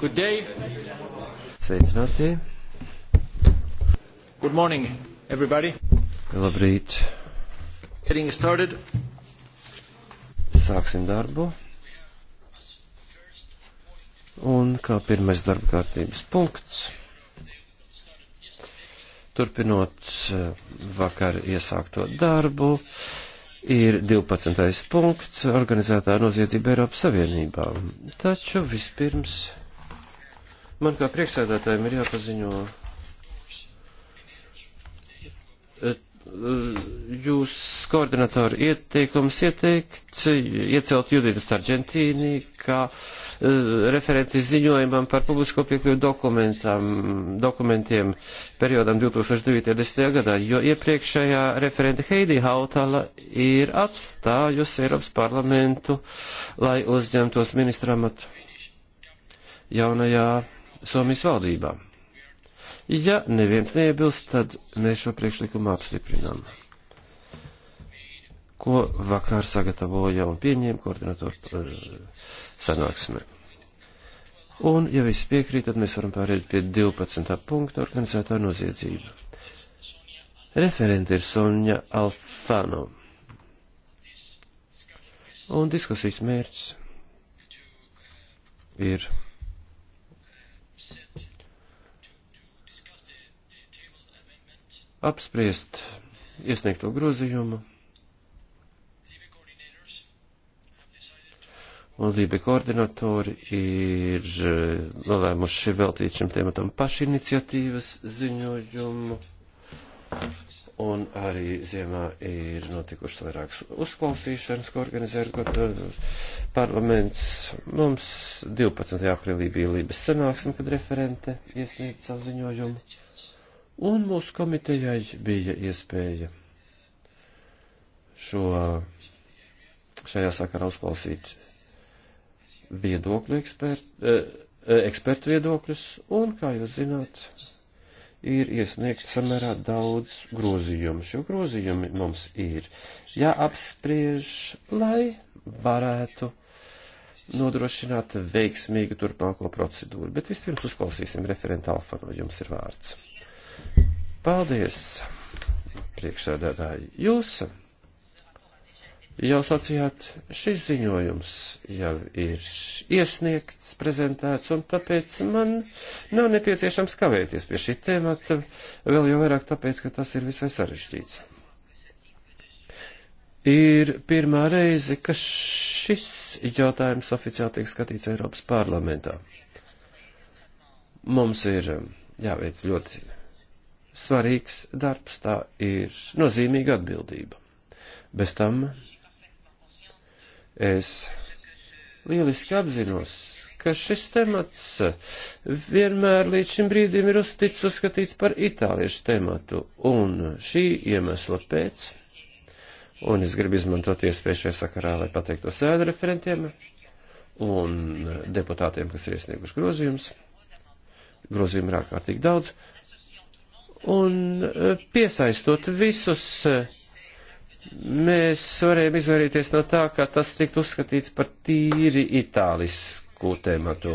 Good day. Sveicināti. Good morning, everybody. Labrīt. Getting started. Sāksim darbu. Un kā pirmais darba kārtības punkts, turpinot eh, vakar iesākto darbu, ir 12. punkts - organizētā noziedzība Eiropas Savienībā. Taču vispirms Man kā priekšsēdētājiem ir jāpaziņo. Eh, jūs koordinatori ieteikums ieteikt, iecelt Judītas Argentīnī, kā eh, referenti ziņojumam par publisko piekļuvu dokumentiem periodam 2009. gadā, jo iepriekšējā referenta Heidi Hautala ir atstājusi Eiropas parlamentu, lai uzņemtos ministramatu jaunajā Somijas valdībā. Ja neviens neiebilst, tad mēs šo priekšlikumu apstiprinām, ko vakar sagatavoja un pieņēma koordinatoru eh, sanāksme. Un, ja viss piekrīt, tad mēs varam pāriet pie 12. punkta organizētā noziedzība. Referente ir Sonja Alfano. Un diskusijas mērķis ir apspriest iesniegto grozījumu. Un Lībe koordinatori ir eh, nolēmuši veltīt šim tematam pašiniciatīvas ziņojumu. Un arī ziemā ir notikušas vairākas uzklausīšanas, ko organizē eh, parlaments. Mums 12. aprīlī bija Lībes sanāksme, kad referente iesniedz savu ziņojumu un mūsu komitejai bija iespēja šo, šajā sakarā uzklausīt viedokļu ekspertu, eh, eh, ekspertu viedokļus, un, kā jūs zināt, ir iesniegt samērā daudz grozījumu. Šo grozījumu mums ir jāapspriež, lai varētu nodrošināt veiksmīgu turpmāko procedūru. Bet vispirms uzklausīsim referentu Alfa, vai jums ir vārds. Paldies, priekšsēdētāji. Jūs jau sacījāt, šis ziņojums jau ir iesniegts, prezentēts, un tāpēc man nav nepieciešams kavēties pie šī tēmata, vēl jau vairāk tāpēc, ka tas ir visai sarežģīts. Ir pirmā reize, ka šis jautājums oficiāli tiek skatīts Eiropas parlamentā. Mums ir jāveic ļoti svarīgs darbs, tā ir nozīmīga atbildība. Bez tam es lieliski apzinos, ka šis temats vienmēr līdz šim brīdim ir uzticis uzskatīts par itāliešu tematu, un šī iemesla pēc, un es gribu izmantot iespēju šajā sakarā, lai pateiktu sēdu referentiem un deputātiem, kas ir iesnieguši grozījumus. Grozījumu ir ārkārtīgi daudz. Uh, Un eh, piesaistot visus, eh, mēs varējām izvairīties no tā, ka tas tiktu uzskatīts par tīri itālisku tematu.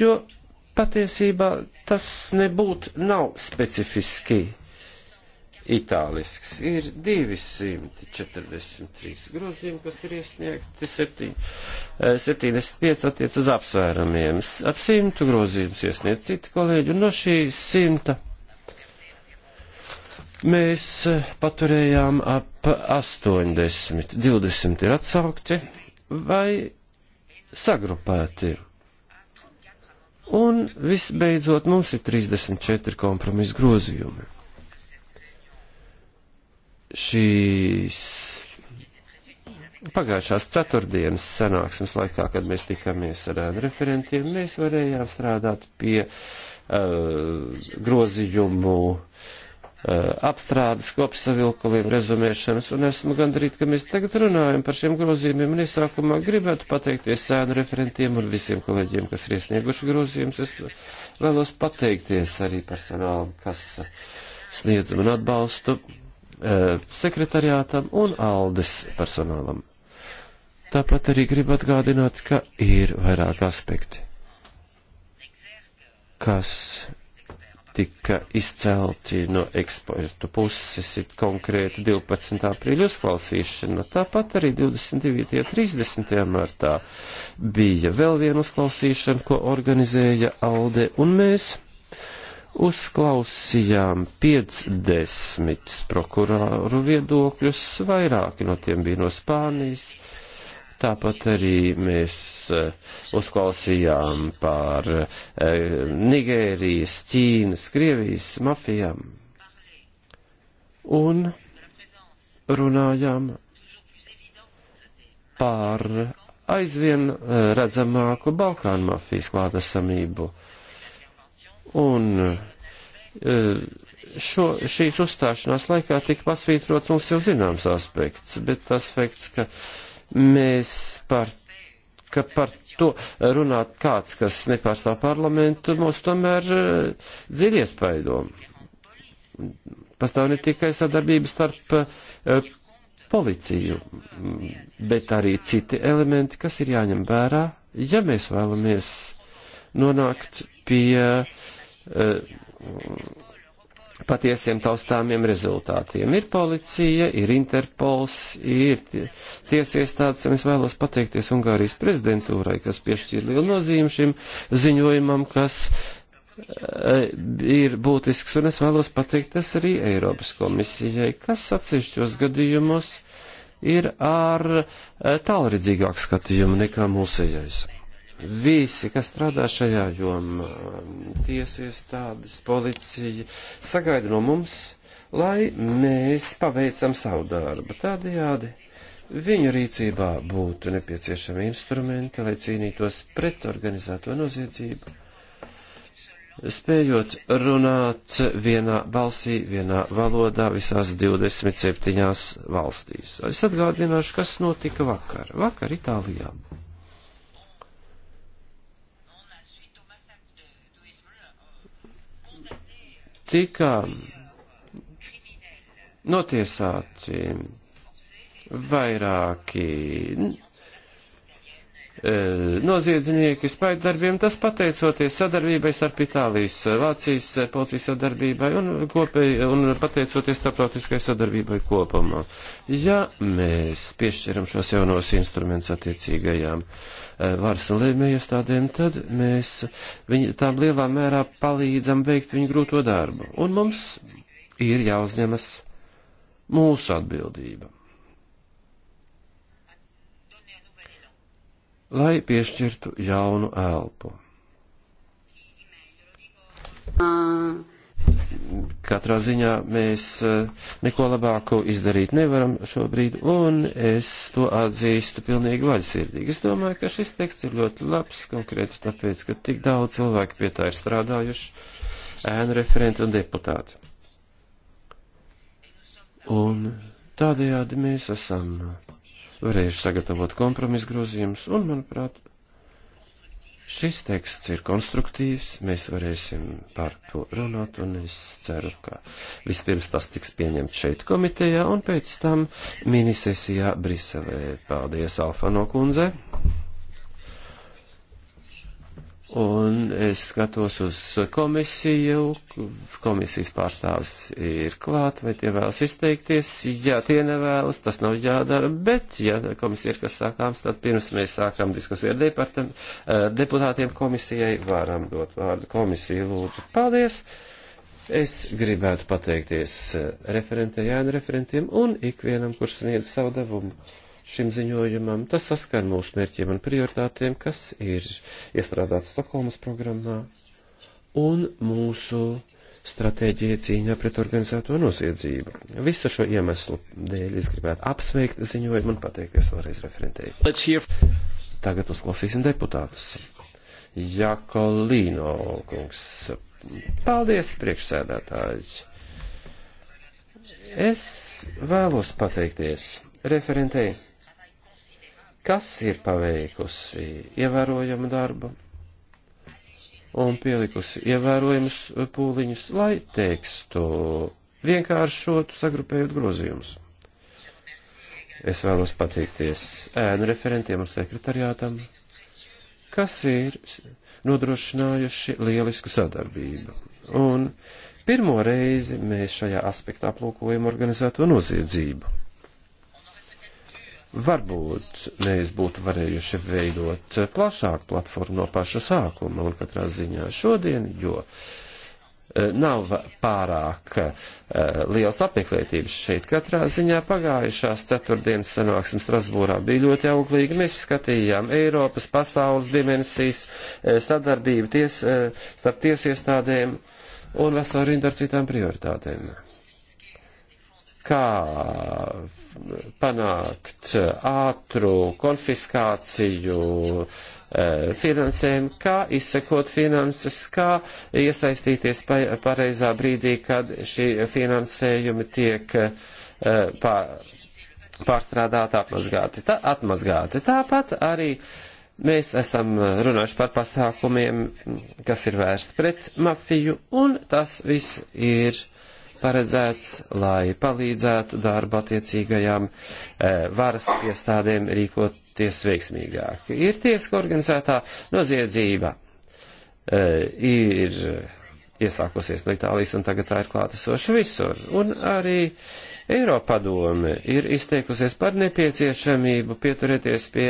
Jo patiesībā tas nebūtu nav specifiski itālisks. Ir 243 grozījumi, kas ir iesniegti, 7, 75 eh, attiec uz apsvēramiem. Ap 100 grozījums iesniedz citi kolēģi, un no šīs 100 mēs eh, paturējām ap 80. 20 ir atsaukti vai sagrupēti. Un visbeidzot mums ir 34 kompromisu grozījumi šīs pagājušās ceturtdienas sanāksmes laikā, kad mēs tikāmies ar referentiem, mēs varējām strādāt pie uh, grozījumu uh, apstrādes, kopsavilkumiem, rezumēšanas, un esmu gandrīt, ka mēs tagad runājam par šiem grozījumiem, un iesākumā gribētu pateikties sēnu referentiem un visiem kolēģiem, kas ir iesnieguši grozījumus. Es vēlos pateikties arī personālam, kas sniedz man atbalstu. Eh, sekretariātam un Aldes personālam. Tāpat arī gribu atgādināt, ka ir vairāk aspekti, kas tika izcelti no ekspertu puses, it konkrēti 12. aprīļa uzklausīšana. Tāpat arī 29. un 30. martā bija vēl viena uzklausīšana, ko organizēja Alde un mēs Uzklausījām 50 prokuroru viedokļus, vairāki no tiem bija no Spānijas. Tāpat arī mēs eh, uzklausījām par eh, Nigērijas, Ķīnas, Krievijas mafijām un runājām par aizvien eh, redzamāku Balkānu mafijas klātesamību. Un e, šo, šīs uzstāšanās laikā tika pasvītrots mums jau zināms aspekts, bet tas fakts, ka mēs par, ka par to runāt kāds, kas nepārstāv parlamentu, mūs tomēr e, dziļi iespaido. Pastāv ne tikai sadarbības starp e, policiju, bet arī citi elementi, kas ir jāņem vērā, ja mēs vēlamies nonākt pie uh, Eh, patiesiem taustāmiem rezultātiem. Ir policija, ir Interpols, ir tiesiestādes, un es vēlos pateikties Ungārijas prezidentūrai, kas piešķīra lielu nozīmi šim ziņojumam, kas eh, ir būtisks, un es vēlos pateikties arī Eiropas komisijai, kas atsevišķos gadījumos ir ar eh, tālredzīgāku skatījumu nekā mūsējais visi, kas strādā šajā jomā, tiesu iestādes, policija, sagaida no mums, lai mēs paveicam savu darbu. Tādējādi viņu rīcībā būtu nepieciešami instrumenti, lai cīnītos pret organizēto noziedzību, spējot runāt vienā balsī, vienā valodā visās 27 valstīs. Es atgādināšu, kas notika vakar. Vakar Itālijā. tika notiesāti vairāki E, noziedznieki spaidarbiem, tas pateicoties sadarbībai starp Itālijas, Vācijas policijas sadarbībai un, kopēji, un pateicoties starptautiskai sadarbībai kopumā. Ja mēs piešķiram šos jaunos instrumentus attiecīgajām e, varas un lēmēju iestādēm, tad mēs viņu tām lielā mērā palīdzam veikt viņu grūto darbu. Un mums ir jāuzņemas mūsu atbildība. lai piešķirtu jaunu elpu. Katrā ziņā mēs eh, neko labāko izdarīt nevaram šobrīd, un es to atzīstu pilnīgi vaļsirdīgi. Es domāju, ka šis teksts ir ļoti labs, konkrēti tāpēc, ka tik daudz cilvēku pie tā ir strādājuši, ēnu referenti un deputāti. Un tādējādi mēs esam varējuši sagatavot kompromisu grozījumus, un, manuprāt, šis teksts ir konstruktīvs, mēs varēsim par to runāt, un es ceru, ka vispirms tas tiks pieņemts šeit komitejā, un pēc tam minisesijā Briselē. Paldies, Alfano kundze! Un es skatos uz komisiju, komisijas pārstāvis ir klāt, vai tie vēlas izteikties. Ja tie nevēlas, tas nav jādara, bet, ja komisija ir kas sākāms, tad pirms mēs sākam diskusiju ar eh, deputātiem komisijai, varam dot vārdu komisiju, lūdzu. Paldies! Es gribētu pateikties eh, referentei, jāna referentiem un ikvienam, kurš sniedz savu devumu šim ziņojumam. Tas saskan mūsu mērķiem un prioritātiem, kas ir iestrādāts Stokholmas programmā un mūsu stratēģija cīņā pret organizēto noziedzību. Visu šo iemeslu dēļ es gribētu apsveikt ziņojumu un pateikties vēlreiz referentēju. Tagad uzklausīsim deputātus. Jakolīno kungs. Paldies, priekšsēdētāji. Es vēlos pateikties referentēji kas ir paveikusi ievērojamu darbu un pielikusi ievērojamus eh, pūliņus, lai tekstu vienkāršotu, sagrupējot grozījumus. Es vēlos pateikties ēnu referentiem un sekretariātam, kas ir nodrošinājuši lielisku sadarbību. Un pirmo reizi mēs šajā aspektā aplūkojam organizēto noziedzību. Varbūt mēs būtu varējuši veidot plašāku platformu no paša sākuma un katrā ziņā šodien, jo e, nav pārāk uh, liels apmeklētības šeit. Katrā ziņā pagājušās ceturtdienas sanāksmes Strasbūrā bija ļoti auglīga. Mēs skatījām Eiropas, pasaules dimensijas, e, sadarbību ties, uh, starp tiesiestādēm un veselu rindu ar citām prioritātēm kā panākt ātru konfiskāciju e, finansēm, kā izsekot finanses, kā iesaistīties pareizā brīdī, kad šī finansējumi tiek e, pārstrādāti, apmazgāti. Tā, atmazgāti. Tāpat arī mēs esam runājuši par pasākumiem, kas ir vērsti pret mafiju, un tas viss ir paredzēts, lai palīdzētu darba attiecīgajām eh, varas iestādēm rīkoties veiksmīgāk. Ir tieska organizētā noziedzība, eh, ir iesākusies no Itālijas un tagad tā ir klātesoša visur. Un arī Eiropadome ir izteikusies par nepieciešamību pieturēties pie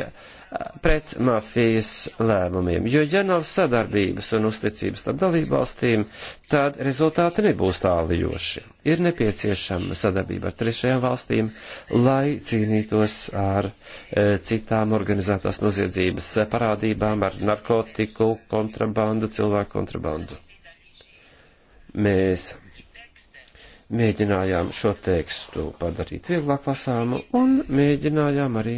pret mafijas lēmumiem, jo ja nav sadarbības un uzticības starp dalībvalstīm, tad rezultāti nebūs tālijoši. Ir nepieciešama sadarbība ar trešajām valstīm, lai cīnītos ar e, citām organizētās noziedzības e, parādībām, ar narkotiku, kontrabandu, cilvēku kontrabandu mēs mēģinājām šo tekstu padarīt vieglāk lasāmu un mēģinājām arī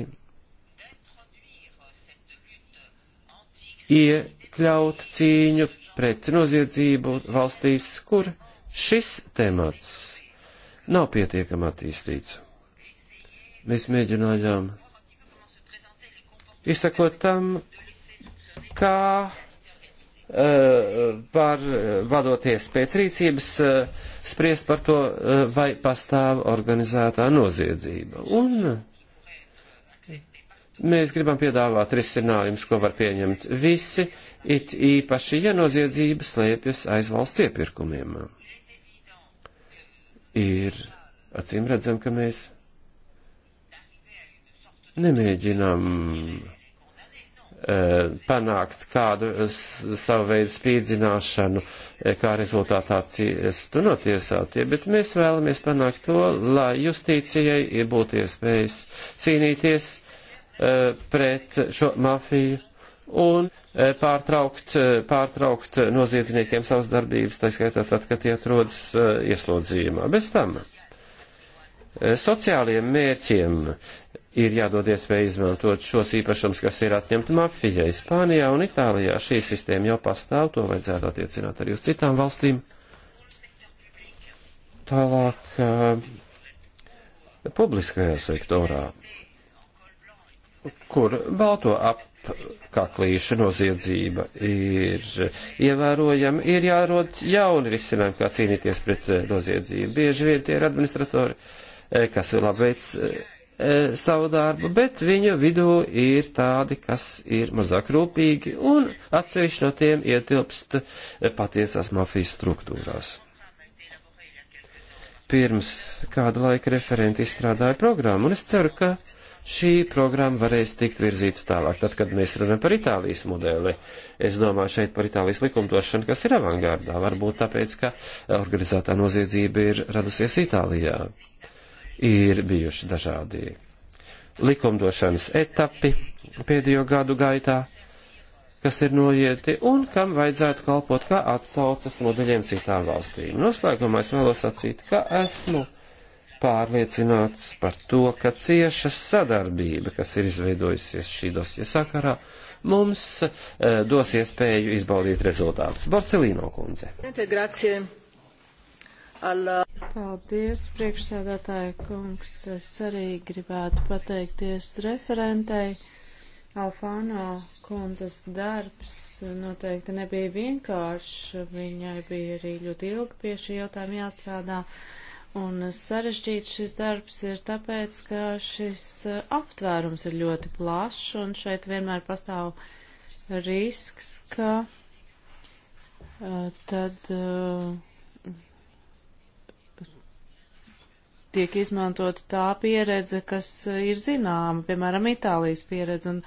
iekļaut cīņu pret noziedzību valstīs, kur šis temats nav pietiekami attīstīts. Mēs mēģinājām izsakot tam, kā Eh, par eh, vadoties pēc rīcības eh, spriest par to, vai pastāv organizētā noziedzība. Un mēs gribam piedāvāt risinājumus, ko var pieņemt visi, it īpaši, ja noziedzība slēpjas aiz valsts iepirkumiem. Ir acīm redzam, ka mēs nemēģinām E, panākt kādu savu veidu spīdzināšanu, e, kā rezultātā ciestu nu, notiesātie, bet mēs vēlamies panākt to, lai justīcijai ir būtu iespējas cīnīties e, pret šo mafiju un pārtraukt, pārtraukt noziedzniekiem savas darbības, tā skaitā tad, kad tie atrodas ieslodzījumā. Bez tam sociāliem mērķiem ir jādod iespēja izmantot šos īpašums, kas ir atņemti mafijai. Spānijā un Itālijā šī sistēma jau pastāv, to vajadzētu attiecināt arī uz citām valstīm. Tālāk, publiskajā sektorā, kur balto apkaklīša noziedzība ir ievērojama, ir jārod jauni risinājumi, kā cīnīties pret noziedzību. Bieži vien tie ir administratori, kas labveic E, savu darbu, bet viņu vidū ir tādi, kas ir mazāk rūpīgi, un atsevišķi no tiem ietilpst e, patiesās mafijas struktūrās. Pirms kāda laika referenti izstrādāja programmu, un es ceru, ka šī programma varēs tikt virzīta tālāk. Tad, kad mēs runājam par Itālijas modeli, es domāju šeit par Itālijas likumdošanu, kas ir avangārdā, varbūt tāpēc, ka organizētā noziedzība ir radusies Itālijā ir bijuši dažādi likumdošanas etapi pēdējo gadu gaitā, kas ir noieti un kam vajadzētu kalpot kā atsaucas modeļiem citām valstīm. Noslēgumā es vēlos sacīt, ka esmu pārliecināts par to, ka cieša sadarbība, kas ir izveidojusies šī dosie sakarā, mums e, dos iespēju izbaudīt rezultātus. Barcelīno kundze. Grazie alla. Paldies, priekšsēdētāja kungs. Es arī gribētu pateikties referentei. Alfāno kundzes darbs noteikti nebija vienkāršs. Viņai bija arī ļoti ilgi pie šī jautājuma jāstrādā. Un sarežģīts šis darbs ir tāpēc, ka šis aptvērums ir ļoti plašs un šeit vienmēr pastāv risks, ka eh, tad. Uh, tiek izmantota tā pieredze, kas eh, ir zināma, piemēram, Itālijas pieredze, un,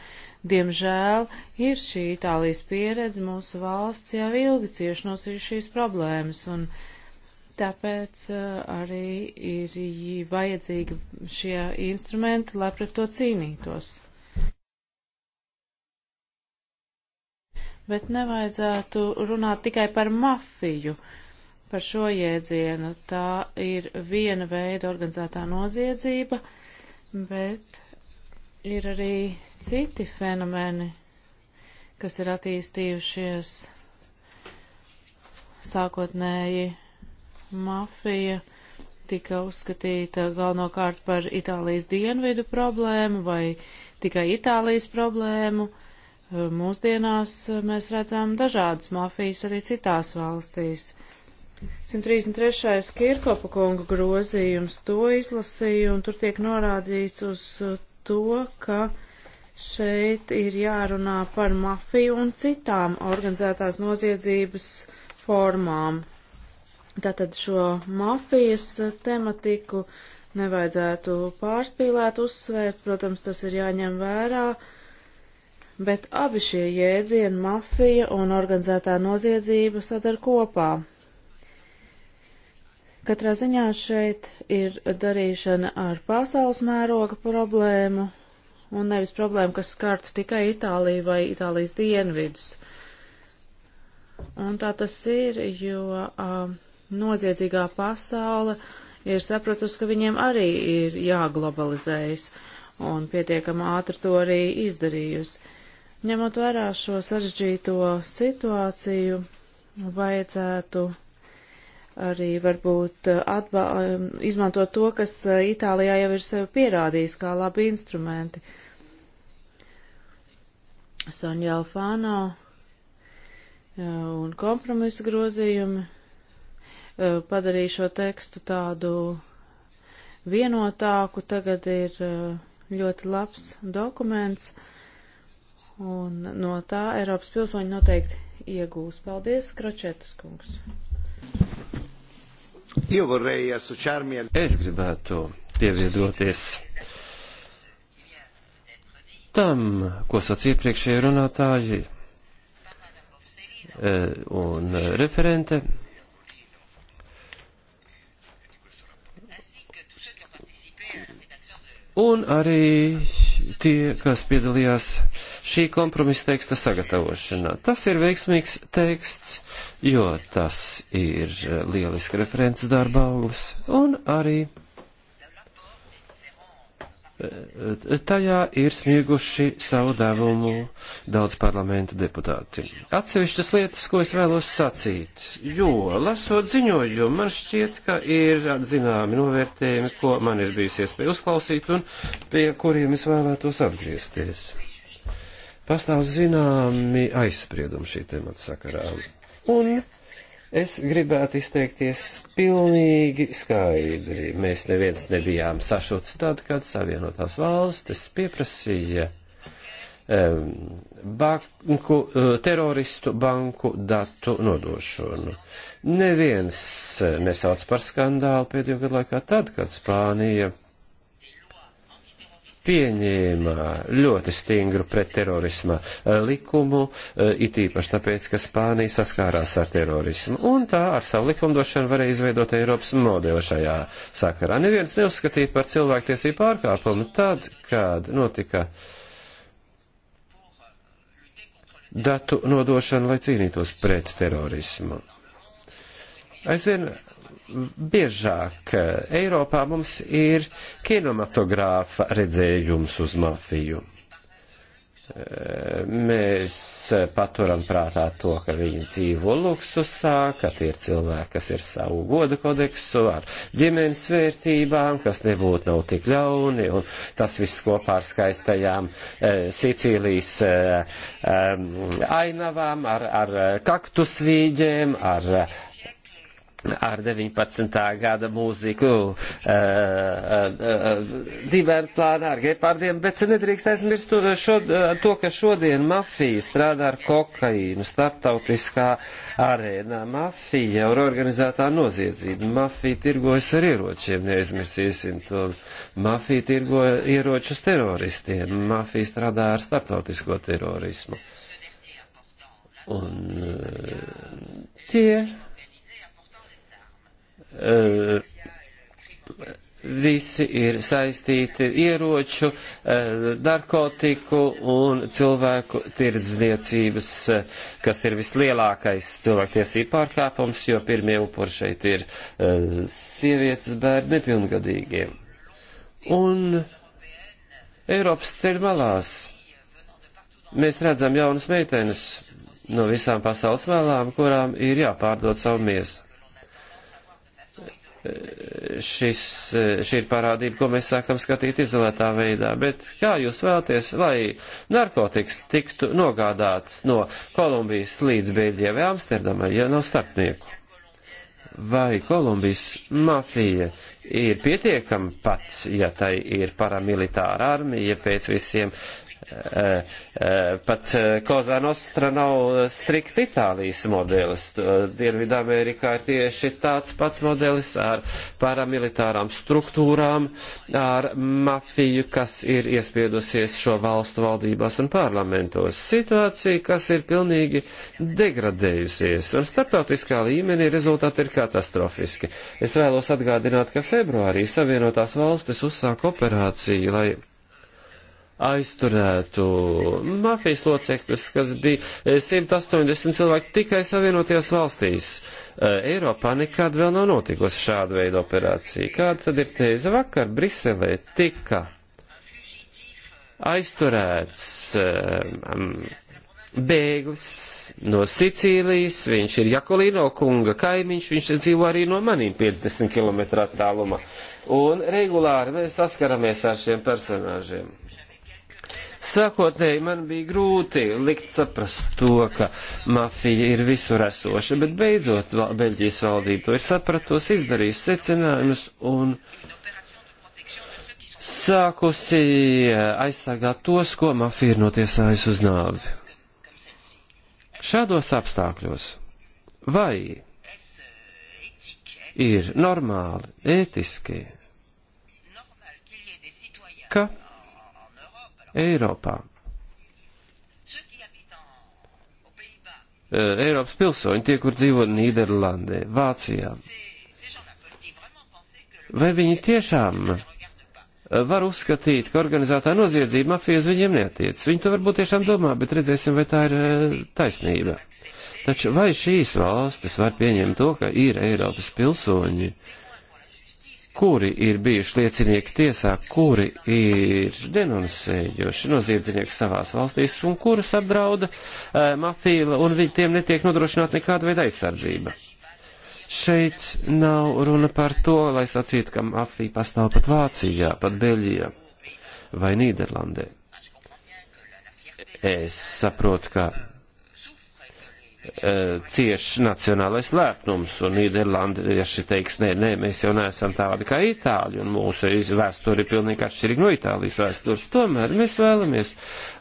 diemžēl, ir šī Itālijas pieredze, mūsu valsts jau ilgi cieši no šīs problēmas, un tāpēc eh, arī ir vajadzīgi šie instrumenti, lai pret to cīnītos. Bet nevajadzētu runāt tikai par mafiju. Uh, par šo jēdzienu. Tā ir viena veida organizētā noziedzība, bet ir arī citi fenomeni, kas ir attīstījušies sākotnēji mafija tika uzskatīta galvenokārt par Itālijas dienvidu problēmu vai tikai Itālijas problēmu. Mūsdienās mēs redzam dažādas mafijas arī citās valstīs. Uh, 133. Kirkopa kunga grozījums, to izlasīju, un tur tiek norādīts uz uh, to, ka šeit ir jārunā par mafiju un citām organizētās noziedzības formām. Tātad šo mafijas uh, tematiku nevajadzētu pārspīlēt, uzsvērt, protams, tas ir jāņem vērā, bet abi šie jēdzieni, mafija un organizētā noziedzība, sadar kopā. Katrā ziņā šeit ir darīšana ar pasaules mēroga problēmu un nevis problēmu, kas skartu tikai Itāliju vai Itālijas dienvidus. Un tā tas ir, jo a, noziedzīgā pasaule ir sapratusi, ka viņiem arī ir jāglobalizējas un pietiekam ātri to arī izdarījusi. Ņemot vērā šo sarežģīto situāciju, vajadzētu arī varbūt eh, atbā, um, izmantot to, kas eh, Itālijā jau ir sevi pierādījis kā labi instrumenti. Sonja Alfāno eh, un kompromisa grozījumi padarīja šo tekstu tādu vienotāku. Tagad ir ļoti labs dokuments, un no tā Eiropas pilsoņi noteikti iegūs. Paldies, Kračetas kungs! Es gribētu pievienoties tam, ko sacīja iepriekšēji runātāji eh, un referente. Un arī tie, kas piedalījās šī kompromisa teksta sagatavošanā. Tas ir veiksmīgs teksts, jo tas ir lieliski referents darba auglis un arī tajā ir snieguši savu devumu daudz parlamenta deputāti. Atsevišķas lietas, ko es vēlos sacīt, jo, lasot ziņojumu, man šķiet, ka ir atzināmi novērtējumi, ko man ir bijusi iespēja uzklausīt un pie kuriem es vēlētos atgriezties. Pastāv zināmi aizspriedumi šī temata sakarā. Un Es gribētu izteikties pilnīgi skaidri. Mēs neviens nebijām sašuts tad, kad Savienotās valstis pieprasīja banku, eh, teroristu banku datu nodošanu. Neviens nesauc par skandālu pēdējo gadu laikā tad, kad Spānija pieņēma ļoti stingru pretterorisma eh, likumu, eh, it īpaši tāpēc, ka Spānija saskārās ar terorismu. Un tā ar savu likumdošanu varēja izveidot Eiropas modeli šajā sakarā. Neviens neuzskatīja par cilvēktiesību pārkāpumu tad, kad notika datu nodošana, lai cīnītos pret terorismu. Aizvien biežāk Eiropā mums ir kinematogrāfa redzējums uz mafiju. Mēs paturam prātā to, ka viņi dzīvo luksusā, ka tie ir cilvēki, kas ir savu godu kodeksu ar ģimenes vērtībām, kas nebūtu nav tik ļauni, un tas viss kopā ar skaistajām e, Sicīlijas e, e, ainavām, ar, ar kaktusvīģiem, ar ar 19. gada mūziku uh, eh, uh, eh, uh, eh, dibēnu plānā ar gepardiem, bet nedrīkst aizmirst to, šod, to, ka šodien mafija strādā ar kokaīnu starptautiskā arēnā. Mafija jau ir organizētā noziedzība. Mafija tirgojas ar ieročiem, neaizmirsīsim to. Mafija tirgo ieročus teroristiem. Mafija strādā ar starptautisko terorismu. Un tie Eh, visi ir saistīti ieroču, eh, narkotiku un cilvēku tirdzniecības, eh, kas ir vislielākais cilvēktiesību pārkāpums, jo pirmie upuri šeit ir sievietes bērni nepilngadīgiem. Un Eiropas ceļu malās mēs redzam jaunas meitenes no visām pasaules vēlām, kurām ir jāpārdod savu miesu šis, šī ir parādība, ko mēs sākam skatīt izolētā veidā, bet kā jūs vēlaties, lai narkotikas tiktu nogādāts no Kolumbijas līdz Beļģijai vai Amsterdamai, ja nav starpnieku? Vai Kolumbijas mafija ir pietiekama pats, ja tai ir paramilitāra armija pēc visiem pat Kozā eh, Nostra nav strikti Itālijas modelis. Eh, Dienvidamerikā ir tieši tāds pats modelis ar paramilitārām struktūrām, ar mafiju, kas ir iespiedusies šo valstu valdībās un parlamentos. Situācija, kas ir pilnīgi degradējusies, un starptautiskā līmenī rezultāti ir katastrofiski. Es vēlos atgādināt, ka februārī Savienotās valstis uzsāk operāciju, lai aizturētu mafijas locekļus, kas bija 180 eh, cilvēki tikai Savienotajās valstīs. Eh, Eiropā nekad vēl nav notikusi šāda veida operācija. Kāda tad ir teiza vakar Briselē tika aizturēts um, bēglis no Sicīlijas, viņš ir Jakolino kunga kaimiņš, viņš dzīvo arī no manīm 50 km attālumā. Un regulāri mēs saskaramies ar šiem personāžiem. Sākotnēji man bija grūti likt saprast to, ka mafija ir visur esoša, bet beidzot Beļģijas valdība to ir sapratusi, izdarījusi secinājumus un sākusi eh, aizsargāt tos, ko mafija ir notiesājusi uz nāvi. Šādos apstākļos vai ir normāli, ētiski, ka Eiropā. Eh, Eiropas pilsoņi, tie, kur dzīvo Nīderlandē, Vācijā. Vai viņi tiešām eh, var uzskatīt, ka organizētā noziedzība mafijas viņiem neatiec? Viņi to varbūt tiešām domā, bet redzēsim, vai tā ir eh, taisnība. Taču vai šīs valstis var pieņemt to, ka ir Eiropas pilsoņi, uh, kuri ir bijuši liecinieki tiesā, kuri ir denoncējuši noziedznieki savās valstīs un kurus apdrauda e, mafija un vi, tiem netiek nodrošināta nekāda veida aizsardzība. Šeit nav runa par to, lai sacītu, ka mafija pastāv pat Vācijā, pat Beļijā vai Nīderlandē. Es saprotu, ka Eh, cieš nacionālais lēpnums, un Nīderlandieši teiks, nē, nē, mēs jau neesam tādi kā Itāļi, un mūsu vēsture ir pilnīgi atšķirīga no Itālijas vēstures. Tomēr mēs vēlamies,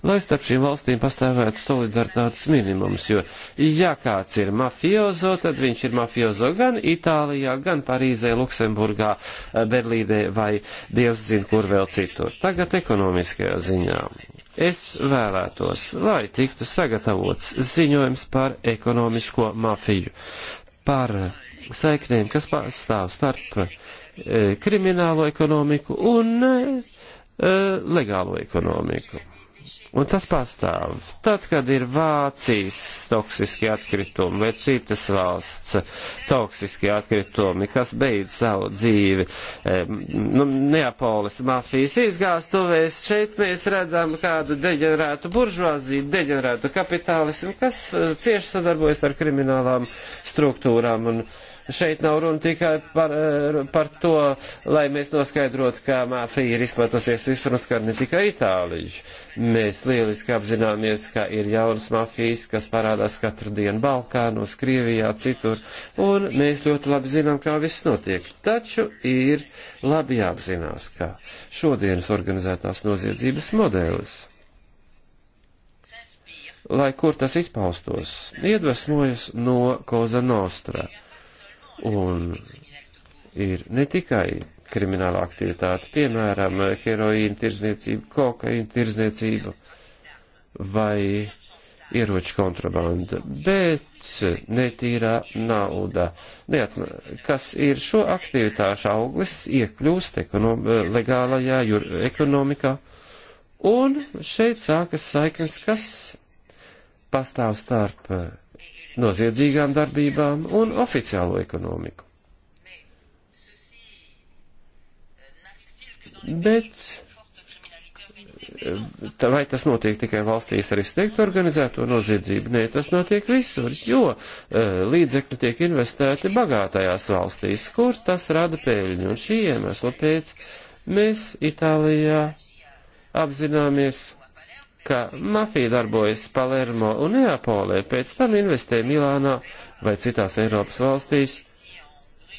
lai starp šīm valstīm pastāvētu solidaritātes minimums, jo, ja kāds ir mafiozo, tad viņš ir mafiozo gan Itālijā, gan Parīzē, Luksemburgā, eh, Berlīdē vai Dievs zina, kur vēl citur. Tagad ekonomiskajā ziņā Es vēlētos, lai tiktu sagatavots ziņojums par ekonomisko mafiju, par saiknēm, kas pastāv starp e, kriminālo ekonomiku un e, legālo ekonomiku. Un tas pastāv. Tad, kad ir Vācijas toksiski atkritumi vai citas valsts toksiski atkritumi, kas beidz savu dzīvi, e, nu, Neapolis mafijas izgāstuvēs, šeit mēs redzam kādu deģenerētu buržuāziju, deģenerētu kapitālismu, kas eh, cieši sadarbojas ar kriminālām struktūrām un šeit nav runa tikai par, eh, par to, lai mēs noskaidrotu, ka māfija ir izplatusies visur un skar ne tikai Itāliju. Mēs lieliski apzināmies, ka ir jaunas mafijas, kas parādās katru dienu Balkānos, Krievijā, citur, un mēs ļoti labi zinām, kā viss notiek. Taču ir labi jāapzinās, ka šodienas organizētās noziedzības modelis lai kur tas izpaustos, iedvesmojas no Koza Nostra, Un ir ne tikai krimināla aktivitāte, piemēram, heroīna tirzniecība, kokaīna tirzniecība vai ieroču kontrabanda, bet netīrā nauda, neatma, kas ir šo aktivitāšu auglis, iekļūst ekonom, legālajā jur, ekonomikā. Un šeit sākas saiknes, kas pastāv starp noziedzīgām darbībām un oficiālo ekonomiku. Bet eh, vai tas notiek tikai valstīs ar izteiktu organizēto noziedzību? Nē, tas notiek visur, jo eh, līdzekļi tiek investēti bagātajās valstīs, kur tas rada peļņu. Un šī iemesla pēc mēs Itālijā apzināmies ka mafija darbojas Palermo un Neapolē, pēc tam investē Milānā vai citās Eiropas valstīs.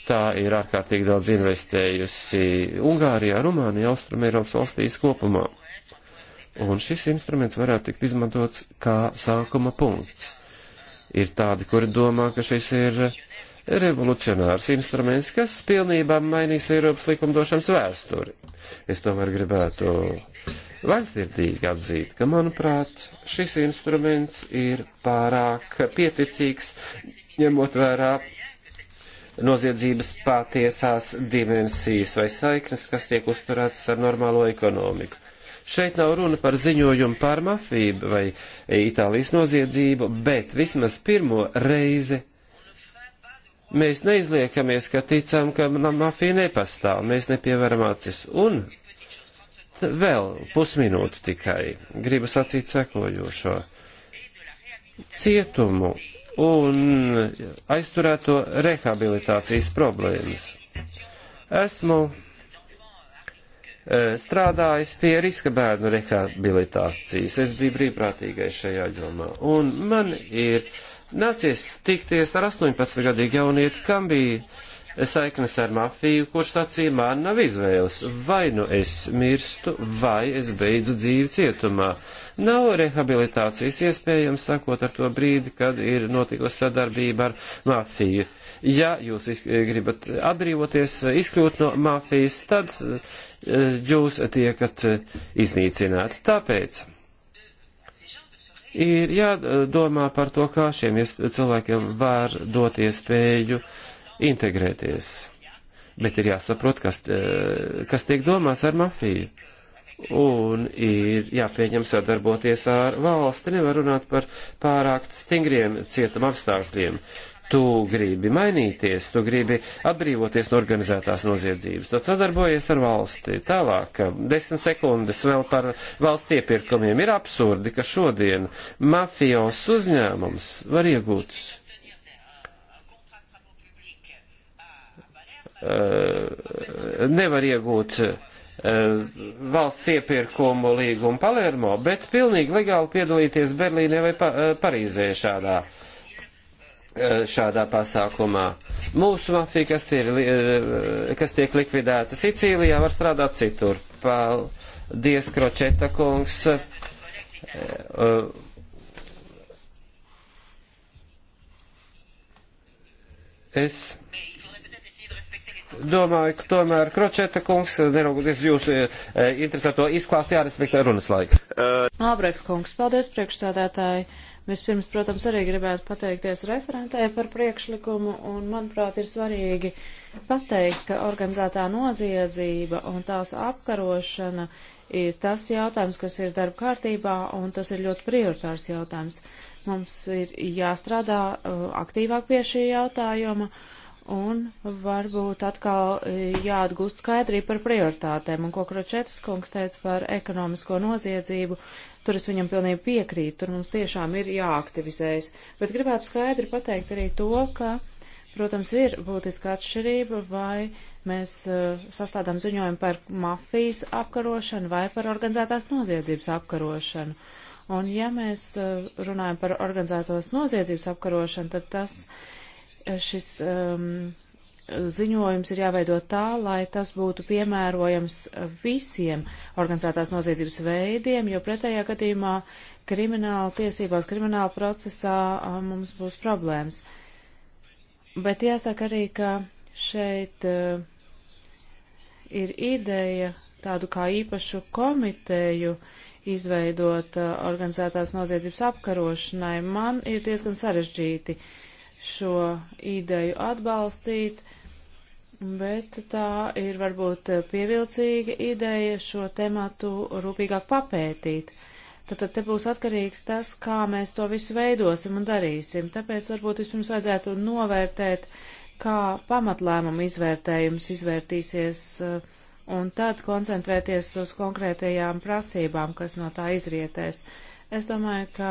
Tā ir ārkārtīgi daudz investējusi Ungārijā, Rumānijā, Austrum Eiropas valstīs kopumā. Un šis instruments varētu tikt izmantots kā sākuma punkts. Ir tādi, kuri domā, ka šis ir revolucionārs instruments, kas pilnībā mainīs Eiropas likumdošanas vēsturi. Es tomēr gribētu vaļsirdīgi atzīt, ka, manuprāt, šis instruments ir pārāk pieticīgs, ņemot vērā noziedzības patiesās dimensijas vai saiknes, kas tiek uzturētas ar normālo ekonomiku. Šeit nav runa par ziņojumu par mafiju vai Itālijas noziedzību, bet vismaz pirmo reizi Mēs neizliekamies, ka ticam, ka mafija nepastāv, mēs nepievaram acis. Un vēl pusminūte tikai gribu sacīt sekojošo. Cietumu un aizturēto rehabilitācijas problēmas. Esmu e, strādājis pie riska bērnu rehabilitācijas. Es biju brīvprātīgais šajā jomā. Un man ir nācies tikties ar 18-gadīgu jaunieti, kam bija saiknes ar mafiju, kurš sacīja, man nav izvēles, vai nu es mirstu, vai es beidzu dzīvi cietumā. Nav rehabilitācijas iespējams, sakot ar to brīdi, kad ir notikusi sadarbība ar mafiju. Ja jūs gribat atbrīvoties, izkļūt no mafijas, tad eh, jūs tiekat eh, iznīcināti. Tāpēc ir jādomā par to, kā šiem cilvēkiem var dot iespēju integrēties. Bet ir jāsaprot, kas, eh, kas tiek domāts ar mafiju. Un ir jāpieņem sadarboties ar valsti, nevar runāt par pārāk stingriem cietuma apstākļiem. Uh, tu gribi mainīties, tu gribi atbrīvoties no organizētās noziedzības, tad sadarbojies ar valsti. Tālāk, desmit sekundes vēl par valsts iepirkumiem. Ir absurdi, ka šodien mafijos uzņēmums var iegūt eh, nevar iegūt eh, valsts iepirkumu līgumu Palermo, bet pilnīgi legāli piedalīties Berlīnē vai eh, Parīzē šādā uh, Eh, šādā pasākumā. Mūsu mafija, kas, ir, eh, kas tiek likvidēta Sicīlijā, var strādāt citur. Paldies, Kročeta kungs. Eh, es domāju, ka tomēr Kročeta kungs, neraugoties jūsu interesēto izklāstu, jārespektē runas laiks. Ābreks kungs, paldies priekšsēdētāji. Uh, Vispirms, protams, arī gribētu pateikties referentē par priekšlikumu, un, manuprāt, ir svarīgi pateikt, ka organizētā noziedzība un tās apkarošana ir tas jautājums, kas ir darba kārtībā, un tas ir ļoti prioritārs jautājums. Mums ir jāstrādā uh, aktīvāk pie šī jautājuma, un varbūt atkal uh, jāatgūst skaidrība par prioritātēm, un ko Kročetas kungs teica par ekonomisko noziedzību, Tur es viņam pilnīgi piekrītu, tur mums tiešām ir jāaktivizējas. Bet gribētu skaidri pateikt arī to, ka, protams, ir būtiska atšķirība, vai mēs uh, sastādām ziņojumu par mafijas apkarošanu vai par organizētās noziedzības apkarošanu. Un ja mēs uh, runājam par organizētos noziedzības apkarošanu, tad tas eh, šis. Um, ziņojums ir jāveido tā, lai tas būtu piemērojams visiem organizētās noziedzības veidiem, jo pretējā gadījumā krimināla tiesībās, krimināla procesā mums būs problēmas. Bet jāsaka arī, ka šeit ir ideja tādu kā īpašu komiteju izveidot organizētās noziedzības apkarošanai. Man ir diezgan sarežģīti šo ideju atbalstīt. Uh, bet tā ir varbūt pievilcīga ideja šo tematu rūpīgāk papētīt. Tātad te būs atkarīgs tas, kā mēs to visu veidosim un darīsim. Tāpēc varbūt vispirms vajadzētu novērtēt, kā pamatlēmuma izvērtējums izvērtīsies uh, un tad koncentrēties uz konkrētajām prasībām, kas no tā izrietēs. Es domāju, ka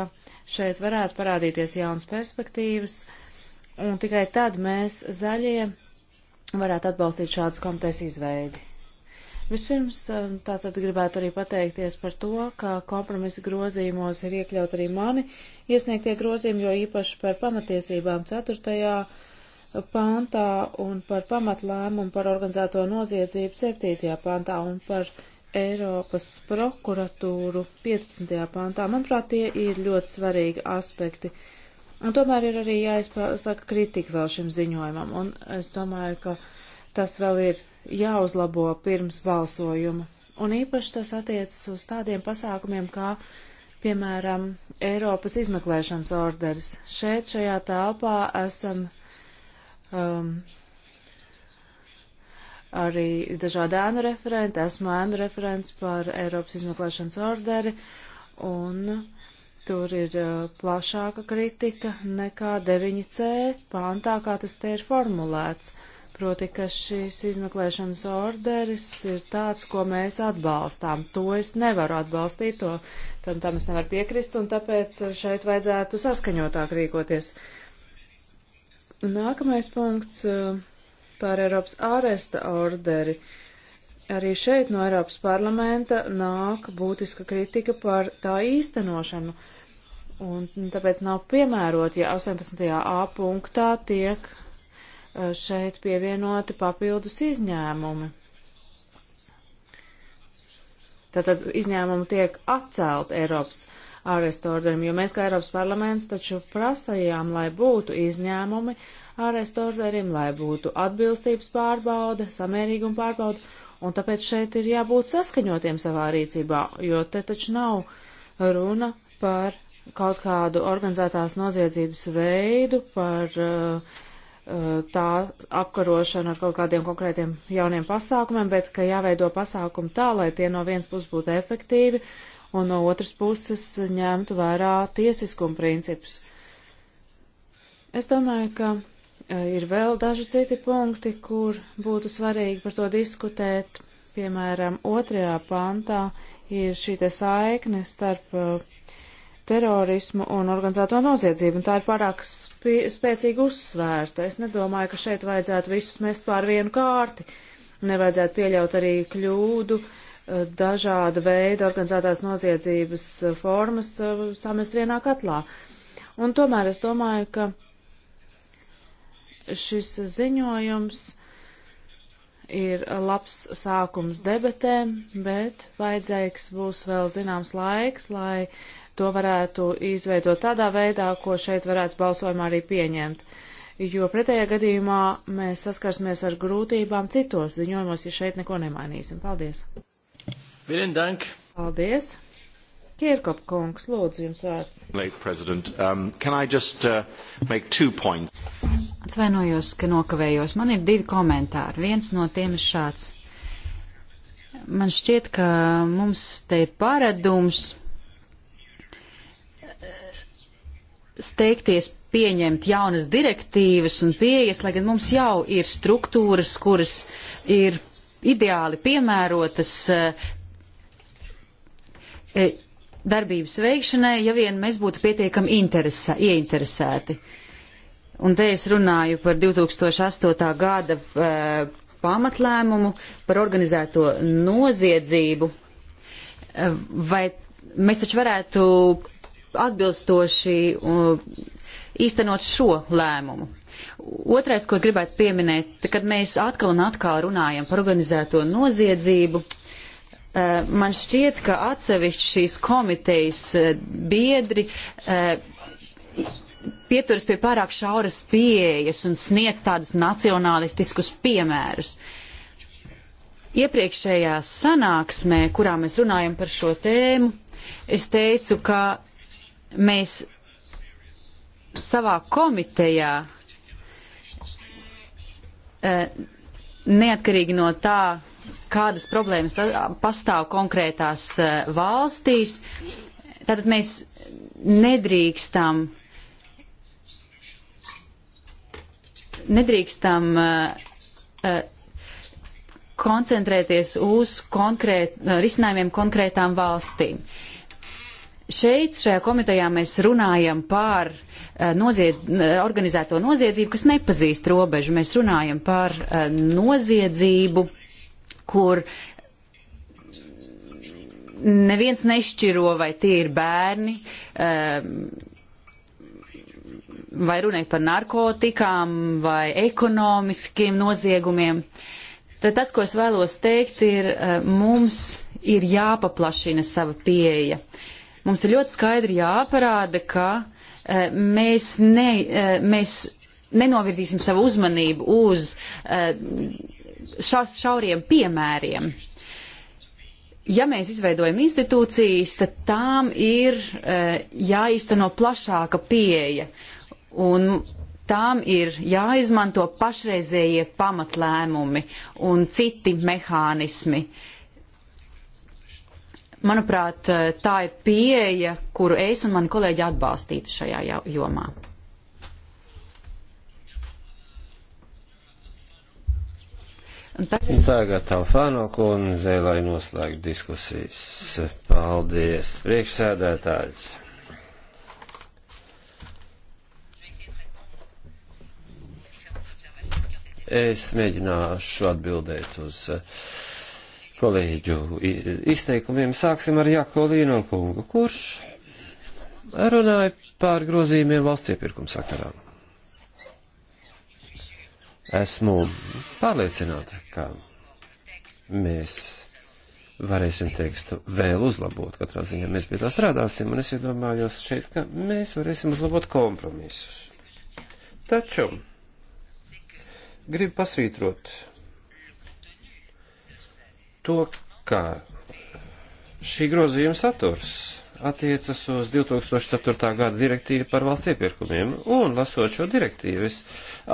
šeit varētu parādīties jaunas perspektīvas, un tikai tad mēs zaļie varētu atbalstīt šādas komitejas izveidi. Vispirms um, tātad gribētu arī pateikties par to, ka kompromisa grozījumos ir iekļaut arī mani iesniegtie grozījumi, jo īpaši par pamatiesībām 4. pāntā un par pamatlēmumu par organizēto noziedzību 7. pāntā un par Eiropas prokuratūru 15. pāntā. Manuprāt, tie ir ļoti svarīgi aspekti Un tomēr ir arī jāizsaka kritika vēl šim ziņojumam, un es domāju, ka tas vēl ir jāuzlabo pirms balsojuma. Un īpaši tas attiecas uz tādiem pasākumiem, kā, piemēram, Eiropas izmeklēšanas orders. Šeit, šajā telpā, esam um, arī dažādi ēnu referenti, esmu ēnu referents par Eiropas izmeklēšanas orderi, un uh, Tur ir plašāka kritika nekā 9c pāntā, kā tas te ir formulēts. Proti, ka šis izmeklēšanas orderis ir tāds, ko mēs atbalstām. To es nevaru atbalstīt, to tam, tam es nevaru piekrist, un tāpēc šeit vajadzētu saskaņotāk rīkoties. Nākamais punkts par Eiropas āresta orderi. Arī šeit no Eiropas parlamenta nāk būtiska kritika par tā īstenošanu. Uh, un tāpēc nav piemērot, ja 18a punktā tiek eh, šeit pievienoti papildus izņēmumi. Tātad izņēmumi tiek atcelt Eiropas ārestu orderim, jo mēs kā Eiropas parlaments taču prasajām, lai būtu izņēmumi ārestu orderim, lai būtu atbilstības pārbauda, samērīguma pārbauda, un tāpēc šeit ir jābūt saskaņotiem savā rīcībā, jo te taču nav runa par kaut kādu organizētās noziedzības veidu, par uh, uh, tā apkarošanu ar kaut kādiem konkrētiem jauniem pasākumiem, bet ka jāveido pasākumi tā, lai tie no vienas puses būtu efektīvi un no otras puses ņemtu vērā tiesiskuma principus. Es domāju, ka uh, ir vēl daži citi punkti, kur būtu svarīgi par to diskutēt. Piemēram, otrajā pantā ir šī te saikne starp uh, terorismu un organizēto noziedzību, un tā ir pārāk spēcīgi uzsvērta. Es nedomāju, ka šeit vajadzētu visus mest pār vienu kārti. Nevajadzētu pieļaut arī kļūdu, eh, dažādu veidu organizētās noziedzības eh, formas eh, samest vienā katlā. Un tomēr es domāju, ka šis ziņojums ir labs sākums debatēm, bet vajadzīgs būs vēl zināms laiks, lai uh, to varētu izveidot tādā veidā, ko šeit varētu balsojumā arī pieņemt. Jo pretējā gadījumā mēs saskarsimies ar grūtībām citos ziņojumos, ja šeit neko nemainīsim. Paldies! Vielen dank! Paldies! Kirkop kungs, lūdzu jums vārds. Late president, um, can I just uh, make two points? Atvainojos, ka nokavējos. Man ir divi komentāri. Viens no tiem ir šāds. Man šķiet, ka mums te ir paradums steigties pieņemt jaunas direktīvas un pieejas, lai gan mums jau ir struktūras, kuras ir ideāli piemērotas eh, eh, darbības veikšanai, ja vien mēs būtu pietiekami interesē, ieinteresēti. Un te es runāju par 2008. gada eh, pamatlēmumu par organizēto noziedzību. Vai mēs taču varētu atbilstoši īstenot šo lēmumu. Otrais, ko es gribētu pieminēt, kad mēs atkal un atkal runājam par organizēto noziedzību, e, man šķiet, ka atsevišķi šīs komitejas e, biedri e, pieturas pie pārāk šauras pieejas un sniedz tādus nacionālistiskus piemērus. Iepriekšējā sanāksmē, kurā mēs runājam par šo tēmu, es teicu, ka mēs savā komitejā eh, neatkarīgi no tā, kādas problēmas pastāv konkrētās eh, valstīs, tātad mēs nedrīkstam, nedrīkstam eh, koncentrēties uz konkrēt, risinājumiem konkrētām valstīm. Uh, Šeit, šajā komitejā, mēs runājam par eh, noziedz, eh, organizēto noziedzību, kas nepazīst robežu. Mēs runājam par eh, noziedzību, kur neviens nešķiro, vai tie ir bērni, vai runai par narkotikām, vai ekonomiskiem noziegumiem. Tad tas, ko es vēlos teikt, ir mums ir jāpaplašina sava pieeja. Uh, Mums ir ļoti skaidri jāparāda, ka e, mēs, ne, e, mēs nenovirzīsim savu uzmanību uz e, eh, ša, šauriem piemēriem. Ja mēs izveidojam institūcijas, tad tām ir e, jāizteno plašāka pieeja un tām ir jāizmanto pašreizējie pamatlēmumi un citi mehānismi. E, Manuprāt, eh, tā ir pieeja, kuru es un mani kolēģi atbalstītu šajā jomā. Tagad, Tagad Alfāno kundze, lai noslēgtu diskusijas. Paldies, priekšsēdētāji! Es mēģināšu atbildēt uz uh, kolēģu izteikumiem. Sāksim ar Jakolīno kungu, kurš runāja pār grozījumiem valsts iepirkuma sakarā. Esmu pārliecināta, ka mēs varēsim tekstu vēl uzlabot. Katrā ziņā mēs pie tā strādāsim, un es iedomājos šeit, ka mēs varēsim uzlabot kompromisus. Taču gribu pasvītrot to, ka šī grozījuma saturs attiecas uz 2004. gada direktīvu par valsts iepirkumiem, un lasot šo direktīvu, es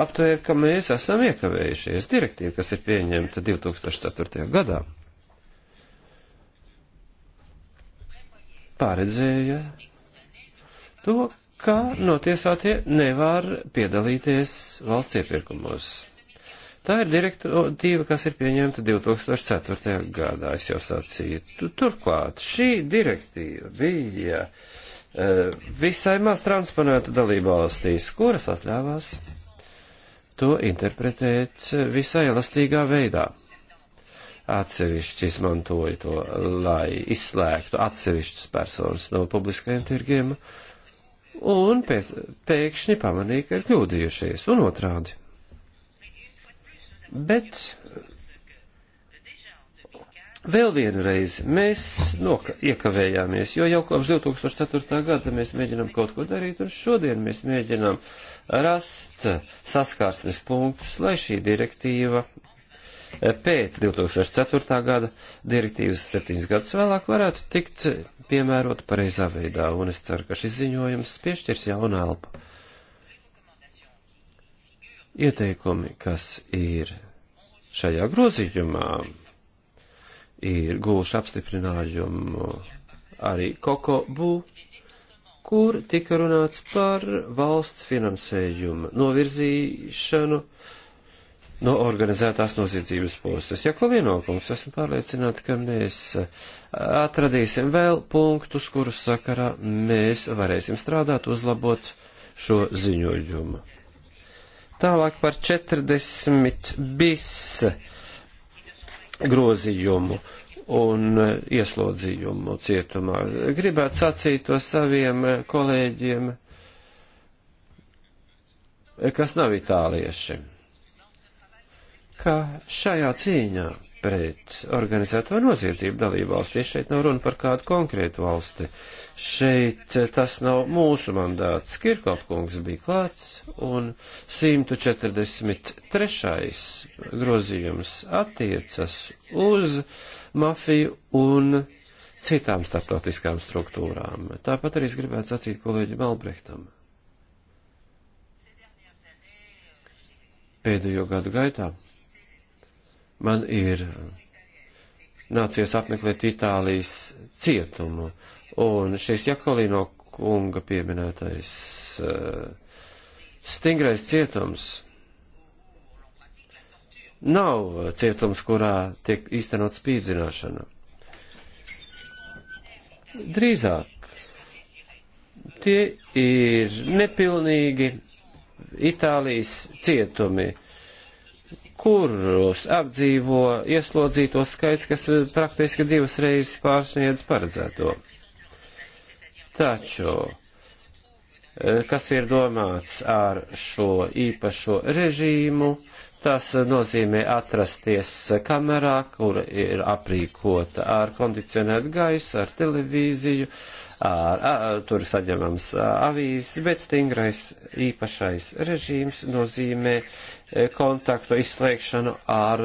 aptvēru, ka mēs esam iekavējušies direktīvu, kas ir pieņemta 2004. gadā. Pāredzēja to, ka notiesātie nevar piedalīties valsts iepirkumos. Tā ir direktīva, kas ir pieņemta 2004. gadā, es jau sacīju. Turklāt šī direktīva bija uh, visai maz transponēta dalībvalstīs, kuras atļāvās to interpretēt visai elastīgā veidā. Atsevišķi izmantoja to, lai izslēgtu atsevišķas personas no publiskajiem tirgiem, un pēc, pēkšņi pamanīja, ka ir kļūdījušies, un otrādi. Bet vēl vienreiz mēs noka, iekavējāmies, jo jau kopš 2004. gada mēs mēģinām kaut ko darīt, un šodien mēs mēģinām rast saskārsmes punktus, lai šī direktīva eh, pēc 2004. gada direktīvas septiņas gadus vēlāk varētu tikt piemērot pareizā veidā, un es ceru, ka šis ziņojums piešķirs jaunu elpu Ieteikumi, kas ir šajā grozījumā, ir guvuši apstiprinājumu arī Kokobu, kur tika runāts par valsts finansējumu novirzīšanu no organizētās noziedzības puses. Ja kolienokums, esmu pārliecināti, ka mēs atradīsim vēl punktus, kurus sakarā mēs varēsim strādāt, uzlabot šo ziņojumu. Tālāk par 40 bis grozījumu un ieslodzījumu cietumā. Gribētu sacīt to saviem kolēģiem, kas nav itālieši, ka šajā cīņā pret organizēto noziedzību dalībvalstīs. Šeit nav runa par kādu konkrētu valsti. Šeit eh, tas nav mūsu mandāts. Kirkopkungs bija klāts un 143. grozījums attiecas uz mafiju un citām starptautiskām struktūrām. Tāpat arī es gribētu sacīt kolēģi Melbrehtam. Pēdējo gadu gaitā Man ir nācies apmeklēt Itālijas cietumu, un šis Jakolino kunga pieminētais uh, stingrais cietums nav cietums, kurā tiek īstenot spīdzināšana. Drīzāk tie ir nepilnīgi Itālijas cietumi, kurus apdzīvo ieslodzīto skaits, kas eh, praktiski divas reizes pārsniedz paredzēto. Taču, eh, kas ir domāts ar šo īpašo režīmu, tas nozīmē atrasties kamerā, kur ir aprīkota ar kondicionētu gaisu, ar televīziju, ar, ar, tur saņemams avīzes, bet stingrais īpašais režīms nozīmē kontaktu izslēgšanu ar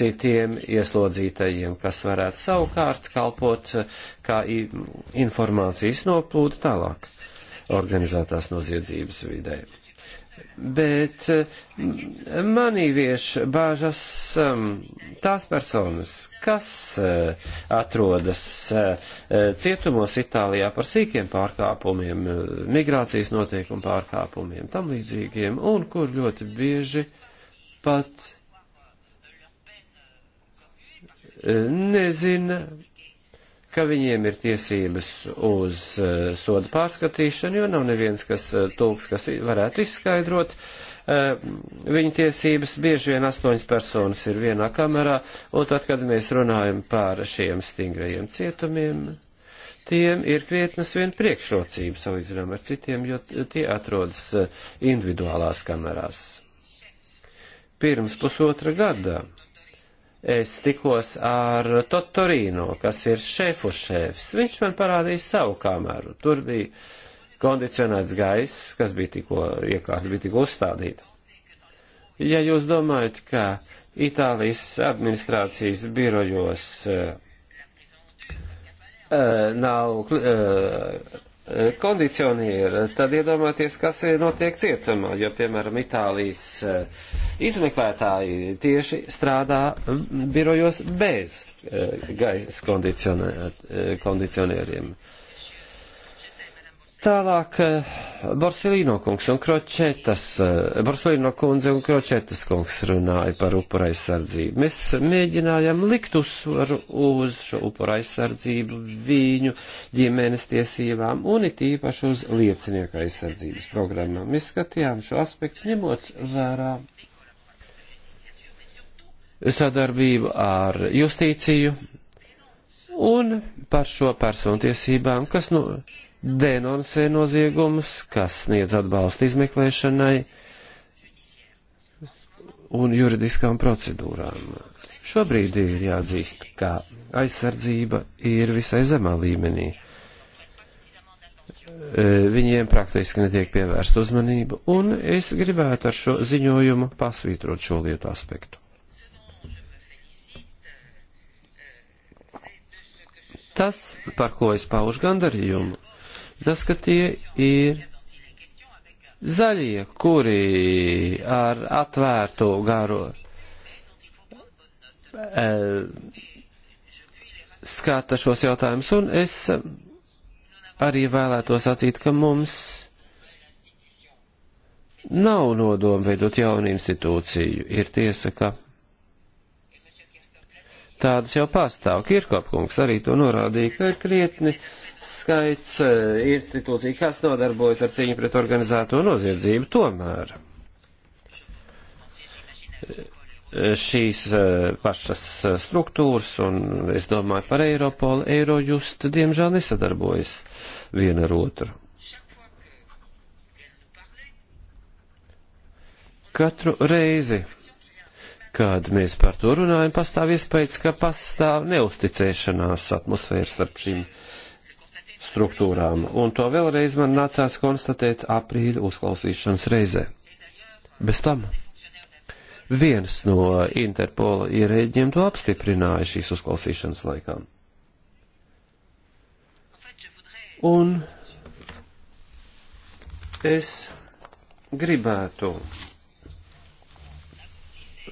citiem ieslodzītajiem, kas varētu savukārt kalpot eh, kā informācijas noplūdu tālāk organizētās noziedzības vidē bet eh, manī vieš bāžas um, tās personas, kas eh, atrodas eh, cietumos Itālijā par sīkiem pārkāpumiem, migrācijas noteikumu pārkāpumiem, tam līdzīgiem, un kur ļoti bieži pat nezina ka viņiem ir tiesības uz uh, soda pārskatīšanu, jo nav neviens, kas uh, tulks, kas varētu izskaidrot uh, eh, viņa tiesības. Bieži vien astoņas personas ir vienā kamerā, un tad, kad mēs runājam par šiem stingrajiem cietumiem, tiem ir krietnas vien priekšrocības salīdzinām ar citiem, jo tie atrodas individuālās kamerās. Pirms pusotra gadā es tikos ar Totorino, kas ir šefu šefs. Viņš man parādīja savu kameru. Tur bija kondicionēts gaiss, kas bija tikko iekārta, bija tikko uzstādīta. Ja jūs domājat, ka Itālijas administrācijas birojos uh, nav uh, kondicionieri, tad iedomājieties, kas notiek cietumā, jo, piemēram, Itālijas eh, izmeklētāji tieši strādā mm, birojos bez eh, gaisa kondicionieriem. Eh, Tālāk eh, Borsilīno kungs un Kročetas, eh, Borsilīno kundze un Kročetas kungs runāja par upura aizsardzību. Mēs mēģinājām likt uzsvaru uz šo upura aizsardzību, viņu ģimenes tiesībām un it īpaši uz liecinieku aizsardzības programmām. Mēs skatījām šo aspektu ņemot vērā sadarbību ar justīciju un par šo personu tiesībām, kas nu. No denonsē noziegumus, kas sniedz atbalstu izmeklēšanai un juridiskām procedūrām. Šobrīd ir jāatzīst, ka aizsardzība ir visai zemā līmenī. E, viņiem praktiski netiek pievērsta uzmanība, un es gribētu ar šo ziņojumu pasvītrot šo lietu aspektu. Tas, par ko es paužu gandarījumu, tas, ka tie ir zaļie, kuri ar atvērtu garu e, skata šos jautājumus, un es arī vēlētos atzīt, ka mums nav nodoma veidot jaunu institūciju. Ir tiesa, ka tādas jau pastāv. Kirkopkungs arī to norādīja, ka ir krietni skaits e, institūcija, kas nodarbojas ar cīņu pret organizēto noziedzību. Tomēr e, šīs e, pašas struktūras, un es domāju par Eiropolu, Eirojust, diemžēl nesadarbojas viena ar otru. Katru reizi, kad mēs par to runājam, pastāv iespējas, ka pastāv neusticēšanās atmosfēra starp šīm uh, struktūrām, un to vēlreiz man nācās konstatēt aprīļa uzklausīšanas reizē. Bez tam viens no Interpola ierēģiem to apstiprināja šīs uzklausīšanas laikā. Un es gribētu eh,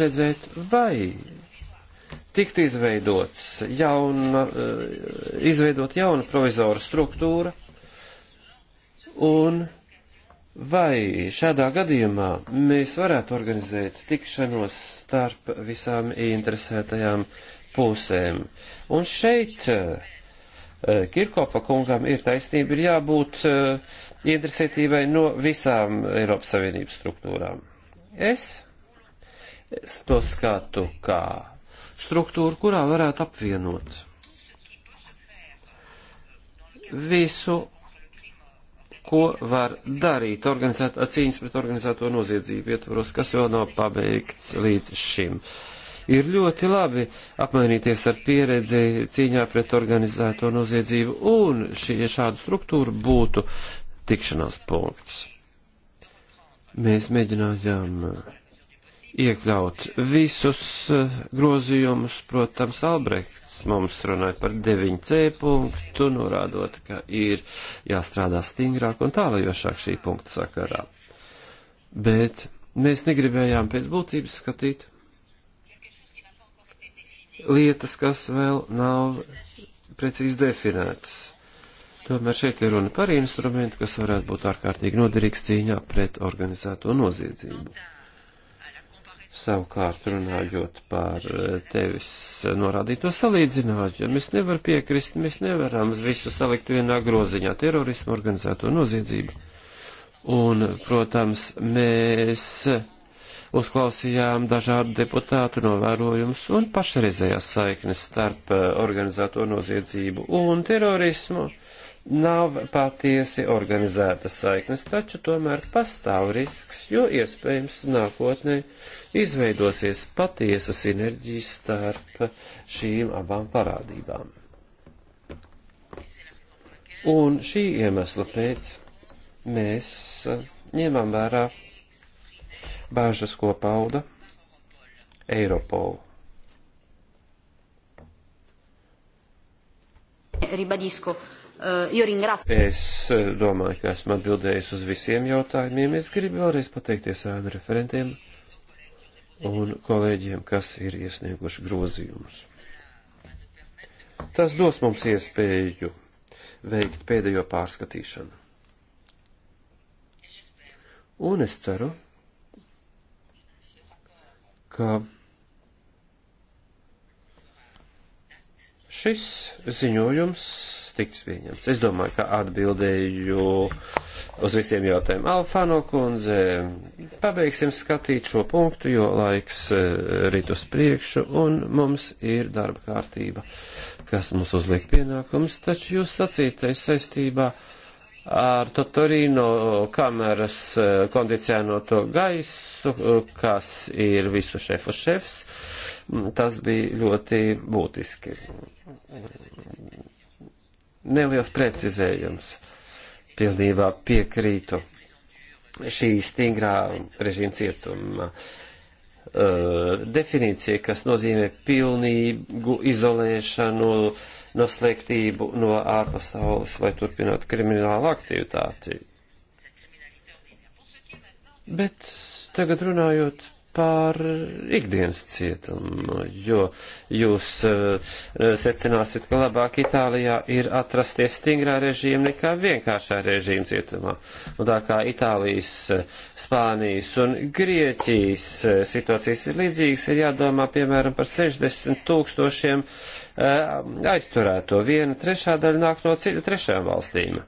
redzēt, vai tiktu izveidots jauna, eh, izveidot jauna provizora struktūra, un vai šādā gadījumā mēs varētu organizēt tikšanos starp visām interesētajām pusēm. Un šeit eh, Kirkopa kungam ir taisnība, ir jābūt eh, interesētībai no visām Eiropas Savienības struktūrām. Es, es to skatu kā struktūru, kurā varētu apvienot visu, ko var darīt organizēt, cīņas pret organizēto noziedzību ietvaros, kas vēl nav pabeigts līdz šim. Ir ļoti labi apmainīties ar pieredzi cīņā pret organizēto noziedzību, un šī šāda struktūra būtu tikšanās punkts. Mēs mēģinājām iekļaut visus eh, grozījumus, protams, Albrechts mums runāja par 9C punktu, norādot, ka ir jāstrādā stingrāk un tālajošāk šī punkta sakarā. Bet mēs negribējām pēc būtības skatīt lietas, kas vēl nav precīzi definētas. Tomēr šeit ir runa par instrumentu, kas varētu būt ārkārtīgi noderīgs cīņā pret organizēto noziedzību. Savukārt, runājot par eh, tevis norādīto salīdzinājumu, es nevaru piekrist, mēs nevaram visu salikt vienā groziņā - terorismu, organizēto noziedzību. Un, protams, mēs uzklausījām dažādu deputātu novērojumus un pašreizējās saiknes starp eh, organizēto noziedzību un terorismu. Uh, nav patiesi organizētas saiknes, taču tomēr pastāv risks, jo iespējams nākotnē izveidosies patiesa sinerģija starp šīm abām parādībām. Un šī iemesla pēc mēs ņemam vērā bāžas, ko pauda Eiropola. Ribadisco Eh, es eh, domāju, ka esmu atbildējis uz visiem jautājumiem. Es gribu vēlreiz pateikties ēnu referentiem un kolēģiem, kas ir iesnieguši grozījumus. Tas dos mums iespēju veikt pēdējo pārskatīšanu. Un es ceru, ka Šis ziņojums tiks pieņemts. Es domāju, ka atbildēju uz visiem jautājumiem. Alfano kundze, pabeigsim skatīt šo punktu, jo laiks e, rit uz priekšu un mums ir darba kārtība, kas mums uzliek pienākums, taču jūs sacītais saistībā ar Totorino kameras e, kondicionēto gaisu, kas ir visu šefu šefs Mm, tas bija ļoti būtiski. Neliels precizējums. Pilnībā piekrītu šī stingrā režīma cietuma uh, definīcija, kas nozīmē pilnīgu izolēšanu no slēgtību no ārpasaules, lai turpinātu kriminālu aktivitāti. Bet tagad runājot par ikdienas cietumu, jo jūs uh, secināsiet, ka labāk Itālijā ir atrasties stingrā režīma nekā vienkāršā režīma cietumā. Un tā kā Itālijas, eh, Spānijas un Grieķijas eh, situācijas ir līdzīgas, ir jādomā piemēram par 60 tūkstošiem uh, aizturēto. Viena trešā daļa nāk no cita trešajām valstīm.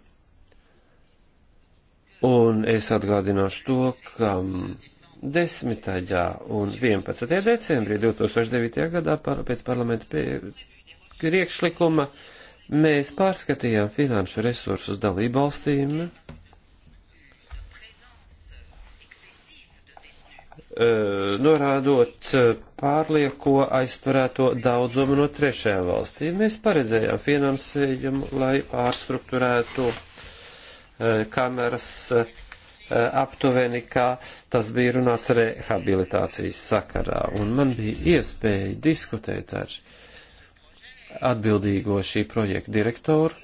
Un es atgādināšu to, ka 10. un 11. decembrī 2009. gadā par, pēc parlamenta priekšlikuma mēs pārskatījām finanšu resursus dalību valstīm. norādot pārlieko aizturēto daudzumu no trešajām valstīm. Mēs paredzējām finansējumu, lai pārstruktūrētu kameras Eh, aptuveni, kā tas bija runāts rehabilitācijas sakarā. Un man bija iespēja diskutēt ar atbildīgo šī projekta direktoru.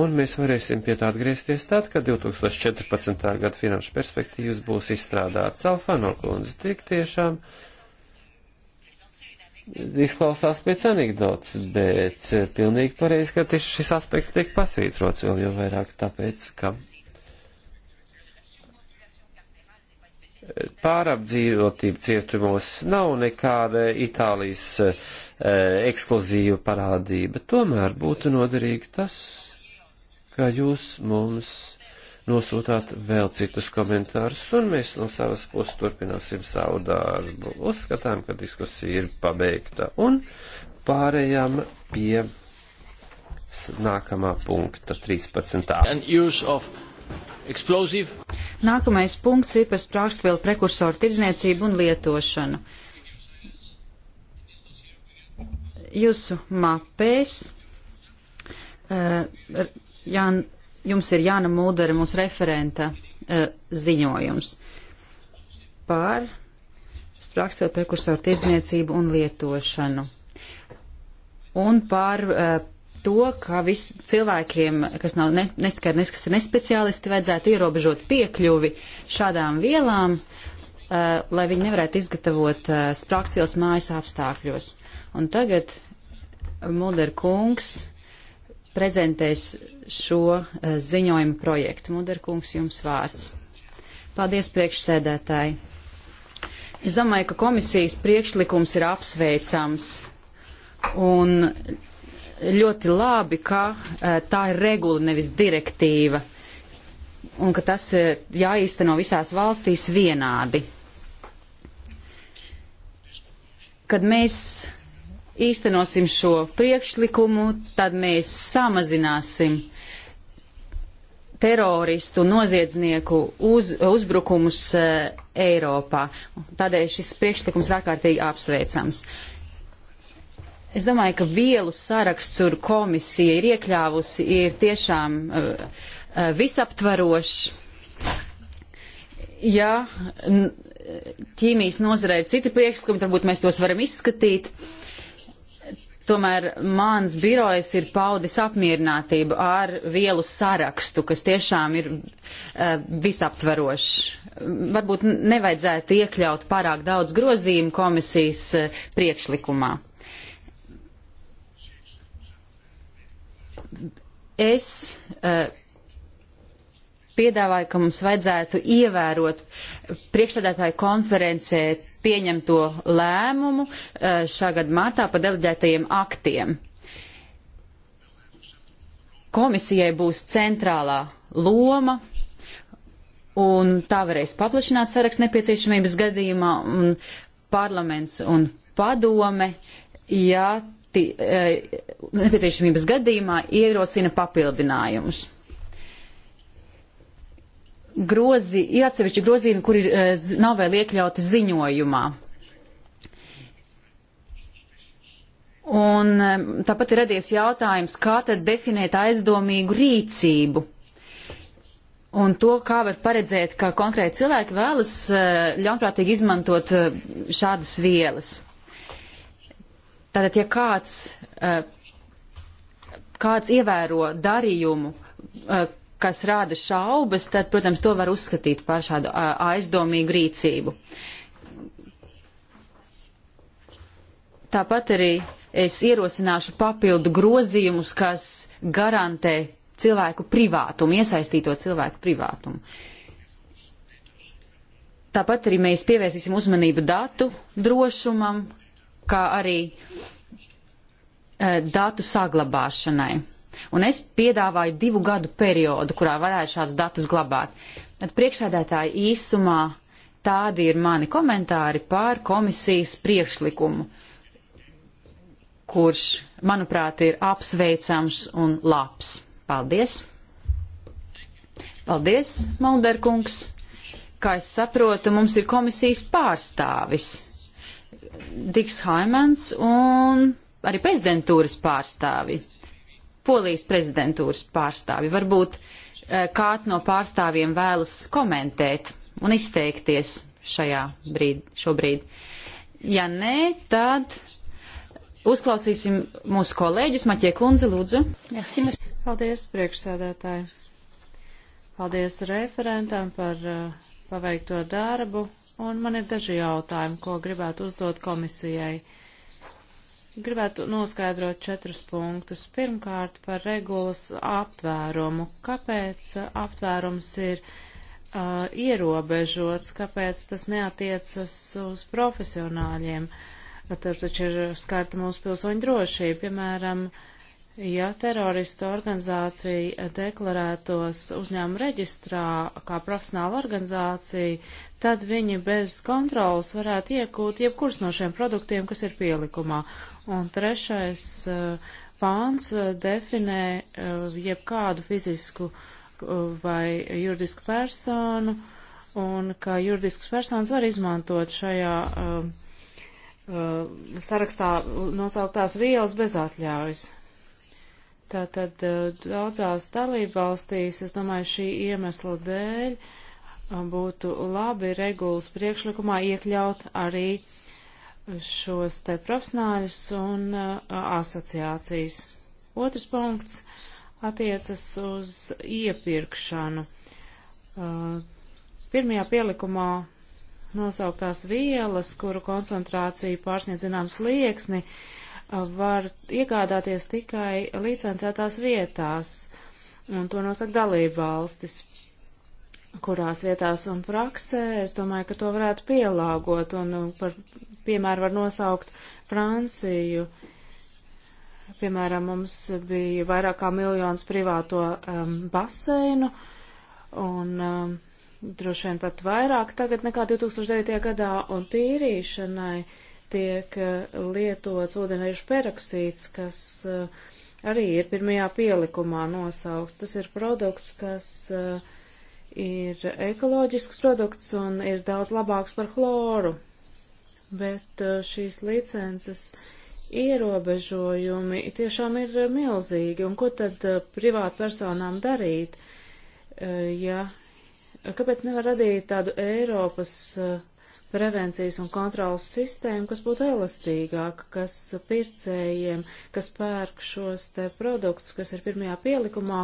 Un mēs varēsim pie tā atgriezties tad, kad 2014. gada finanšu perspektīvas būs izstrādāts Alfano kundze. Tik tiešām izklausās pēc anekdotas, bet pilnīgi pareizi, ka šis aspekts tiek pasvītrots vēl jau vairāk tāpēc, ka pārapdzīvotība cietumos nav nekāda Itālijas e, ekskluzīva parādība. Tomēr būtu noderīgi tas, ka jūs mums nosūtāt vēl citus komentārus, un mēs no savas puses turpināsim savu darbu. Uzskatām, ka diskusija ir pabeigta, un pārējām pie nākamā punkta 13 explosive. Nākamais punkts ir par sprākstvielu prekursoru tirdzniecību un lietošanu. Jūsu mapēs uh, Jān, jums ir Jāna Mūdera, mūsu referenta uh, ziņojums par sprākstvielu prekursoru tirdzniecību un lietošanu un par uh, to, ka vis, cilvēkiem, kas nav ne, neskaidrs, kas ir nespeciālisti, vajadzētu ierobežot piekļuvi šādām vielām, uh, lai viņi nevarētu izgatavot uh, eh, sprākstvielas mājas apstākļos. Un tagad Mulder kungs prezentēs šo uh, ziņojumu projektu. Mulder kungs, jums vārds. Paldies priekšsēdētāji. Es domāju, ka komisijas priekšlikums ir apsveicams un ļoti labi, ka eh, tā ir regula, nevis direktīva, un ka tas eh, jāīsteno visās valstīs vienādi. Kad mēs īstenosim šo priekšlikumu, tad mēs samazināsim teroristu noziedznieku uz, uzbrukumus eh, Eiropā. Tādēļ šis priekšlikums ir ārkārtīgi apsveicams. Uh, Es domāju, ka vielu saraksts, kur komisija ir iekļāvusi, ir tiešām uh, uh, visaptvarošs. Ja ķīmijas nozarē ir citi priekšlikumi, varbūt mēs tos varam izskatīt. Tomēr mans birojs ir paudis apmierinātību ar vielu sarakstu, kas tiešām ir uh, visaptvarošs. Varbūt nevajadzētu iekļaut pārāk daudz grozījumu komisijas uh, priekšlikumā. Es uh, piedāvāju, ka mums vajadzētu ievērot priekšsēdētāju konferencē pieņemto lēmumu uh, šā gada martā par deleģētajiem aktiem. Komisijai būs centrālā loma un tā varēs paplašināt sarakstu nepieciešamības gadījumā, un parlaments un padome, ja Eh, nepieciešamības gadījumā ierosina papildinājumus. Grozi, ir atsevišķi grozījumi, kuri eh, nav vēl iekļauti ziņojumā. Un eh, tāpat ir radies jautājums, kā tad definēt aizdomīgu rīcību un to, kā var paredzēt, ka konkrēti cilvēki vēlas ļaunprātīgi izmantot šādas vielas. Tātad, ja kāds, eh, kāds ievēro darījumu, eh, kas rāda šaubas, tad, protams, to var uzskatīt par šādu eh, aizdomīgu rīcību. Tāpat arī es ierosināšu papildu grozījumus, kas garantē cilvēku privātumu, iesaistīto cilvēku privātumu. Tāpat arī mēs pievērsīsim uzmanību datu drošumam, kā arī e, datu saglabāšanai. Un es piedāvāju divu gadu periodu, kurā varētu šādus datus glabāt. Tad priekšsēdētāji īsumā tādi ir mani komentāri pār komisijas priekšlikumu, kurš, manuprāt, ir apsveicams un labs. Paldies! Paldies, Malderkungs! Kā es saprotu, mums ir komisijas pārstāvis. Diks Haimans un arī prezidentūras pārstāvi, polijas prezidentūras pārstāvi. Varbūt eh, kāds no pārstāvjiem vēlas komentēt un izteikties šajā brīd, šobrīd. Ja nē, tad uzklausīsim mūsu kolēģus. Maķie kundze, lūdzu. Merci, Paldies, priekšsēdētāji. Paldies referentam par uh, paveikto darbu un man ir daži jautājumi, ko gribētu uzdot komisijai. Gribētu noskaidrot četrus punktus. Pirmkārt, par regulas aptvērumu. Kāpēc aptvērums ir uh, ierobežots, kāpēc tas neatiecas uz profesionāļiem? Tur taču ir skarta mūsu pilsoņu drošība, piemēram, uh, Ja teroristu organizācija deklarētos uzņēmuma reģistrā kā profesionāla organizācija, tad viņi bez kontrolas varētu iegūt jebkurs no šiem produktiem, kas ir pielikumā. Un trešais eh, pāns eh, definē eh, jebkādu fizisku vai juridisku personu, un ka juridisks persons var izmantot šajā sarakstā nosauktās vielas bez atļaujas. Tātad daudzās dalībvalstīs, es domāju, šī iemesla dēļ uh, būtu labi regulas priekšlikumā iekļaut arī šos te profesionāļus un uh, asociācijas. Otrs punkts attiecas uz iepirkšanu. Uh, pirmajā pielikumā nosauktās vielas, kuru koncentrācija pārsniedz zināms lieksni, uh, var iegādāties tikai licencētās vietās, un to nosaka dalība valstis kurās vietās un praksē. Es domāju, ka to varētu pielāgot un nu, par piemēru var nosaukt Franciju. Piemēram, mums bija vairāk kā miljons privāto um, baseinu un um, droši vien pat vairāk tagad nekā 2009. gadā un tīrīšanai tiek uh, lietots ūdenēšu peroksīts, kas uh, arī ir pirmajā pielikumā nosaukts. Tas ir produkts, kas uh, ir ekoloģisks produkts un ir daudz labāks par chloru. Bet uh, šīs licences ierobežojumi tiešām ir uh, milzīgi. Un ko tad uh, privātpersonām darīt? Ja, kāpēc nevar radīt tādu Eiropas prevencijas un kontrolas sistēmu, kas būtu elastīgāka, kas pircējiem, kas pērk šos te produktus, kas ir pirmajā pielikumā,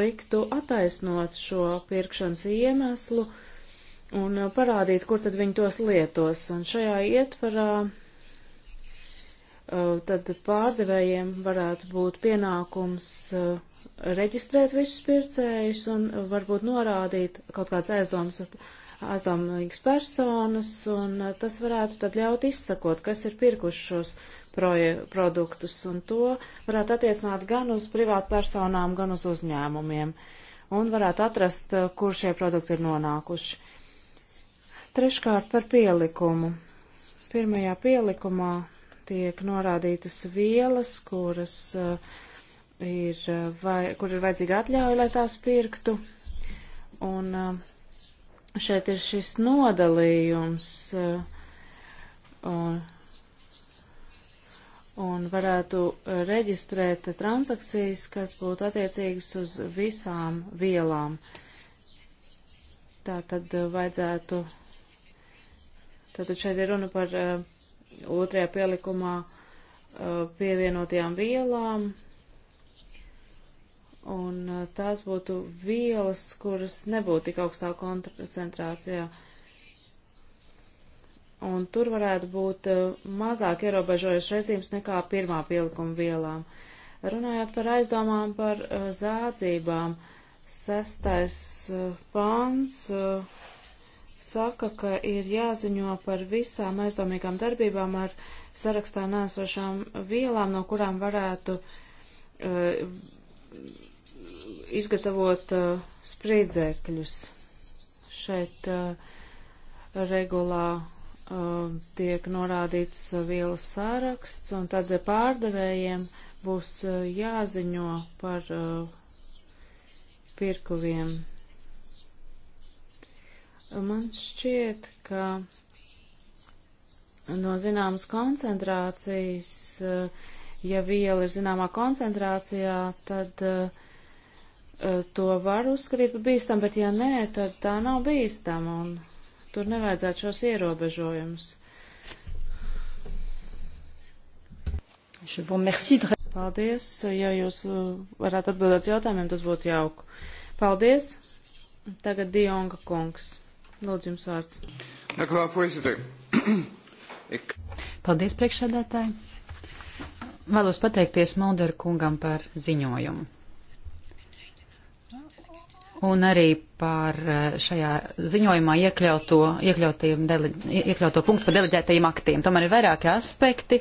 liktu attaisnot šo pirkšanas iemeslu un uh, parādīt, kur tad viņi tos lietos. Un šajā ietvarā uh, tad pārdevējiem varētu būt pienākums uh, reģistrēt visus pircējus un varbūt norādīt kaut kāds aizdoms aizdomīgas personas, un uh, tas varētu tad ļaut izsakot, kas ir pirkuši šos produktus, un to varētu attiecināt gan uz privātpersonām, gan uz uzņēmumiem, un varētu atrast, uh, kur šie produkti ir nonākuši. Treškārt par pielikumu. Pirmajā pielikumā tiek norādītas vielas, kuras uh, ir, uh, vai, kur ir vajadzīga atļauja, lai tās pirktu, un uh, šeit ir šis nodalījums eh, un, un varētu reģistrēt transakcijas, kas būtu attiecīgas uz visām vielām. Tā tad eh, vajadzētu, tātad šeit ir runa par eh, otrajā pielikumā pievienotajām vielām, un tās būtu vielas, kuras nebūtu tik augstā koncentrācijā. Un tur varētu būt mazāk ierobežojuši režīms nekā pirmā pielikuma vielām. Runājot par aizdomām par zādzībām, sestais pāns saka, ka ir jāziņo par visām aizdomīgām darbībām ar sarakstā nēsošām vielām, no kurām varētu uh, izgatavot uh, spriedzēkļus. Šeit uh, regulā uh, tiek norādīts uh, vielu sāraksts, un tad pārdevējiem būs uh, jāziņo par uh, pirkuviem. Man šķiet, ka no zināmas koncentrācijas uh, ja viela ir zināmā koncentrācijā, tad uh, to var uzskatīt par bīstamu, bet ja nē, tad tā nav bīstama un tur nevajadzētu šos ierobežojumus. Paldies, ja jūs eh, varētu atbildēt jautājumiem, tas būtu jauku. Paldies. Tagad Dionga kungs. Lūdzu, jums vārds. Paldies, priekšsēdētāji. Vēlos pateikties Mulder kungam par ziņojumu. Un arī par eh, šajā ziņojumā iekļauto, dele, iekļauto punktu par deleģētajiem aktiem. Tomēr ir vairāki aspekti,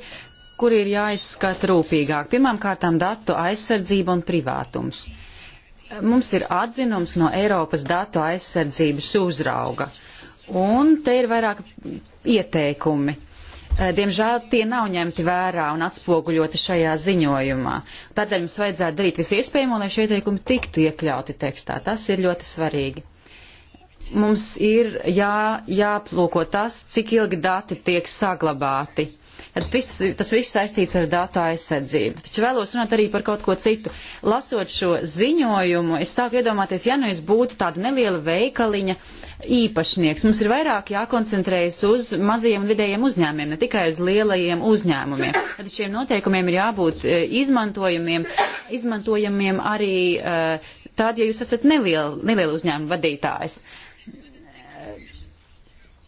kuri ir jāizskata rūpīgāk. Pirmkārt, datu aizsardzība un privātums. Mums ir atzinums no Eiropas datu aizsardzības uzrauga. Un te ir vairāk ieteikumi Eh, diemžēl tie nav ņemti vērā un atspoguļoti šajā ziņojumā. Tādēļ mums vajadzētu darīt visu iespējamo, lai šie ieteikumi tiktu iekļauti tekstā. Tas ir ļoti svarīgi. Mums ir jā, jāplūko tas, cik ilgi dati tiek saglabāti Tad viss, tas viss saistīts ar datu aizsardzību. Taču vēlos runāt arī par kaut ko citu. Lasot šo ziņojumu, es sāku iedomāties, ja nu es būtu tāda neliela veikaliņa īpašnieks. Mums ir vairāk jākoncentrējas uz mazajiem un vidējiem uzņēmumiem, ne tikai uz lielajiem uzņēmumiem. Tad šiem noteikumiem ir jābūt eh, izmantojumiem, izmantojumiem arī uh, tad, ja jūs esat neliela, neliela uzņēmuma vadītājs. Uh,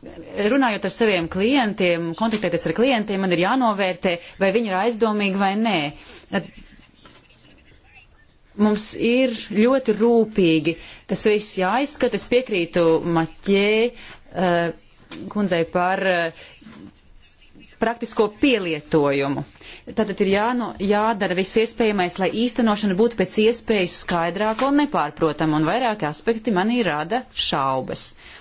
runājot ar saviem klientiem, kontaktēties ar klientiem, man ir jānovērtē, vai viņi ir aizdomīgi vai nē. Mums ir ļoti rūpīgi tas viss jāizskata. Es piekrītu Maķē uh, kundzei par uh, praktisko pielietojumu. Tātad ir jāno, jādara viss iespējamais, lai īstenošana būtu pēc iespējas skaidrāka un nepārprotama, un vairāki aspekti manī rada šaubas. Uh,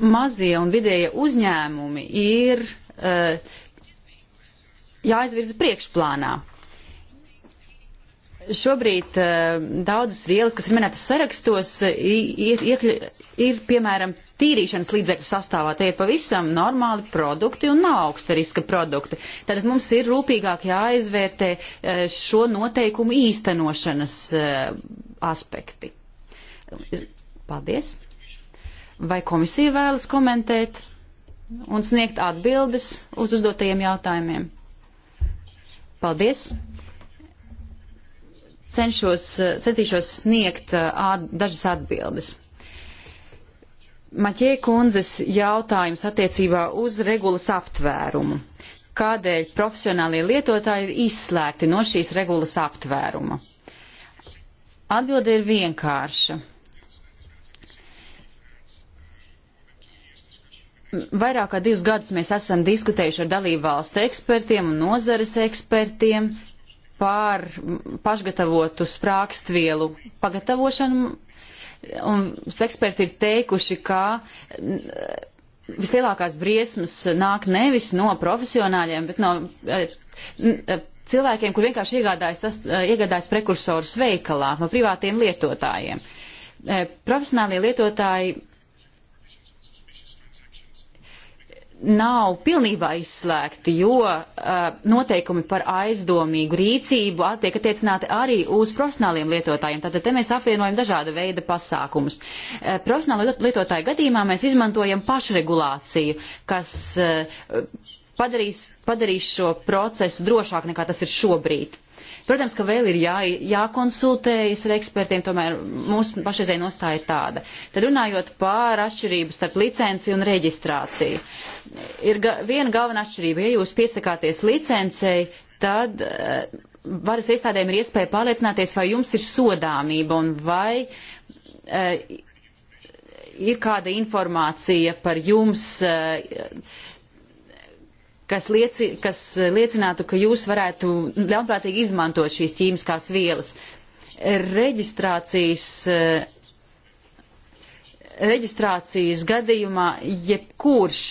mazie un vidējie uzņēmumi ir uh, jāizvirza priekšplānā. Šobrīd uh, daudzas vielas, kas ir minētas sarakstos, ir, iekļu, ir piemēram tīrīšanas līdzekļu sastāvā. Tie ir pavisam normāli produkti un nav augsta riska produkti. Tātad mums ir rūpīgāk jāizvērtē uh, šo noteikumu īstenošanas uh, aspekti. Paldies! Vai komisija vēlas komentēt un sniegt atbildes uz uzdotajiem jautājumiem? Paldies! Cenšos, centīšos sniegt at, dažas atbildes. Maķie kundzes jautājums attiecībā uz regulas aptvērumu. Kādēļ profesionālie lietotāji ir izslēgti no šīs regulas aptvēruma? Atbilde ir vienkārša. Vairāk kā divus gadus mēs esam diskutējuši ar dalību valstu ekspertiem un nozares ekspertiem par pašgatavotu sprākstvielu pagatavošanu. Un eksperti ir teikuši, ka vislielākās briesmas nāk nevis no profesionāļiem, bet no e, e, cilvēkiem, kur vienkārši iegādājas, tas, e, iegādājas prekursorus veikalā, no privātiem lietotājiem. Profesionālie lietotāji nav pilnībā izslēgti, jo uh, noteikumi par aizdomīgu rīcību tiek attiecināti arī uz profesionāliem lietotājiem. Tātad te mēs apvienojam dažāda veida pasākumus. Uh, profesionāla lietotāja gadījumā mēs izmantojam pašregulāciju, kas uh, padarīs, padarīs šo procesu drošāk nekā tas ir šobrīd. Protams, ka vēl ir jā, jākonsultējas ar ekspertiem, tomēr mūsu pašreizēja nostāja ir tāda. Tad runājot pār atšķirību starp licenci un reģistrāciju. Ir ga viena galvena atšķirība. Ja jūs piesakāties licencei, tad uh, varas iestādēm ir iespēja pārliecināties, vai jums ir sodāmība un vai. Uh, ir kāda informācija par jums, uh, kas, lieci, kas liecinātu, ka jūs varētu ļaunprātīgi izmantot šīs ķīmiskās vielas. Reģistrācijas, eh, reģistrācijas gadījumā jebkurš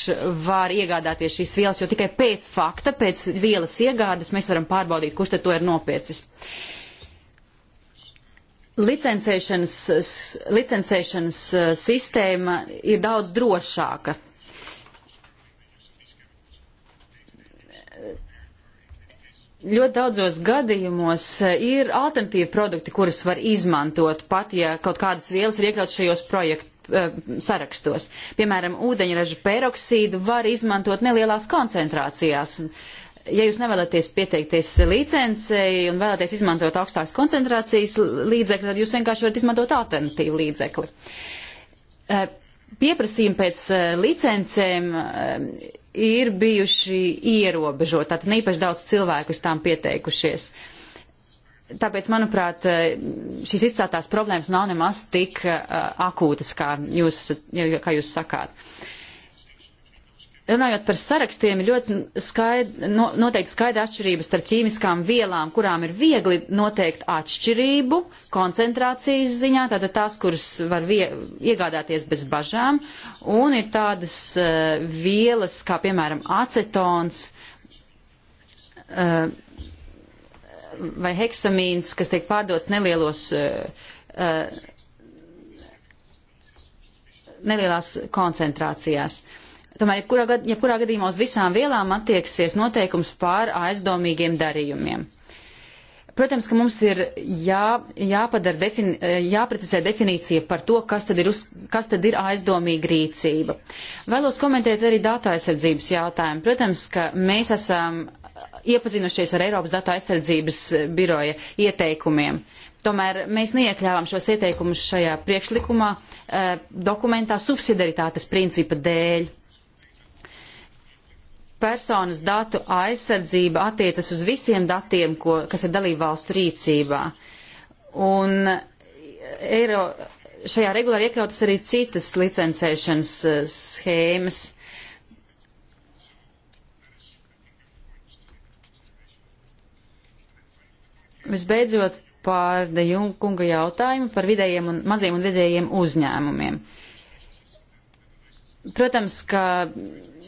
var iegādāties šīs vielas, jo tikai pēc fakta, pēc vielas iegādes mēs varam pārbaudīt, kurš te to ir nopiecis. Licencēšanas, licencēšanas eh, sistēma ir daudz drošāka ļoti daudzos gadījumos eh, ir alternatīvi produkti, kurus var izmantot, pat ja kaut kādas vielas ir iekļautas šajos projektu e, eh, sarakstos. Piemēram, ūdeņraža peroksīdu var izmantot nelielās koncentrācijās. Ja jūs nevēlaties pieteikties licencei un vēlaties izmantot augstākas koncentrācijas līdzekli, tad jūs vienkārši varat izmantot alternatīvu līdzekli. E, pieprasījumi pēc licencēm ir bijuši ierobežoti, tātad neīpaši daudz cilvēku uz tām pieteikušies. Tāpēc, manuprāt, eh, šīs izcētās problēmas nav nemaz tik eh, akūtas, kā jūs, kā jūs sakāt. Uh, Runājot par sarakstiem, ir ļoti skaidri, no, noteikti skaidra atšķirība starp ķīmiskām vielām, kurām ir viegli noteikt atšķirību koncentrācijas ziņā, tātad tās, kuras var vie, iegādāties bez bažām, un ir tādas uh, vielas, kā piemēram acetons uh, vai heksamīns, kas tiek pārdots nelielos. Uh, uh, nelielās koncentrācijās. Uh, Tomēr, jebkurā, gad, jebkurā gadījumā uz visām vielām attieksies noteikums pār aizdomīgiem darījumiem. Protams, ka mums ir jā, jāpadara, defini, jāprecizē definīcija par to, kas tad, ir uz, kas tad ir aizdomīga rīcība. Vēlos komentēt arī datu aizsardzības jautājumu. Protams, ka mēs esam iepazinušies ar Eiropas datu aizsardzības biroja ieteikumiem. Tomēr mēs neiekļāvām šos ieteikumus šajā priekšlikumā eh, dokumentā subsidiaritātes principa dēļ personas datu aizsardzība attiecas uz visiem datiem, ko, kas ir dalībvalstu rīcībā. Un eh, Eiro, šajā regulāri iekļautas arī citas licencēšanas uh, schēmas. Visbeidzot, par De Junkunga jautājumu par vidējiem un maziem un vidējiem uzņēmumiem. Protams, ka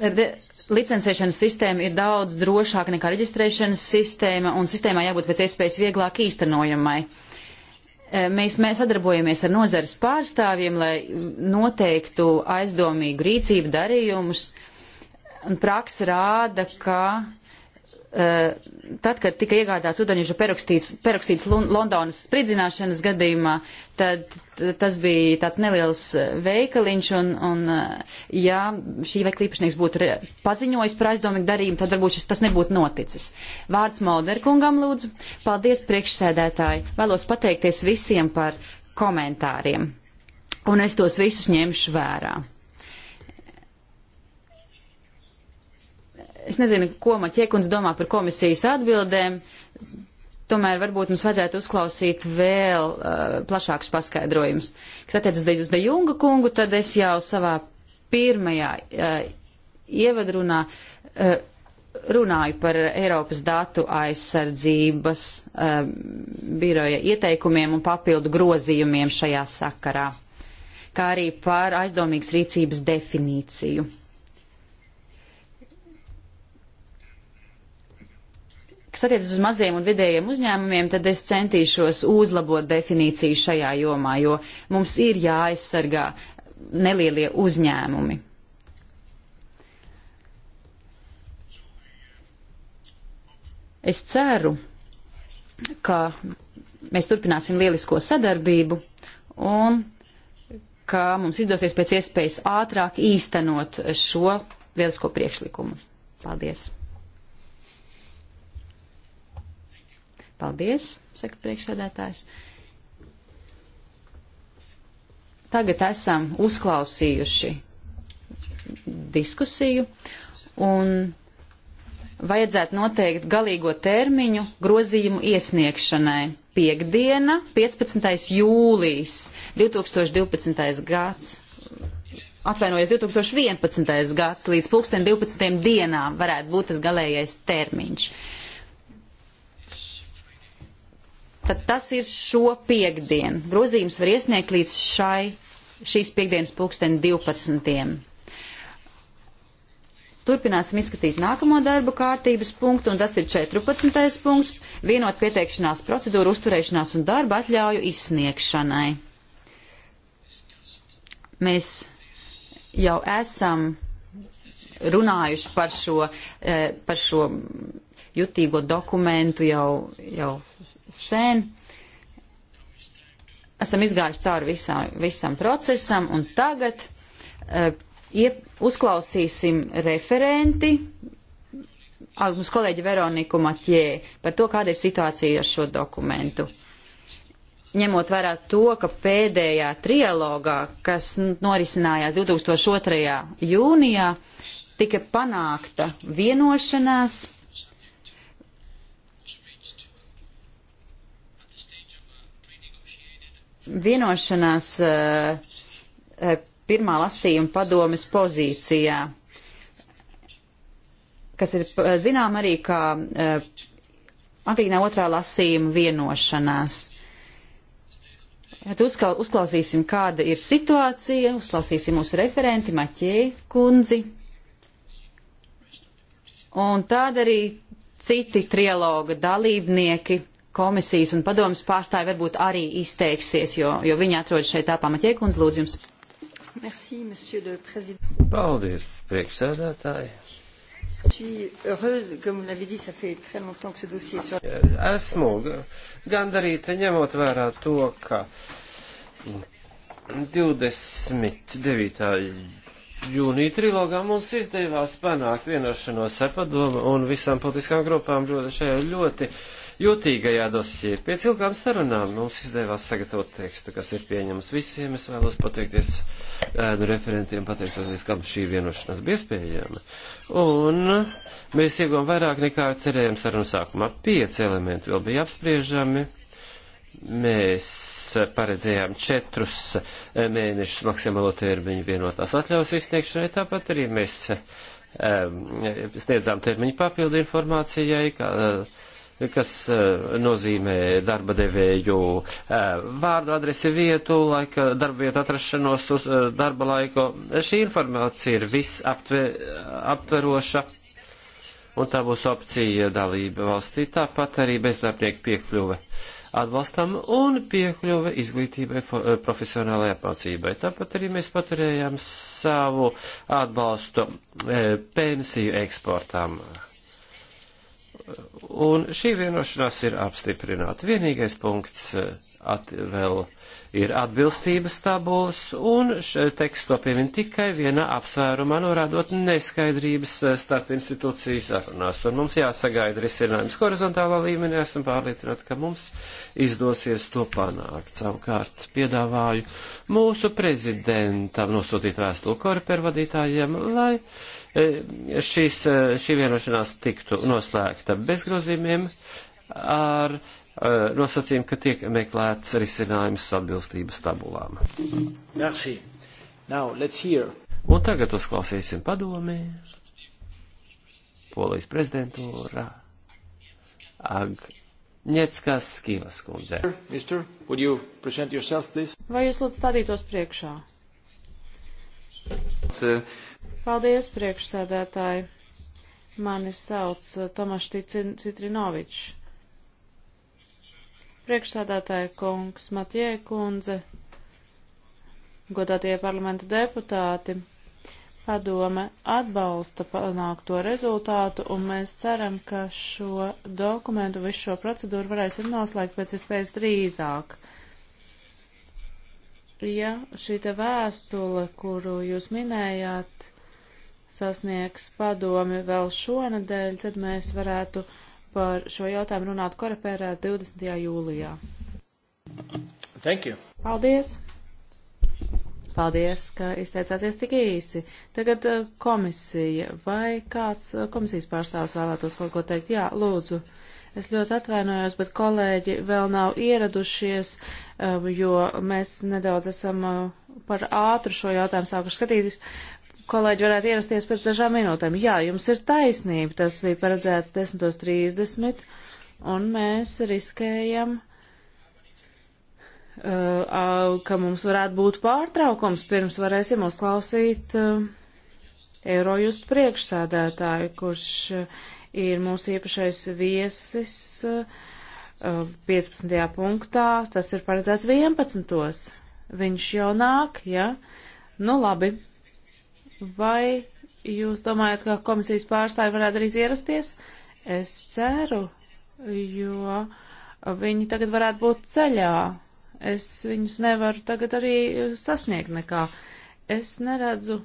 re, licencēšanas sistēma ir daudz drošāka nekā reģistrēšanas sistēma, un sistēmā jābūt pēc iespējas vieglāk īstenojamai. E, mēs, mēs sadarbojamies ar nozares pārstāvjiem, lai noteiktu aizdomīgu rīcību darījumus. Praksa rāda, ka Eh, tad, kad tika iegādāts ūdeņraža peroksīds Londonas spridzināšanas gadījumā, tad tas bija tāds neliels eh, veikaliņš, un, un eh, ja šī veikla īpašnieks būtu paziņojis par aizdomīgu darījumu, tad varbūt šis, tas nebūtu noticis. Vārds Molderkungam lūdzu. Paldies priekšsēdētāji. Vēlos pateikties visiem par komentāriem, un es tos visus ņemšu vērā. Es nezinu, ko Maķiekuns domā par komisijas atbildēm. Tomēr varbūt mums vajadzētu uzklausīt vēl uh, plašākus paskaidrojumus. Kas attiecas uz De Junga kungu, tad es jau savā pirmajā uh, ievadrunā uh, runāju par Eiropas datu aizsardzības uh, biroja ieteikumiem un papildu grozījumiem šajā sakarā, kā arī par aizdomīgas rīcības definīciju. Kas attiecas uz maziem un vidējiem uzņēmumiem, tad es centīšos uzlabot definīciju šajā jomā, jo mums ir jāaizsargā nelielie uzņēmumi. Es ceru, ka mēs turpināsim lielisko sadarbību un ka mums izdosies pēc iespējas ātrāk īstenot šo lielisko priekšlikumu. Paldies! Paldies, saka priekšsēdētājs. Tagad esam uzklausījuši diskusiju un vajadzētu noteikt galīgo termiņu grozījumu iesniegšanai. Piektdiena, 15. jūlijas 2012. gads. Atvainojiet, 2011. gads līdz pulksten 12. dienām varētu būt tas galējais termiņš. Uh, tad tas ir šo piekdienu. Grozījums var iesniegt līdz šai, šīs piekdienas pulksten 12. Turpināsim izskatīt nākamo darbu kārtības punktu, un tas ir 14. punkts - vienot pieteikšanās procedūru uzturēšanās un darba atļauju izsniegšanai. Mēs jau esam runājuši par šo, eh, par šo jutīgo dokumentu jau, jau sen. Esam izgājuši cauri visam, visam procesam un tagad uh, iep, uzklausīsim referenti, mums kolēģi Veroniku Matjē, par to, kāda ir situācija ar šo dokumentu ņemot vērā to, ka pēdējā trialogā, kas norisinājās 2002. jūnijā, tika panākta vienošanās vienošanās eh, eh, pirmā lasījuma padomes pozīcijā, kas ir eh, zinām arī kā agrīnā otrā lasījuma vienošanās. Uzkla, uzklausīsim, kāda ir situācija, uzklausīsim mūsu referenti Maķē kundzi. Un tāda arī citi trialoga dalībnieki komisijas un padomas pārstāvi varbūt arī izteiksies, jo, jo viņi atrodas šeit tā pamatiekundz lūdzu jums. Merci, Paldies, priekšsēdētāji. Esmu gandarīta ņemot vērā to, ka 29. jūnija trilogā mums izdevās panākt vienošanos ar padomu un visām politiskām grupām ļoti šajā ļoti uh, jūtīgajā dosijā. Pēc ilgām sarunām mums izdevās sagatavot tekstu, kas ir pieņems visiem. Es vēlos pateikties ēnu referentiem, pateicoties, kam šī vienošanās bija iespējama. Un mēs ieguvām vairāk nekā cerējām sarunu sākumā. Pieci elementi vēl bija apspriežami. Mēs paredzējām četrus mēnešus maksimālo termiņu vienotās atļaus izsniegšanai, tāpat arī mēs sniedzām termiņu papildu informācijai, kā, uh, kas eh, nozīmē darba devēju eh, vārdu, adresi vietu, laika, darba vietu atrašanos uz eh, darba laiku. Šī informācija ir visaptveroša, un tā būs opcija dalība valstī, tāpat arī bezdarbnieku piekļuve atbalstam un piekļuve izglītībai, profesionālajai apmācībai. Tāpat arī mēs paturējām savu atbalstu pensiju eksportām Un šī vienošanās ir apstiprināta. Vienīgais punkts at, vēl ir atbilstības tabulas, un teksts to piemin tikai vienā apsvērumā, norādot neskaidrības eh, starp institūciju sarunās. Un mums jāsagaida risinājums horizontālā līmenī, esmu pārliecināti, ka mums izdosies to panākt. Savukārt piedāvāju mūsu prezidentam nosūtīt vēstuli korper vadītājiem, lai eh, šīs, eh, šī vienošanās tiktu noslēgta bez grozījumiem ar Eh, nosacījumi, ka tiek meklēts risinājums atbilstības tabulām. Merci. Now, let's hear. Un tagad uzklausīsim padomi Polijas prezidentūra Agņetskas Skivas kundze. Mister, would you present yourself, please? Vai jūs lūdzu stādītos priekšā? Paldies, priekšsēdētāji. Mani sauc eh, Tomašs Citrinovičs. Priekšsādātāja kungs, Matjē kundze, godātie parlamenta deputāti, padome atbalsta panākto rezultātu, un mēs ceram, ka šo dokumentu, visu šo procedūru varēsim noslēgt pēc iespējas drīzāk. Ja šī te vēstule, kuru jūs minējāt, sasniegs padomi vēl šonadēļ, tad mēs varētu par šo jautājumu runāt Korepērā 20. jūlijā. Thank you. Paldies! Paldies, ka izteicāties tik īsi. Tagad uh, komisija vai kāds uh, komisijas pārstāvs vēlētos kaut ko teikt? Jā, lūdzu. Es ļoti atvainojos, bet kolēģi vēl nav ieradušies, uh, jo mēs nedaudz esam par ātru šo jautājumu sākuši skatīt kolēģi varētu ierasties pēc dažām minūtēm. Jā, jums ir taisnība, tas bija paredzēts 10.30, un mēs riskējam, uh, ka mums varētu būt pārtraukums, pirms varēsim uzklausīt uh, Eurojust priekšsēdētāju, kurš uh, ir mūsu iepašais viesis 15. Uh, uh, punktā, tas ir paredzēts 11. Viņš jau nāk, jā? Ja? Nu labi. Vai jūs domājat, ka komisijas pārstāvi varētu arī ierasties? Es ceru, jo viņi tagad varētu būt ceļā. Es viņus nevaru tagad arī sasniegt nekā. Es neredzu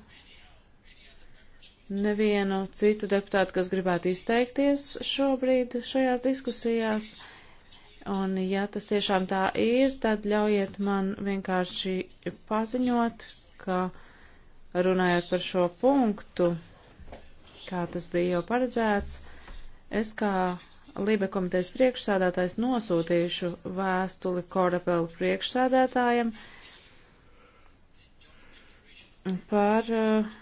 nevienu citu deputātu, kas gribētu izteikties šobrīd šajās diskusijās. Un ja tas tiešām tā ir, tad ļaujiet man vienkārši paziņot, ka runājot par šo punktu, kā tas bija jau paredzēts, es kā Lībe komitejas priekšsādātājs nosūtīšu vēstuli Korapelu priekšsādātājiem par uh,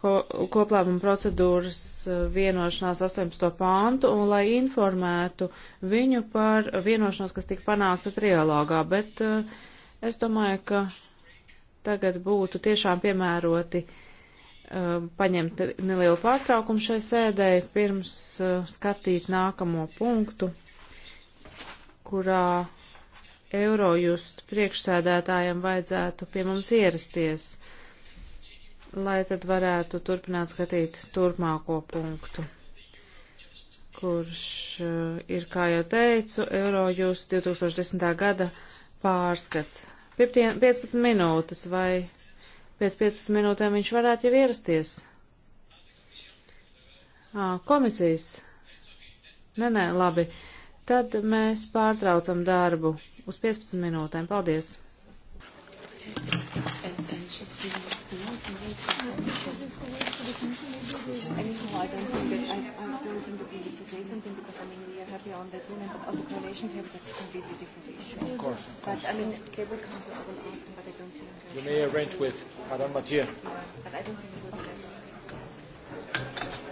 ko, koplēmuma procedūras uh, vienošanās 18. pāntu un lai informētu viņu par vienošanos, kas tika panākta trialogā, bet uh, es domāju, ka tagad būtu tiešām piemēroti uh, paņemt nelielu pārtraukumu šai sēdēji pirms uh, skatīt nākamo punktu, kurā Eurojust priekšsēdētājiem vajadzētu pie mums ierasties, lai tad varētu turpināt skatīt turpmāko punktu, kurš uh, ir, kā jau teicu, Eurojust 2010. gada pārskats. 15 minūtes, vai pēc 15 minūtēm viņš varētu jau ierasties? À, komisijas. Nē, nē, labi. Tad mēs pārtraucam darbu uz 15 minūtēm. Paldies! I don't know say something because I mean we are happy on that woman, but on the correlation table that's a completely different issue. Of course. But of course. I mean they will come, so I will ask them, but I don't think. You may arrange with Madame Mathieu. Yeah, but I don't think it would be necessary.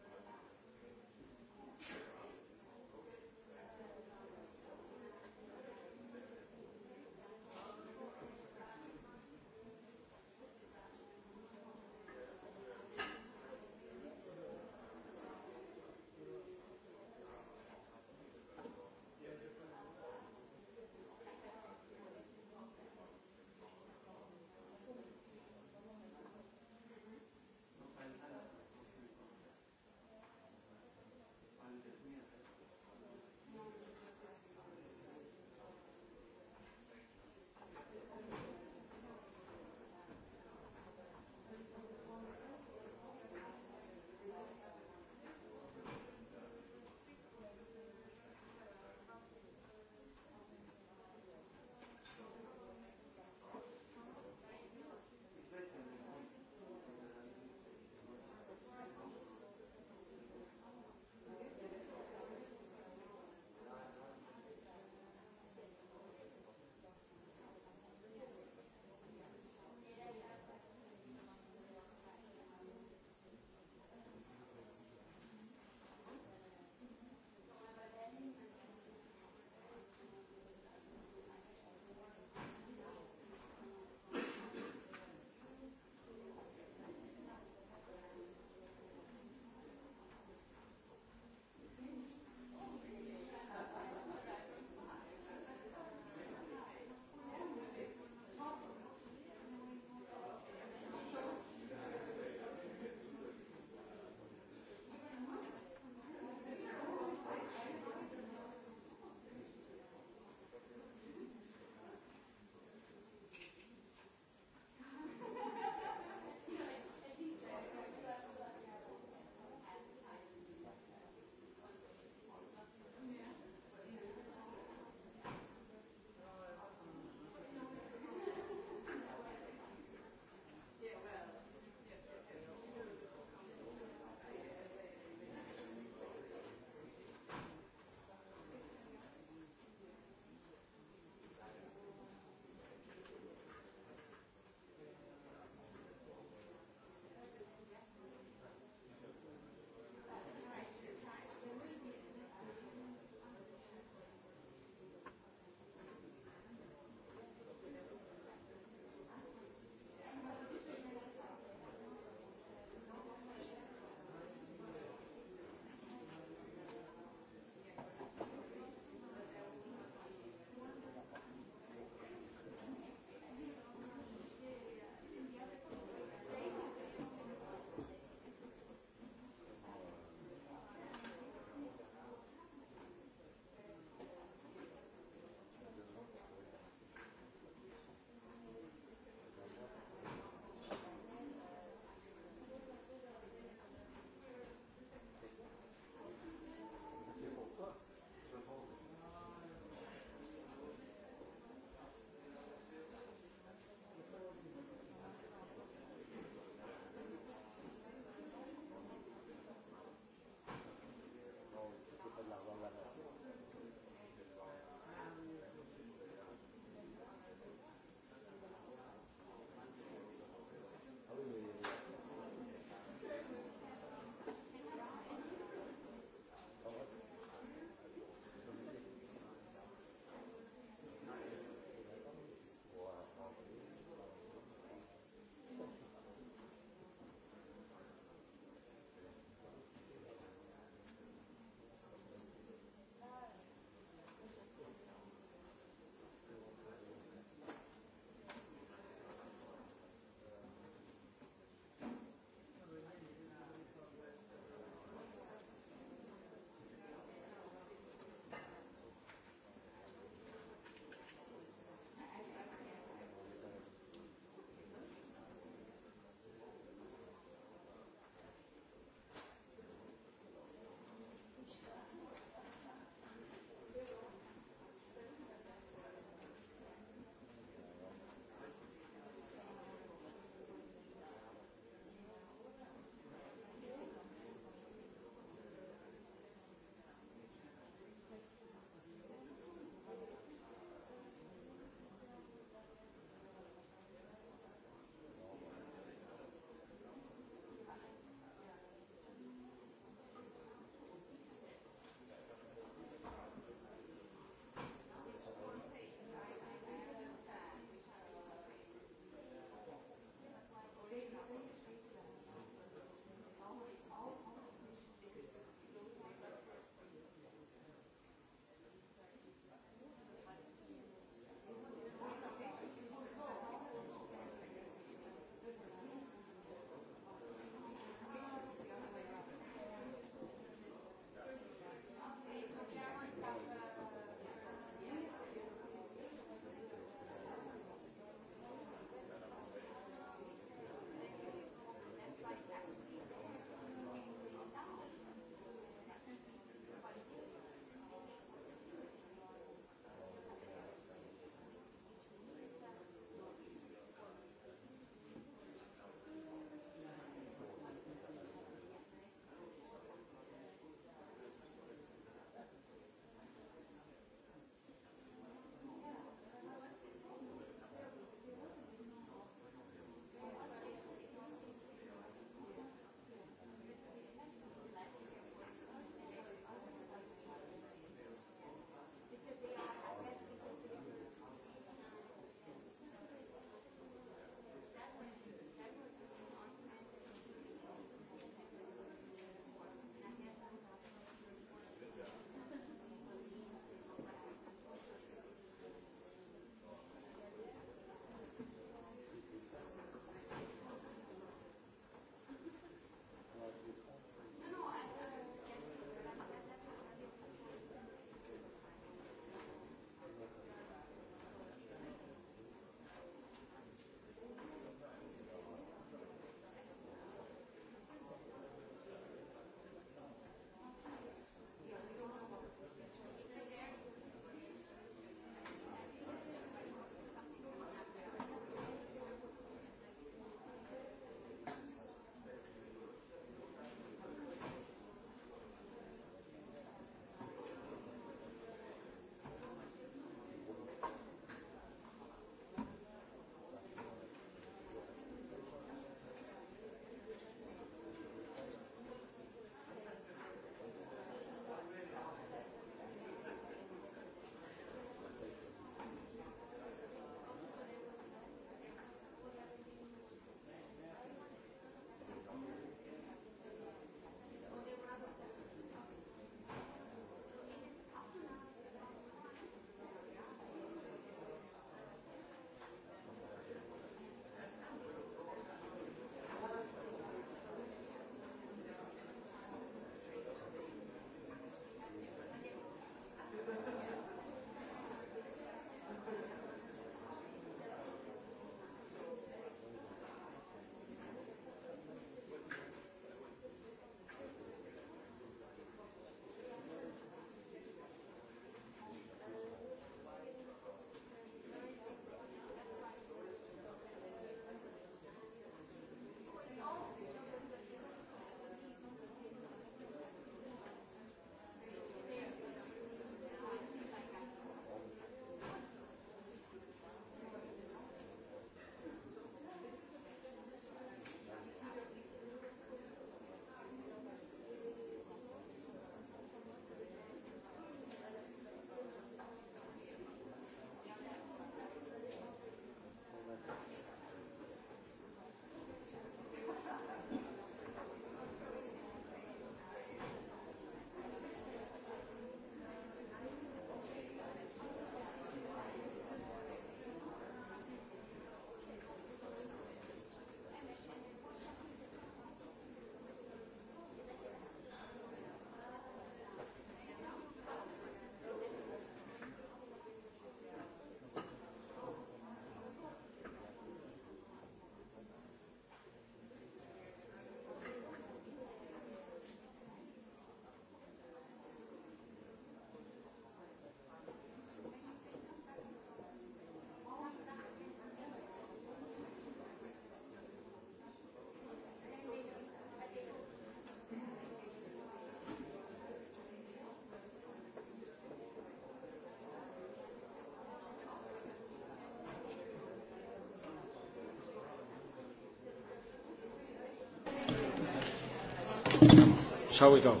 Shall we go?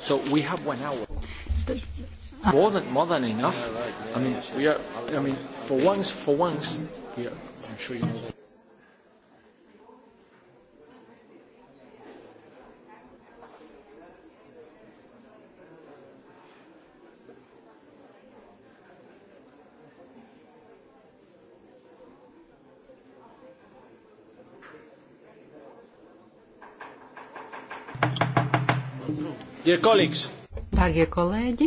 So we have one hour. More than more than enough. I mean, we are. I mean, for once, for once, we are. I'm sure you know that. Dārgie kolēģi!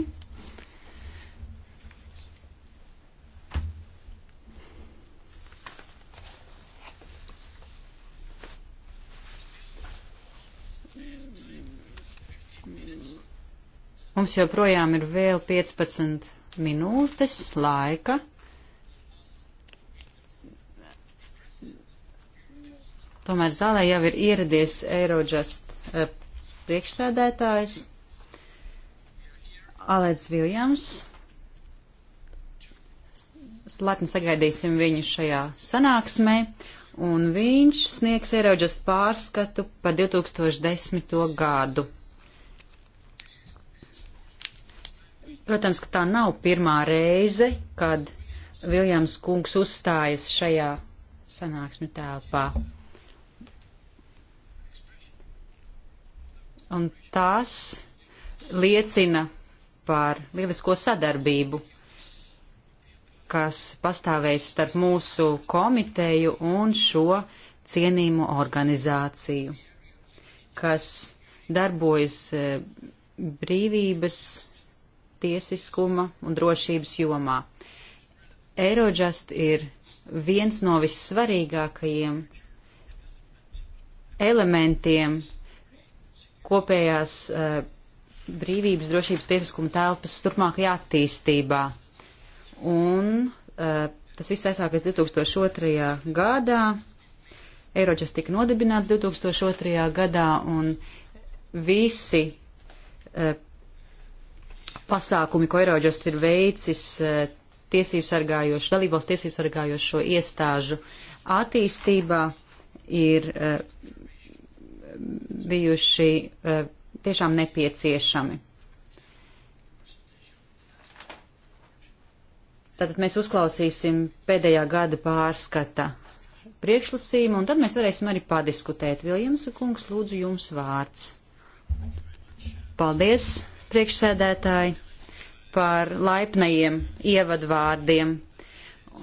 Mums joprojām ir vēl 15 minūtes laika. Tomēr zālē jau ir ieradies Eirodžast eh, priekšsēdētājs Alēds Viljams. Lepni sagaidīsim viņu šajā sanāksmē, un viņš sniegs ieroģas pārskatu par 2010. gadu. Protams, ka tā nav pirmā reize, kad Viljams kungs uzstājas šajā sanāksmi telpā. un tās liecina par lielisko sadarbību, kas pastāvēs starp mūsu komiteju un šo cienīmu organizāciju, kas darbojas e, brīvības, tiesiskuma un drošības jomā. Eirodžast ir viens no vissvarīgākajiem elementiem kopējās uh, brīvības, drošības, tiesiskuma telpas turpmākajā attīstībā. Un uh, tas viss aizsākas 2002. gadā. Eiroģis tika nodibināts 2002. gadā un visi uh, pasākumi, ko Eiroģis ir veicis uh, tiesību sargājošu, dalībvalsts tiesību sargājošo iestāžu attīstībā, ir uh, bijuši eh, tiešām nepieciešami. Tātad mēs uzklausīsim pēdējā gada pārskata priekšlasījumu, un tad mēs varēsim arī padiskutēt. Viljams kungs, lūdzu jums vārds. Paldies, priekšsēdētāji, par laipnajiem ievadvārdiem.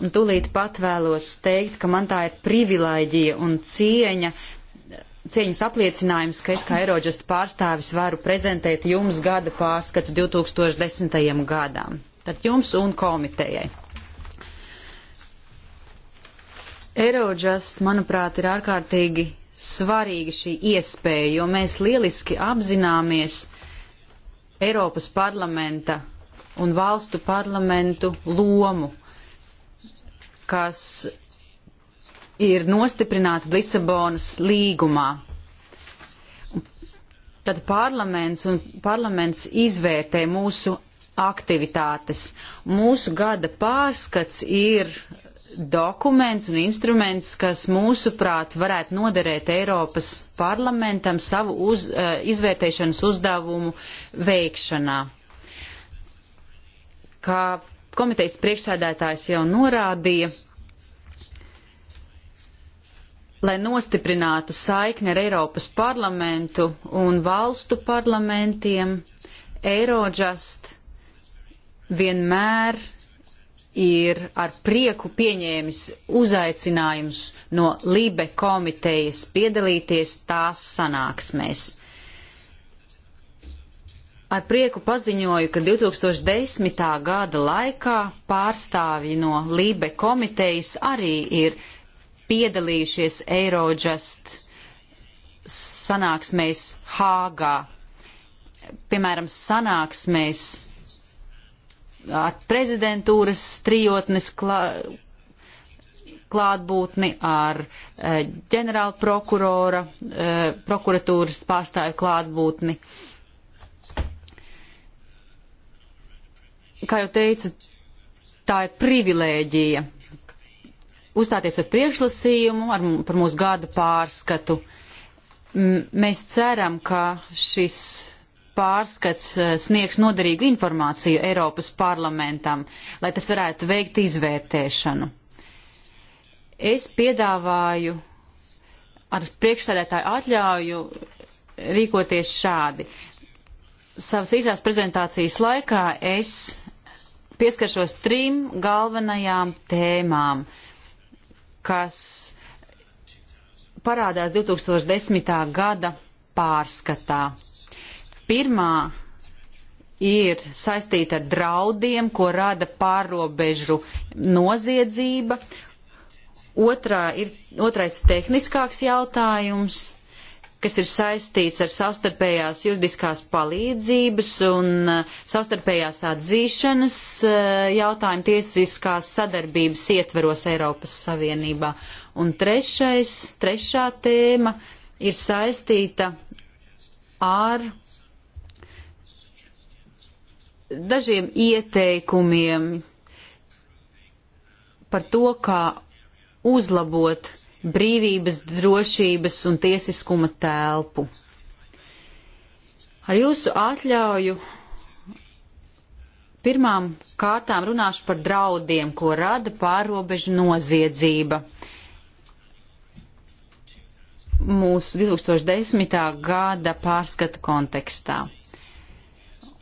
Un tūlīt pat vēlos teikt, ka man tā ir privilēģija un cieņa uh, cieņas apliecinājums, ka es kā Eirožasta pārstāvis varu prezentēt jums gada pārskatu 2010. gadām. Tad jums un komitejai. Eirožast, manuprāt, ir ārkārtīgi svarīga šī iespēja, jo mēs lieliski apzināmies Eiropas parlamenta un valstu parlamentu lomu, kas ir nostiprināta Lisabonas līgumā. Tad parlaments, parlaments izvērtē mūsu aktivitātes. Mūsu gada pārskats ir dokuments un instruments, kas mūsuprāt varētu noderēt Eiropas parlamentam savu uz, uh, izvērtēšanas uzdevumu veikšanā. Kā komitejas priekšsēdētājs jau norādīja, lai nostiprinātu saikni ar Eiropas parlamentu un valstu parlamentiem, Eirodžast vienmēr ir ar prieku pieņēmis uzaicinājumus no Libe komitejas piedalīties tās sanāksmēs. Ar prieku paziņoju, ka 2010. gada laikā pārstāvji no Lībe komitejas arī ir piedalījušies Eirodžast sanāksmēs Hāgā, piemēram, sanāksmēs ar prezidentūras trijotnes klā, klātbūtni, ar eh, ģenerāla prokurora, eh, prokuratūras pārstāju klātbūtni. Kā jau teicu, tā ir privilēģija uzstāties ar priekšlasījumu, ar, par mūsu gada pārskatu. M mēs ceram, ka šis pārskats e, sniegs noderīgu informāciju Eiropas parlamentam, lai tas varētu veikt izvērtēšanu. Es piedāvāju ar priekšsēdētāju atļauju rīkoties šādi. Savas īsās prezentācijas laikā es pieskaršos trim galvenajām tēmām. Uh, kas parādās 2010. gada pārskatā. Pirmā ir saistīta ar draudiem, ko rada pārobežu noziedzība. Otrā ir, otrais ir tehniskāks jautājums kas ir saistīts ar savstarpējās juridiskās palīdzības un eh, savstarpējās atzīšanas eh, jautājumu tiesiskās sadarbības ietveros Eiropas Savienībā. Un trešais, trešā tēma ir saistīta ar dažiem ieteikumiem par to, kā uzlabot brīvības, drošības un tiesiskuma telpu. Ar jūsu atļauju pirmām kārtām runāšu par draudiem, ko rada pārobežu noziedzība. Mūsu 2010. gada pārskata kontekstā.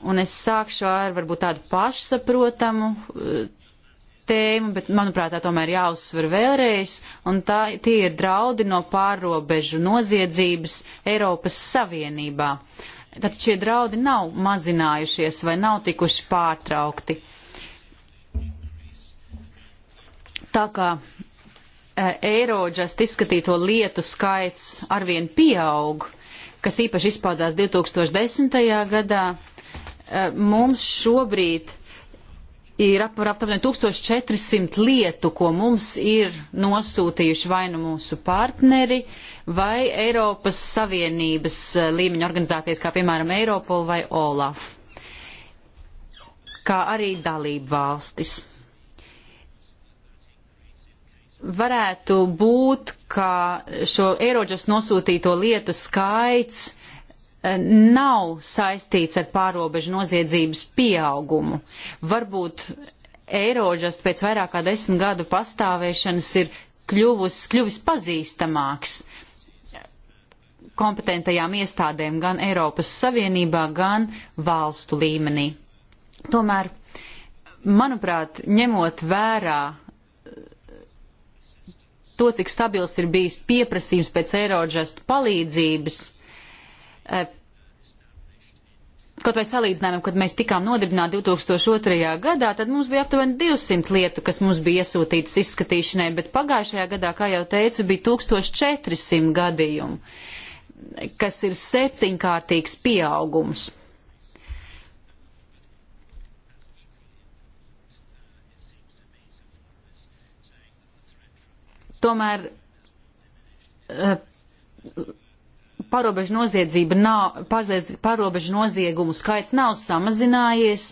Un es sākšu ar varbūt tādu pašsaprotamu tēma, bet, manuprāt, tā tomēr jāuzsver vēlreiz, un tā, tie ir draudi no pārobežu noziedzības Eiropas Savienībā. Tad šie draudi nav mazinājušies vai nav tikuši pārtraukti. Tā kā e, Eirožast izskatīto lietu skaits arvien pieaug, kas īpaši izpaudās 2010. gadā, e, mums šobrīd ir ap, aptuveni 1400 lietu, ko mums ir nosūtījuši vai nu mūsu partneri, vai Eiropas Savienības eh, līmeņa organizācijas, kā piemēram Eiropola vai Olaf, kā arī dalību valstis. Varētu būt, ka šo ieroģas nosūtīto lietu skaits nav saistīts ar pārobežu noziedzības pieaugumu. Varbūt Eirožast pēc vairāk kā desmit gadu pastāvēšanas ir kļuvis, kļuvis pazīstamāks kompetentajām iestādēm gan Eiropas Savienībā, gan valstu līmenī. Tomēr, manuprāt, ņemot vērā to, cik stabils ir bijis pieprasījums pēc Eirožast palīdzības, Eh, kaut vai salīdzinājumam, kad mēs tikām nodibināti 2002. gadā, tad mums bija aptuveni 200 lietu, kas mums bija iesūtītas izskatīšanai, bet pagājušajā gadā, kā jau teicu, bija 1400 gadījumu, kas ir septiņkārtīgs pieaugums. Tomēr eh, Pārobežu noziedzība nav, pārobežu noziegumu skaits nav samazinājies,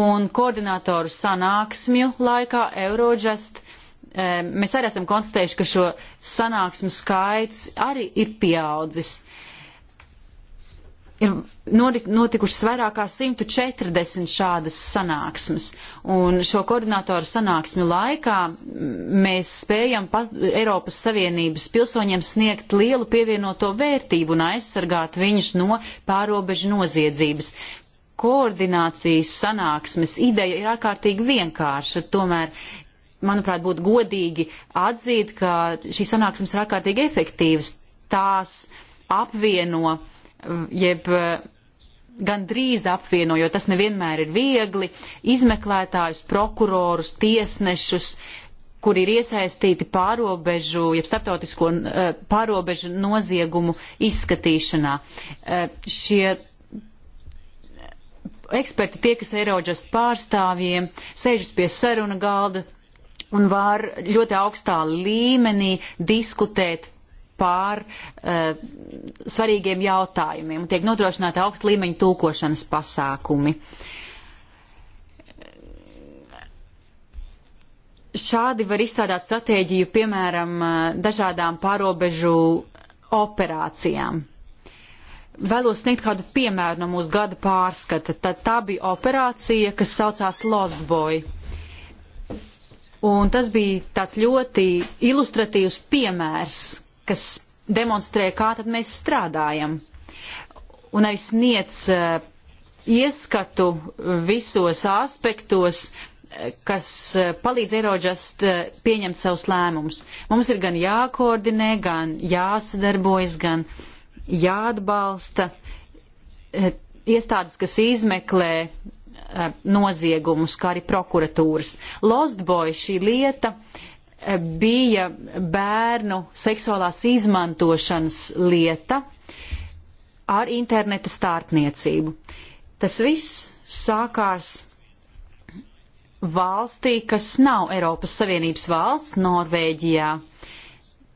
un koordinātoru sanāksmju laikā Eurojust eh, mēs arī esam konstatējuši, ka šo sanāksmu skaits arī ir pieaudzis. Uh, ir notikušas vairāk kā 140 šādas sanāksmes. Un šo koordinātoru sanāksmi laikā mēs spējam Eiropas Savienības pilsoņiem sniegt lielu pievienoto vērtību un aizsargāt viņus no pārobežu noziedzības. Koordinācijas sanāksmes ideja ir ārkārtīgi vienkārša, tomēr, manuprāt, būtu godīgi atzīt, ka šīs sanāksmes ir ārkārtīgi efektīvas. Tās apvieno uh, jeb eh, gandrīz apvieno, jo tas nevienmēr ir viegli, izmeklētājus, prokurorus, tiesnešus, kur ir iesaistīti pārobežu, jeb starptautisko eh, pārobežu noziegumu izskatīšanā. Eh, šie eksperti, tie, kas Eiroģas pārstāvjiem, sēžas pie saruna galda un var ļoti augstā līmenī diskutēt pār uh, svarīgiem jautājumiem un tiek nodrošināta augsta līmeņa tulkošanas pasākumi. Šādi var izstrādāt stratēģiju, piemēram, eh, dažādām pārobežu operācijām. Vēlos sniegt kādu piemēru no mūsu gada pārskata. Tad tā bija operācija, kas saucās Lost Boy. Un tas bija tāds ļoti ilustratīvs piemērs, kas demonstrē, kā tad mēs strādājam. Un arī sniedz uh, ieskatu visos aspektos, eh, kas eh, palīdz Eirodžast pieņemt savus lēmumus. Mums ir gan jākoordinē, gan jāsadarbojas, gan jāatbalsta iestādes, kas izmeklē noziegumus, kā arī prokuratūras. Lostboy šī lieta uh, bija bērnu seksuālās izmantošanas lieta ar interneta starpniecību. Tas viss sākās valstī, kas nav Eiropas Savienības valsts, Norvēģijā,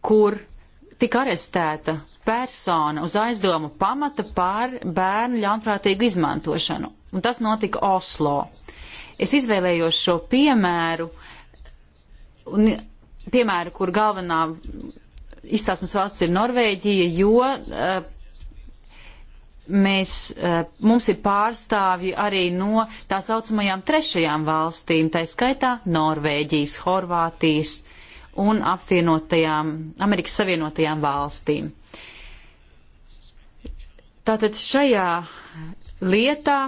kur tika arestēta persona uz aizdomu pamata par bērnu ļaunprātīgu izmantošanu. Un tas notika Oslo. Es izvēlējos šo piemēru, un piemēri, kur galvenā izstāsmes valsts ir Norvēģija, jo uh, mēs, uh, mums ir pārstāvji arī no tā saucamajām trešajām valstīm, tā skaitā Norvēģijas, Horvātijas un apvienotajām, Amerikas Savienotajām valstīm. Tātad šajā lietā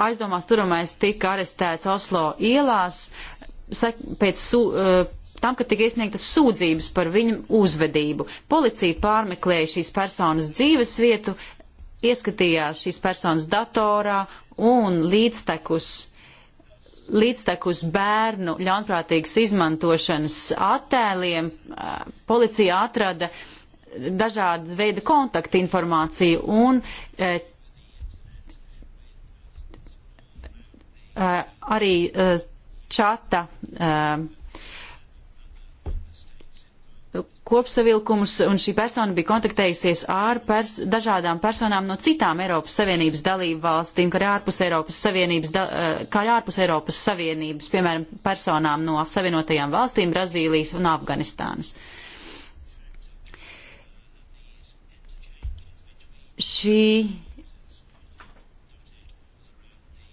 aizdomās turamais tika arestēts Oslo ielās pēc su, eh, tam, kad tika iesniegtas sūdzības par viņu uzvedību. Policija pārmeklēja šīs personas dzīves vietu, ieskatījās šīs personas datorā un līdztekus, līdztekus bērnu ļaunprātīgas izmantošanas attēliem eh, policija atrada dažāda veida kontaktinformāciju un e, arī e, čata eh, kopsavilkumus, un šī persona bija kontaktējusies ar pers dažādām personām no citām Eiropas Savienības dalību valstīm, kā arī ārpus Eiropas Savienības, eh, kā arī ārpus Eiropas Savienības, piemēram, personām no Savienotajām valstīm, Brazīlijas un Afganistānas. Šī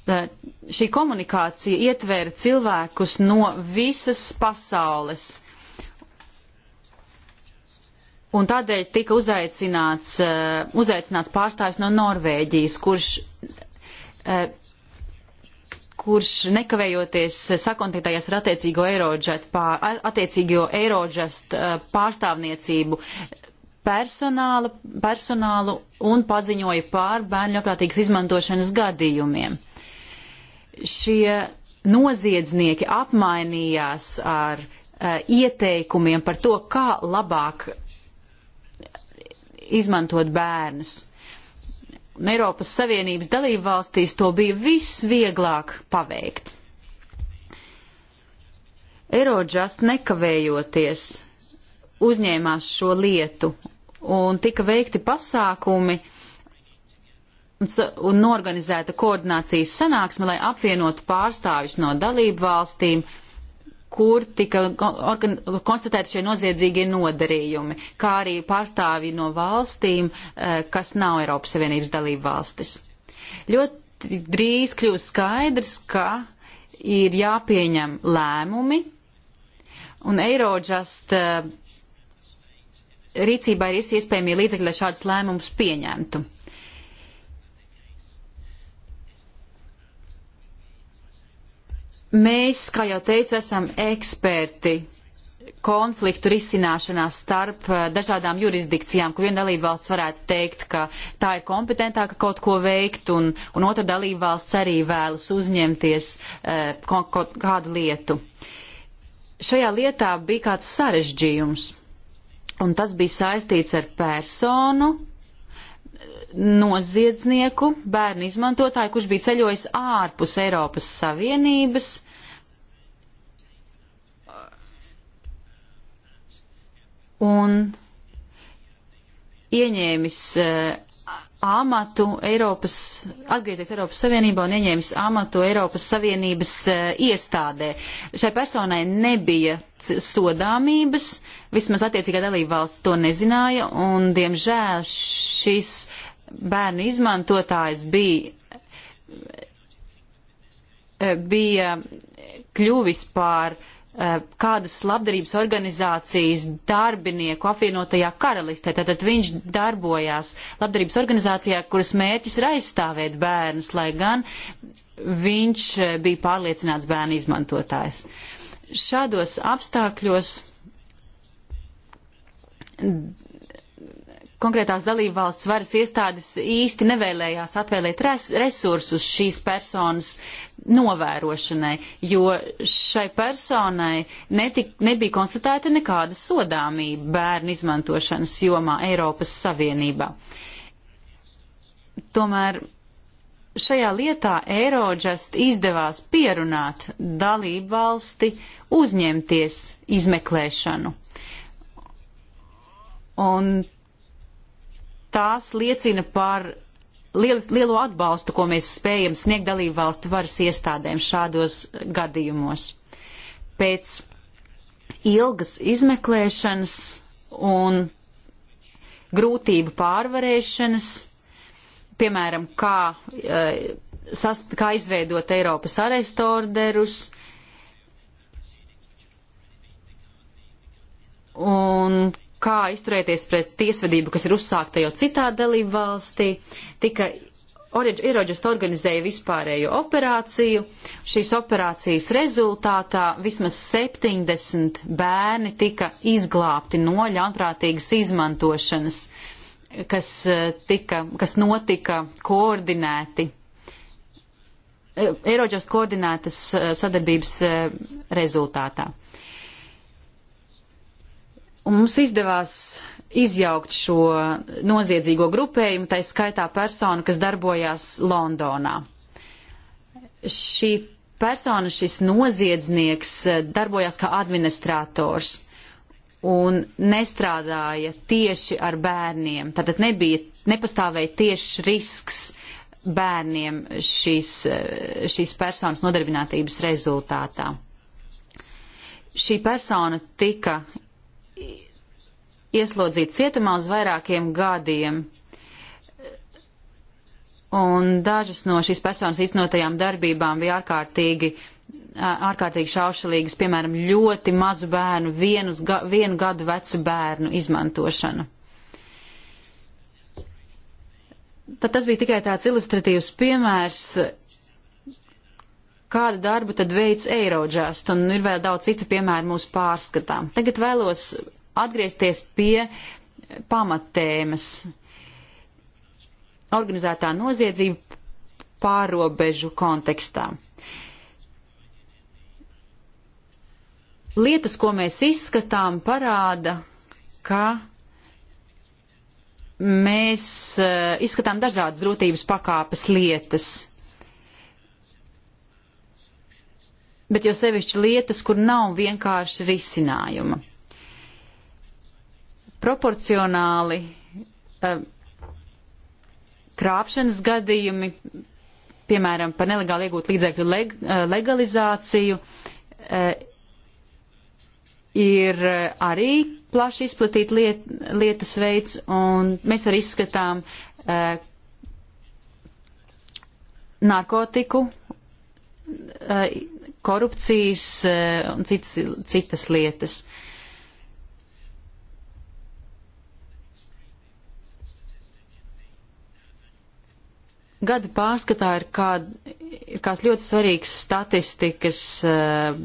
eh, šī komunikācija ietvēra cilvēkus no visas pasaules. Un tādēļ tika uzaicināts, uh, uzaicināts pārstāvis no Norvēģijas, kurš, uh, kurš nekavējoties sakontaktējās ar attiecīgo Eirodžast pār, uh, pārstāvniecību personālu, personālu un paziņoja pār bērnu ļaunprātīgas izmantošanas gadījumiem. Uh, šie noziedznieki apmainījās ar uh, ieteikumiem par to, kā labāk izmantot bērnus. Un Eiropas Savienības dalību valstīs to bija visvieglāk paveikt. Eirodžast nekavējoties uzņēmās šo lietu un tika veikti pasākumi, uh, un norganizēta koordinācijas sanāksme, lai apvienotu pārstāvis no dalību valstīm, kur tika konstatēti šie noziedzīgie nodarījumi, kā arī pārstāvji no valstīm, eh, kas nav Eiropas Savienības dalību valstis. Ļoti drīz kļūs skaidrs, ka ir jāpieņem lēmumi, un Eirodžast eh, rīcībā ir iespējami līdzekļi, lai šādus lēmumus pieņemtu. Mēs, kā jau teicu, esam eksperti konfliktu risināšanā starp eh, dažādām jurisdikcijām, kur viena dalībvalsts varētu teikt, ka tā ir kompetentāka kaut ko veikt, un, un otra dalībvalsts arī vēlas uzņemties eh, kaut, kaut kādu lietu. Šajā lietā bija kāds sarežģījums, un tas bija saistīts ar personu, noziedznieku, bērnu izmantotāju, kurš bija ceļojis ārpus Eiropas Savienības. Un ieņēmis uh, amatu Eiropas, atgriezies Eiropas Savienībā un ieņēmis amatu Eiropas Savienības uh, iestādē. Šai personai nebija sodāmības, vismaz attiecīgā dalība valsts to nezināja, un diemžēl šis uh, bērnu izmantotājs bija, eh, bija kļuvis par eh, kādas labdarības organizācijas darbinieku apvienotajā karalistē. Tātad viņš darbojās labdarības organizācijā, kuras mērķis ir aizstāvēt bērnus, lai gan viņš eh, bija pārliecināts bērnu izmantotājs. Šādos apstākļos konkrētās dalībvalsts varas iestādes īsti nevēlējās atvēlēt res resursus šīs personas novērošanai, jo šai personai netik, nebija konstatēta nekāda sodāmība bērnu izmantošanas jomā Eiropas Savienībā. Tomēr šajā lietā Eirodžast izdevās pierunāt dalībvalsti uzņemties izmeklēšanu. Un tās liecina par lielu, lielu atbalstu, ko mēs spējam sniegt dalību valstu varas iestādēm šādos gadījumos. Pēc ilgas izmeklēšanas un grūtību pārvarēšanas, piemēram, kā, eh, kā izveidot Eiropas arestorderus, un kā izturēties pret tiesvedību, kas ir uzsākta jau citā dalību valstī, tika ieroģis organizēja vispārējo operāciju. Šīs operācijas rezultātā vismaz 70 bērni tika izglābti no ļaunprātīgas izmantošanas, kas, e, tika, kas notika koordinēti. E, ieroģis koordinētas e, sadarbības rezultātā. Uh, Un mums izdevās izjaukt šo noziedzīgo grupējumu, tā skaitā personu, kas darbojās Londonā. Šī persona, šis noziedznieks, eh, darbojās kā administrators un nestrādāja tieši ar bērniem. Tātad nebija, nepastāvēja tieši risks bērniem šīs, eh, šīs personas nodarbinātības rezultātā. Šī persona tika ieslodzīti cietumā uz vairākiem gadiem. Un dažas no šīs personas iznotajām darbībām bija ārkārtīgi, ārkārtīgi šaušalīgas, piemēram, ļoti mazu bērnu, vienu, vienu gadu vecu bērnu izmantošana. Tad tas bija tikai tāds ilustratīvs piemērs, kādu darbu tad veids Eirodžast, un ir vēl daudz citu piemēru mūsu pārskatām. Tagad vēlos atgriezties pie pamatēmas organizētā noziedzība pārobežu kontekstā. Lietas, ko mēs izskatām, parāda, ka mēs eh, izskatām dažādas grūtības pakāpes lietas. Bet jo sevišķi lietas, kur nav vienkārši risinājuma proporcionāli uh, krāpšanas gadījumi, piemēram, par nelegāli iegūt līdzekļu leg, uh, legalizāciju, uh, ir arī plaši izplatīta liet, lietas veids, un mēs arī izskatām narkotiku, korupcijas un citas, citas lietas. gada pārskatā ir, kā, ir kāds ļoti svarīgs statistikas, uh,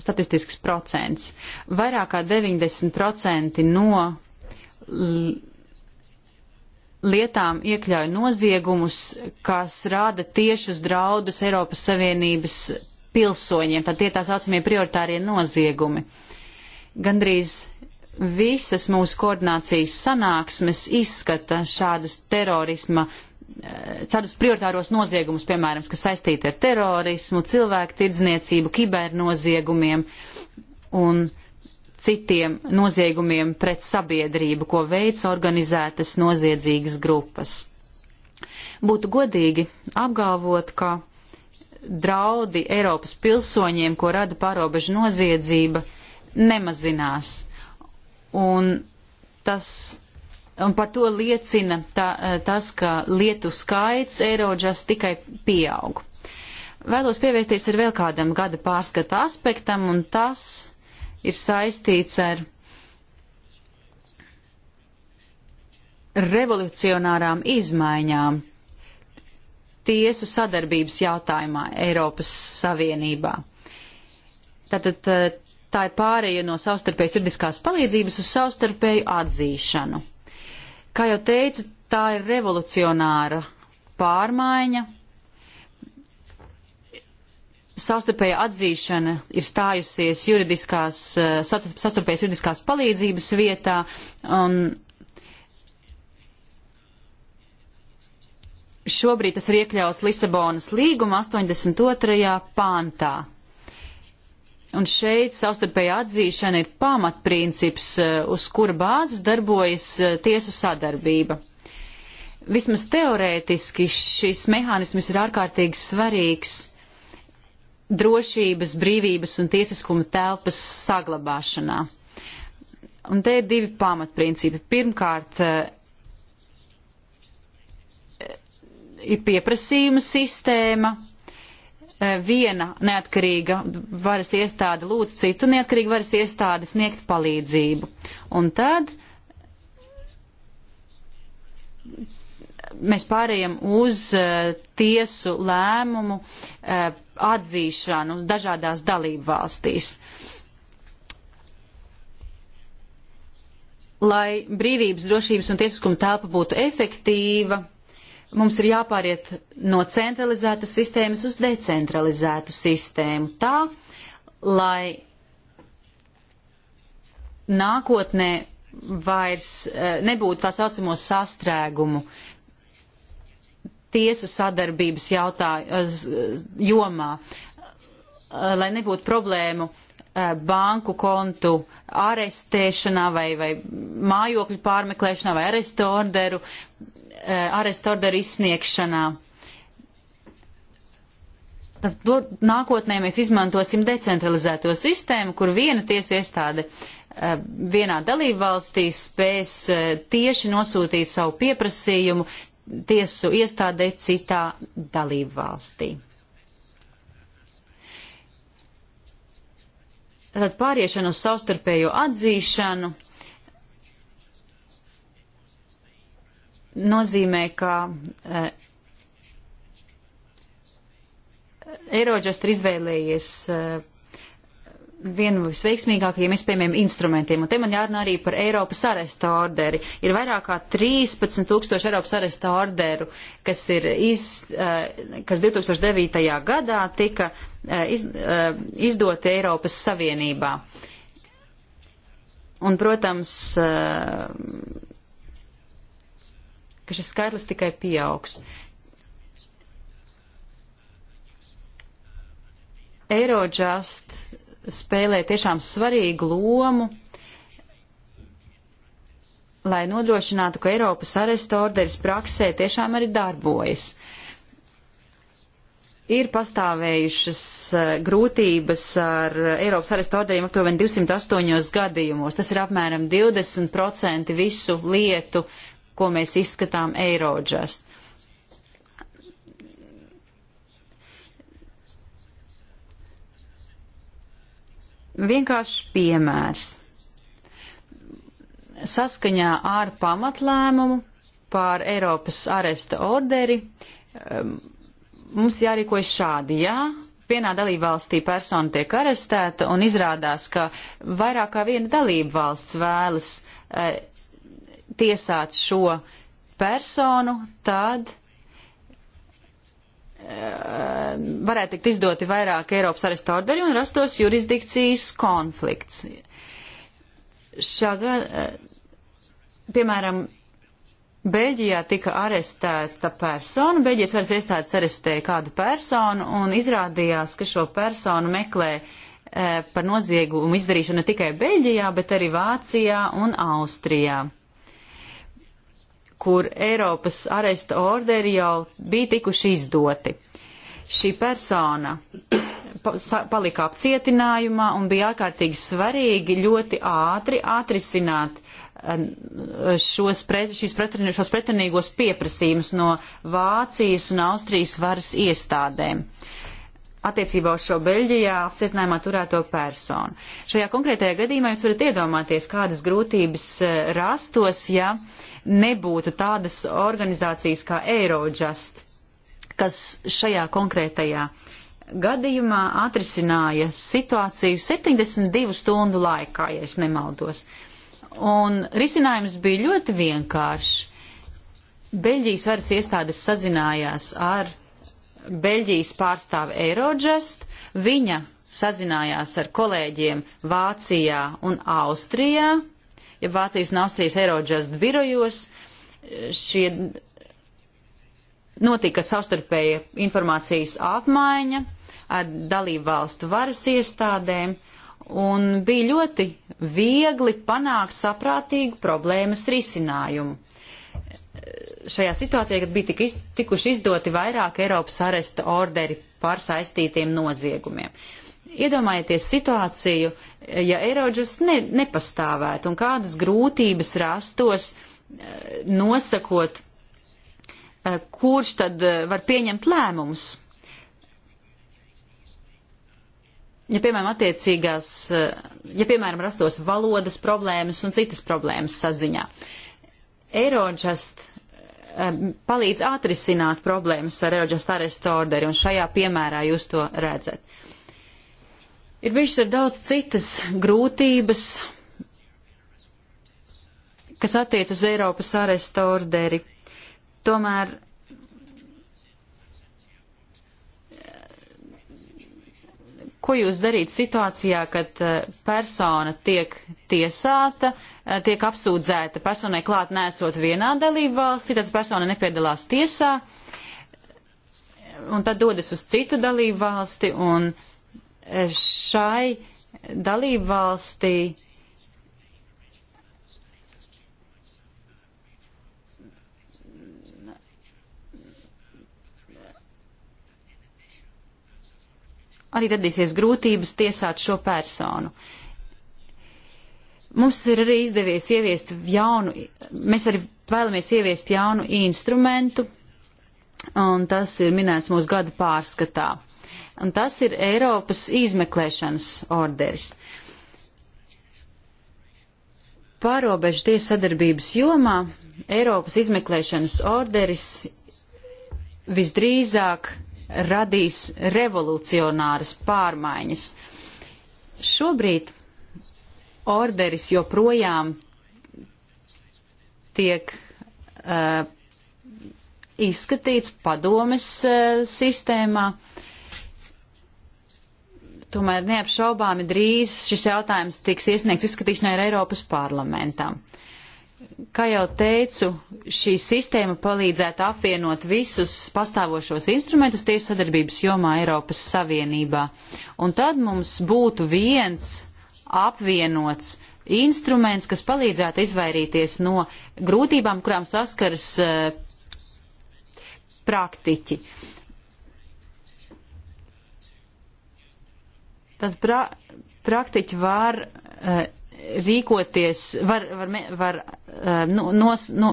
statistisks procents. Vairāk kā 90% no lietām iekļauj noziegumus, kas rāda tiešus draudus Eiropas Savienības pilsoņiem, tad tie tā saucamie prioritārie noziegumi. Gandrīz visas mūsu koordinācijas sanāksmes izskata šādus terorisma uh, kādus prioritāros noziegumus, piemēram, kas saistīti ar terorismu, cilvēku tirdzniecību, kibernoziegumiem un citiem noziegumiem pret sabiedrību, ko veids organizētas noziedzīgas grupas. Būtu godīgi apgalvot, ka draudi Eiropas pilsoņiem, ko rada pārobežu noziedzība, nemazinās. Un tas Un par to liecina tā, eh, tas, ka lietu skaits Eirožas tikai pieaug. Vēlos pievērsties ar vēl kādam gada pārskata aspektam, un tas ir saistīts ar revolucionārām izmaiņām tiesu sadarbības jautājumā Eiropas Savienībā. Tātad eh, tā ir pārēja no savstarpēju juridiskās palīdzības uz savstarpēju atzīšanu. Kā jau teicu, tā ir revolucionāra pārmaiņa. Savstarpēja atzīšana ir stājusies juridiskās, eh, sastarpējas juridiskās palīdzības vietā, un šobrīd tas ir iekļauts Lisabonas līguma 82. pāntā. Un šeit savstarpēja atzīšana ir pamatprincips, eh, uz kura bāzes darbojas eh, tiesu sadarbība. Vismaz teorētiski šis mehānisms ir ārkārtīgi svarīgs drošības, brīvības un tiesiskuma telpas saglabāšanā. Un te ir divi pamatprincipi. Pirmkārt, eh, ir pieprasījuma sistēma, E, viena neatkarīga varas iestāde lūdz citu neatkarīgu varas iestādi sniegt palīdzību. Un tad mēs pārējām uz uh, tiesu lēmumu uh, atzīšanu dažādās dalību valstīs. Lai brīvības, drošības un tiesiskuma telpa būtu efektīva, mums ir jāpāriet no centralizētas sistēmas uz decentralizētu sistēmu tā, lai nākotnē vairs eh, nebūtu tā saucamo sastrēgumu tiesu sadarbības jautā, jomā, eh, lai nebūtu problēmu uh, Eh, banku kontu arestēšanā vai, vai mājokļu pārmeklēšanā vai arestu orderu, eh, arestu orderu izsniegšanā. Tad nākotnē mēs izmantosim decentralizēto sistēmu, kur viena tiesa iestāde eh, vienā dalībvalstī spēs tieši nosūtīt savu pieprasījumu tiesu iestādē citā dalībvalstī. Tad pāriešana uz savstarpējo atzīšanu nozīmē, ka uh, eh, Eirodžast ir izvēlējies uh, vienu no visveiksmīgākajiem iespējamiem instrumentiem. Un te man jārunā arī par Eiropas aresta orderi. Ir vairāk kā 13 tūkstoši Eiropas aresta orderu, kas, ir iz, eh, kas 2009. gadā tika eh, iz, eh, izdoti Eiropas Savienībā. Un, protams, ka šis skaitlis tikai pieaugs. Eurojust spēlē tiešām svarīgu lomu, lai nodrošinātu, ka Eiropas arestu orderis praksē tiešām arī darbojas. Ir pastāvējušas uh, grūtības ar Eiropas arestu orderiem aptuveni 208 gadījumos. Tas ir apmēram 20% visu lietu, ko mēs izskatām Eirodžast. Vienkārši piemērs. Saskaņā ar pamatlēmumu pār Eiropas aresta orderi um, mums jārīkojas šādi, jā, vienā dalībvalstī persona tiek arestēta un izrādās, ka vairāk kā viena dalībvalsts vēlas e, tiesāt šo personu, tad Eh, varētu tikt izdoti vairāk Eiropas arestu orderi un rastos jurisdikcijas konflikts. Šagad, eh, piemēram, Beļģijā tika arestēta persona, Beļģijas varas iestādes arestēja kādu personu un izrādījās, ka šo personu meklē e, par noziegumu izdarīšanu ne tikai Beļģijā, bet arī Vācijā un Austrijā kur Eiropas aresta orderi jau bija tikuši izdoti. Šī persona palika apcietinājumā un bija ārkārtīgi svarīgi ļoti ātri atrisināt um, šos, pret, pretrunī, šos pretrunīgos pieprasījumus no Vācijas un Austrijas varas iestādēm attiecībā uz šo Beļģijā apcietinājumā turēto personu. Šajā konkrētajā gadījumā jūs varat iedomāties, kādas grūtības eh, rastos, ja uh, nebūtu tādas organizācijas kā Eurojust, kas šajā konkrētajā gadījumā atrisināja situāciju 72 stundu laikā, ja es nemaldos. Un risinājums bija ļoti vienkāršs. Beļģijas varas iestādes sazinājās ar Beļģijas pārstāvu Eirodžest, viņa sazinājās ar kolēģiem Vācijā un Austrijā, ja Vācijas un Austrijas Eirodžast birojos šie notika savstarpēja informācijas apmaiņa ar dalību valstu varas iestādēm un bija ļoti viegli panākt saprātīgu problēmas risinājumu. Šajā situācijā, kad bija tik iz, tikuši izdoti vairāk Eiropas aresta orderi par saistītiem noziegumiem. Iedomājieties situāciju, ja Eirodžus ne, nepastāvētu un kādas grūtības rastos eh, nosakot, eh, kurš tad eh, var pieņemt lēmumus. Ja, piemēram, attiecīgās, ja, piemēram, rastos valodas problēmas un citas problēmas saziņā. Eirodžast palīdz atrisināt problēmas ar Eirodžast arestu orderi, un šajā piemērā jūs to redzat. Uh, Ir bijušas ar daudz citas grūtības, kas attiec uz Eiropas arestu orderi. Tomēr ko jūs darītu situācijā, kad eh, persona tiek tiesāta, eh, tiek apsūdzēta personai klāt nesot vienā dalību valstī, tad persona nepiedalās tiesā un tad dodas uz citu dalību valsti un šai dalību valstī arī radīsies grūtības tiesāt šo personu. Mums ir arī izdevies ieviest jaunu, mēs arī vēlamies ieviest jaunu instrumentu, un tas ir minēts mūsu gada pārskatā. Uh, un tas ir Eiropas izmeklēšanas orderis. Pārobežu tiesa sadarbības jomā Eiropas izmeklēšanas orderis visdrīzāk radīs revolucionāras pārmaiņas. Šobrīd orderis joprojām tiek uh, izskatīts padomes uh, sistēmā. Uh, Tomēr neapšaubāmi drīz šis jautājums tiks iesniegts izskatīšanai ar Eiropas parlamentam. Kā jau teicu, šī sistēma palīdzētu apvienot visus pastāvošos instrumentus tieši sadarbības jomā Eiropas Savienībā. Un tad mums būtu viens apvienots instruments, kas palīdzētu izvairīties no grūtībām, kurām saskaras eh, praktiķi. Uh, tad pra, praktiķi var uh, rīkoties, var, var, var, uh, nos, no, nu,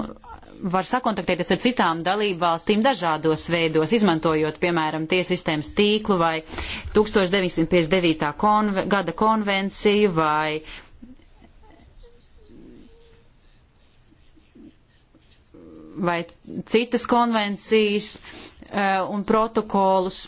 var sakontaktēties ar citām dalību valstīm dažādos veidos, izmantojot, piemēram, tiesu sistēmas tīklu vai 1959. Konve, gada konvenciju vai. vai citas konvencijas uh, un protokolus.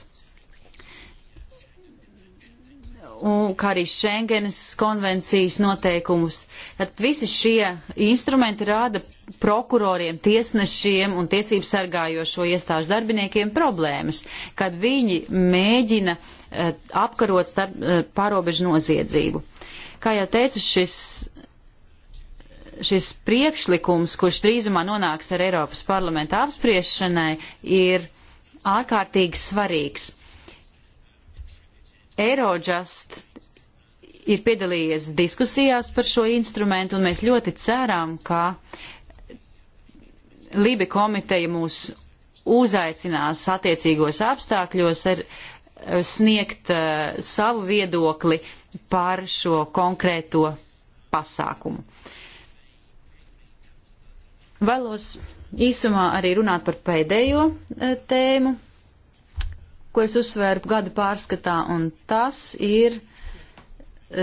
un kā arī Schengenes konvencijas noteikumus. Tad visi šie instrumenti rāda prokuroriem, tiesnešiem un tiesību sargājošo iestāžu darbiniekiem problēmas, kad viņi mēģina uh, apkarot starp, uh, pārobežu noziedzību. Kā jau teicu, šis, šis priekšlikums, kurš drīzumā nonāks ar Eiropas parlamenta apspriešanai, ir ārkārtīgi svarīgs Eirožast ir piedalījies diskusijās par šo instrumentu, un mēs ļoti ceram, ka Lībe komiteja mūs uzaicinās attiecīgos apstākļos ar eh, sniegt uh, savu viedokli par šo konkrēto pasākumu. Vēlos īsumā arī runāt par pēdējo uh, tēmu, ko es uzsvēru gada pārskatā, un tas ir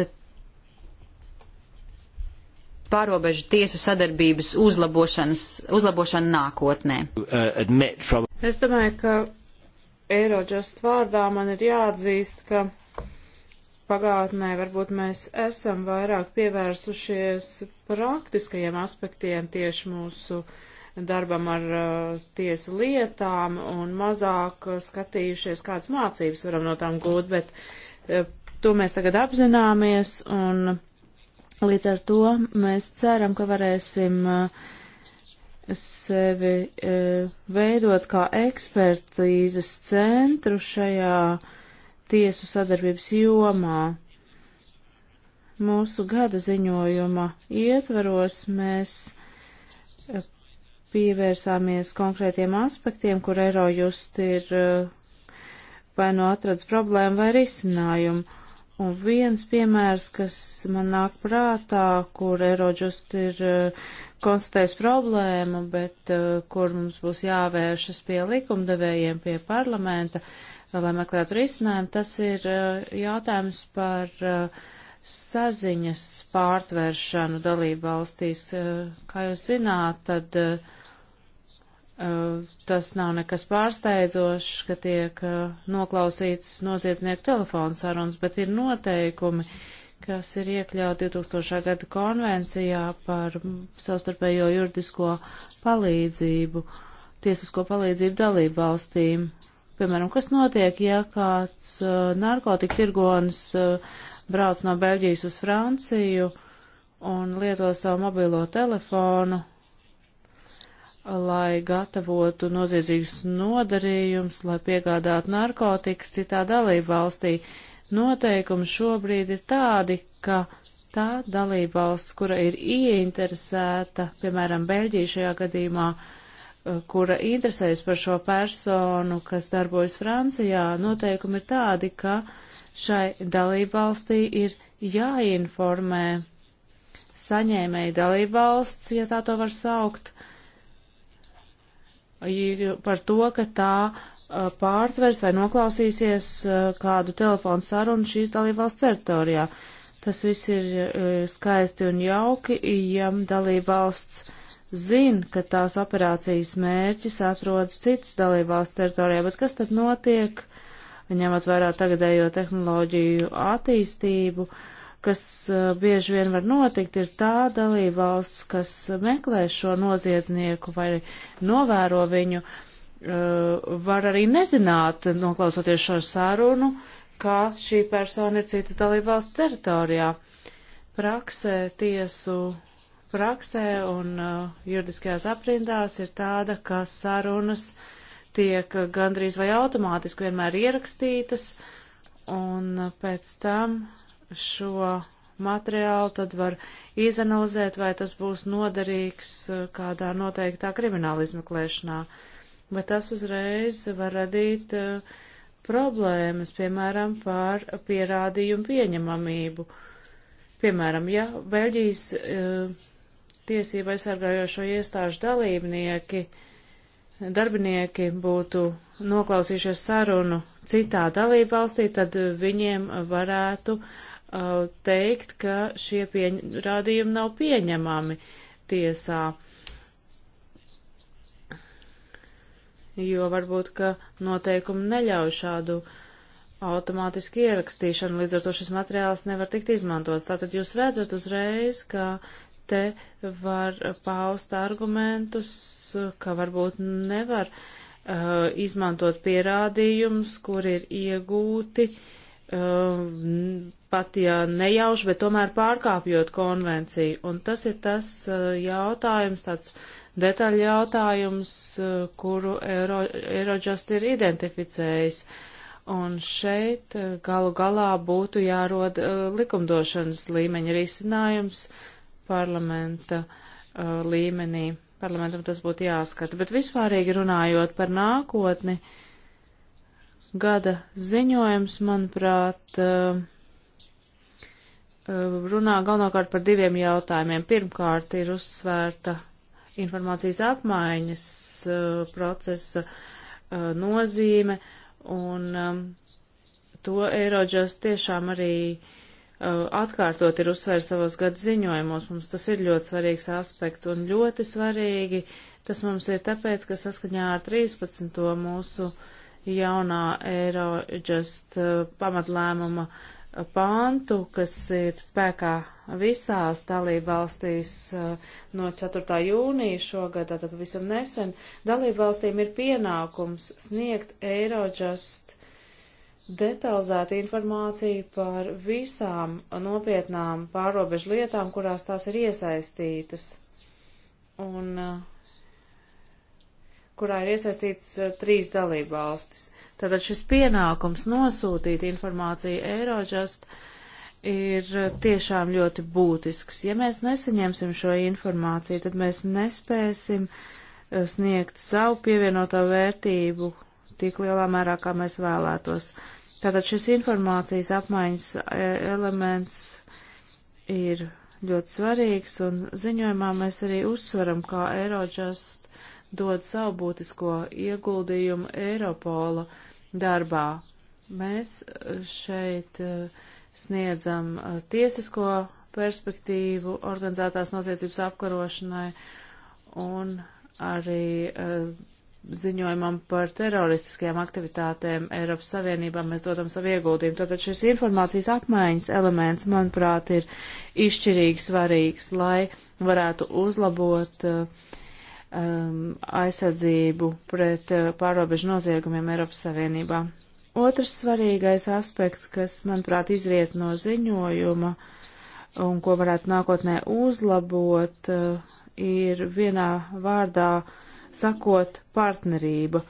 eh, pārobežu tiesu sadarbības uzlabošana nākotnē. Uh, es domāju, ka Eirodžast vārdā man ir jāatzīst, ka pagātnē varbūt mēs esam vairāk pievērsušies praktiskajiem aspektiem tieši mūsu uh, darbam ar uh, tiesu lietām un mazāk uh, skatījušies, kādas mācības varam no tām gūt, bet uh, to mēs tagad apzināmies un līdz ar to mēs ceram, ka varēsim uh, sevi uh, veidot kā ekspertīzes centru šajā tiesu sadarbības jomā. Mūsu gada ziņojuma ietvaros mēs pievērsāmies konkrētiem aspektiem, kur Eirojust ir eh, vai nu atradis problēmu vai risinājumu. Un viens piemērs, kas man nāk prātā, kur Eirojust ir eh, konstatējis problēmu, bet eh, kur mums būs jāvēršas pie likumdevējiem, pie parlamenta, lai meklētu risinājumu, tas ir jautājums par uh, saziņas pārtvēršanu dalību valstīs. Eh, kā jūs zināt, tad eh, eh, tas nav nekas pārsteidzošs, ka tiek noklausīts noziedznieku telefonu sarunas, bet ir noteikumi, kas ir iekļauti 2000. gada konvencijā par savstarpējo juridisko palīdzību, tiesisko palīdzību dalību valstīm. Piemēram, kas notiek, ja kāds uh, narkotika tirgonis uh, brauc no Beļģijas uz Franciju un lieto savu mobilo telefonu, lai gatavotu noziedzīgus nodarījumus, lai piegādātu narkotikas citā dalību valstī. Noteikumi šobrīd ir tādi, ka tā dalība valsts, kura ir ieinteresēta, piemēram, Beļģija šajā gadījumā, uh, kura interesējas par šo personu, kas darbojas Francijā, noteikumi ir tādi, ka šai dalībvalstī ir jāinformē saņēmēja dalībvalsts, ja tā to var saukt, par to, ka tā pārtvers vai noklausīsies kādu telefonu sarunu šīs dalībvalsts teritorijā. Tas viss ir skaisti un jauki, ja dalībvalsts zina, ka tās operācijas mērķis atrodas citas dalībvalsts teritorijā, bet kas tad notiek, ņemot vērā tagadējo tehnoloģiju attīstību, kas uh, bieži vien var notikt, ir tā dalībvalsts, kas meklē šo noziedznieku vai novēro viņu, uh, var arī nezināt, noklausoties šo sarunu, ka šī persona ir citas dalībvalsts teritorijā. Praksē tiesu praksē un uh, juridiskajās aprindās ir tāda, ka sarunas tiek gandrīz vai automātiski vienmēr ierakstītas, un uh, pēc tam šo materiālu tad var izanalizēt, vai tas būs noderīgs uh, kādā noteiktā krimināla izmeklēšanā. Bet tas uzreiz var radīt uh, problēmas, piemēram, par pierādījumu pieņemamību. Piemēram, ja Beļģijas uh, tiesība aizsargājošo iestāžu dalībnieki, darbinieki būtu noklausījušies sarunu citā dalība valstī, tad viņiem varētu uh, teikt, ka šie pierādījumi nav pieņemami tiesā. Jo varbūt, ka noteikumi neļauj šādu uh, automātiski ierakstīšana, līdz ar to šis materiāls nevar tikt izmantots. Tātad jūs redzat uzreiz, ka te var paust argumentus, ka varbūt nevar uh, izmantot pierādījumus, kur ir iegūti, uh, pat ja nejauši, bet tomēr pārkāpjot konvenciju. Un tas ir tas uh, jautājums, tāds detaļa jautājums, uh, kuru Eiro, Eirojust ir identificējis. Un šeit uh, galu galā būtu jārod uh, likumdošanas līmeņa risinājums, uh, parlamenta uh, līmenī. Parlamentam tas būtu jāskata. Bet vispārīgi runājot par nākotni, gada ziņojums, manuprāt, uh, uh, runā galvenokārt par diviem jautājumiem. Pirmkārt, ir uzsvērta informācijas apmaiņas uh, procesa uh, nozīme, un um, to Eirodžas tiešām arī uh, Uh, atkārtot ir uzsver savos gadu ziņojumos. Mums tas ir ļoti svarīgs aspekts un ļoti svarīgi. Tas mums ir tāpēc, ka saskaņā ar 13. mūsu jaunā Eirožast uh, pamatlēmuma pāntu, kas ir spēkā visās dalībvalstīs uh, no 4. jūnija šogad, tātad pavisam nesen, dalībvalstīm ir pienākums sniegt Eirožast detalizētu informāciju par visām nopietnām pārobežu lietām, kurās tās ir iesaistītas un eh, kurā ir iesaistīts eh, trīs dalībvalstis. Tātad šis pienākums nosūtīt informāciju Eirožast ir eh, tiešām ļoti būtisks. Ja mēs nesaņemsim šo informāciju, tad mēs nespēsim sniegt savu pievienoto vērtību tik lielā mērā, kā mēs vēlētos. Tātad šis informācijas apmaiņas e, elements ir ļoti svarīgs, un ziņojumā mēs arī uzsveram, kā Eirožast dod savu būtisko ieguldījumu Eiropola darbā. Mēs e, šeit e, sniedzam tiesisko perspektīvu organizētās noziedzības apkarošanai un arī ziņojumam par teroristiskajām aktivitātēm Eiropas Savienībā mēs dodam savu ieguldījumu. Tātad šis informācijas apmaiņas elements, manuprāt, ir izšķirīgi svarīgs, lai varētu uzlabot uh, um, aizsardzību pret uh, pārobežu noziegumiem Eiropas Savienībā. Otrs svarīgais aspekts, kas, manuprāt, izriet no ziņojuma un ko varētu nākotnē uzlabot, uh, ir vienā vārdā uh, sakot partnerība.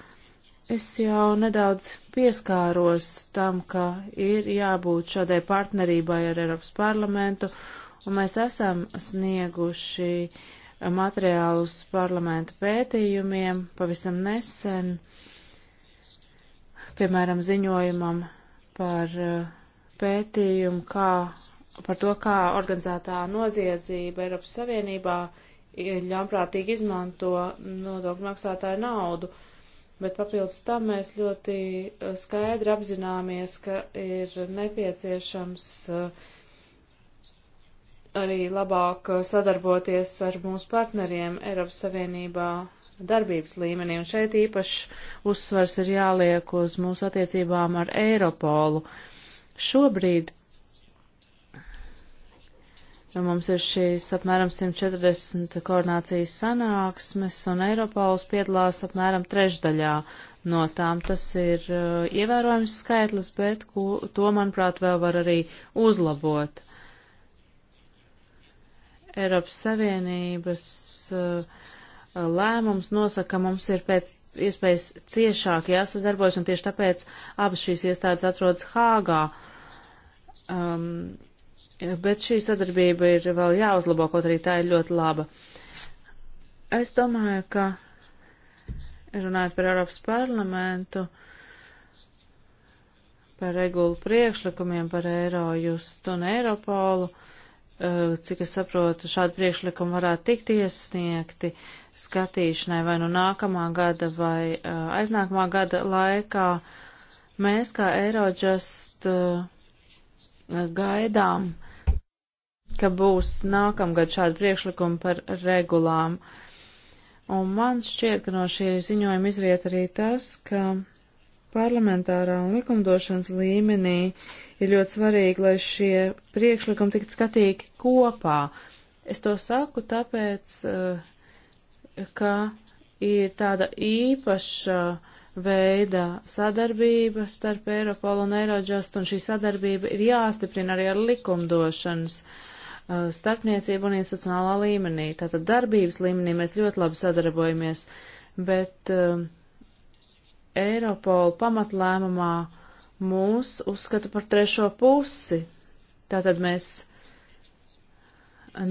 Es jau nedaudz pieskāros tam, ka ir jābūt šādai partnerībai ar Eiropas parlamentu, un mēs esam snieguši materiālus parlamentu pētījumiem pavisam nesen, piemēram, ziņojumam par uh, pētījumu, kā, par to, kā organizētā noziedzība Eiropas Savienībā uh, ļaunprātīgi izmanto nodokļu maksātāju naudu. Bet papildus tam mēs ļoti uh, skaidri apzināmies, ka ir nepieciešams uh, arī labāk uh, sadarboties ar mūsu partneriem Eiropas Savienībā darbības līmenī. Un šeit īpaši uzsvars ir jāliek uz mūsu attiecībām ar Eiropolu. Šobrīd Nu, mums ir šīs apmēram 140 koordinācijas sanāksmes, un Eiropols piedalās apmēram trešdaļā no tām. Tas ir uh, ievērojams skaitlis, bet ko, to, manuprāt, vēl var arī uzlabot. Eiropas Savienības uh, lēmums nosaka, ka mums ir pēc iespējas ciešāk jāsadarbojas, un tieši tāpēc abas šīs iestādes atrodas Hāgā. Um, Bet šī sadarbība ir vēl jāuzlabo, kaut arī tā ir ļoti laba. Es domāju, ka runājot par Eiropas parlamentu, par regulu priekšlikumiem, par Eirojust un Eiropolu, eh, cik es saprotu, šādi priekšlikumi varētu tikt iesniegti skatīšanai vai nu nākamā gada vai eh, aiznākamā gada laikā. Mēs kā Eirojust uh, eh, gaidām, ka būs nākamgad šādi priekšlikumi par regulām. Un man šķiet, ka no šī ziņojuma izriet arī tas, ka parlamentārā un likumdošanas līmenī ir ļoti svarīgi, lai šie priekšlikumi tiktu skatīti kopā. Es to saku tāpēc, eh, ka ir tāda īpaša uh, veida sadarbība starp Eiropolu un Eirodžast, un šī sadarbība ir jāstiprina arī ar likumdošanas uh, starpniecību un institucionālā līmenī. Tātad darbības līmenī mēs ļoti labi sadarbojamies, bet uh, Eiropola pamatlēmumā mūs uzskata par trešo pusi. Tātad mēs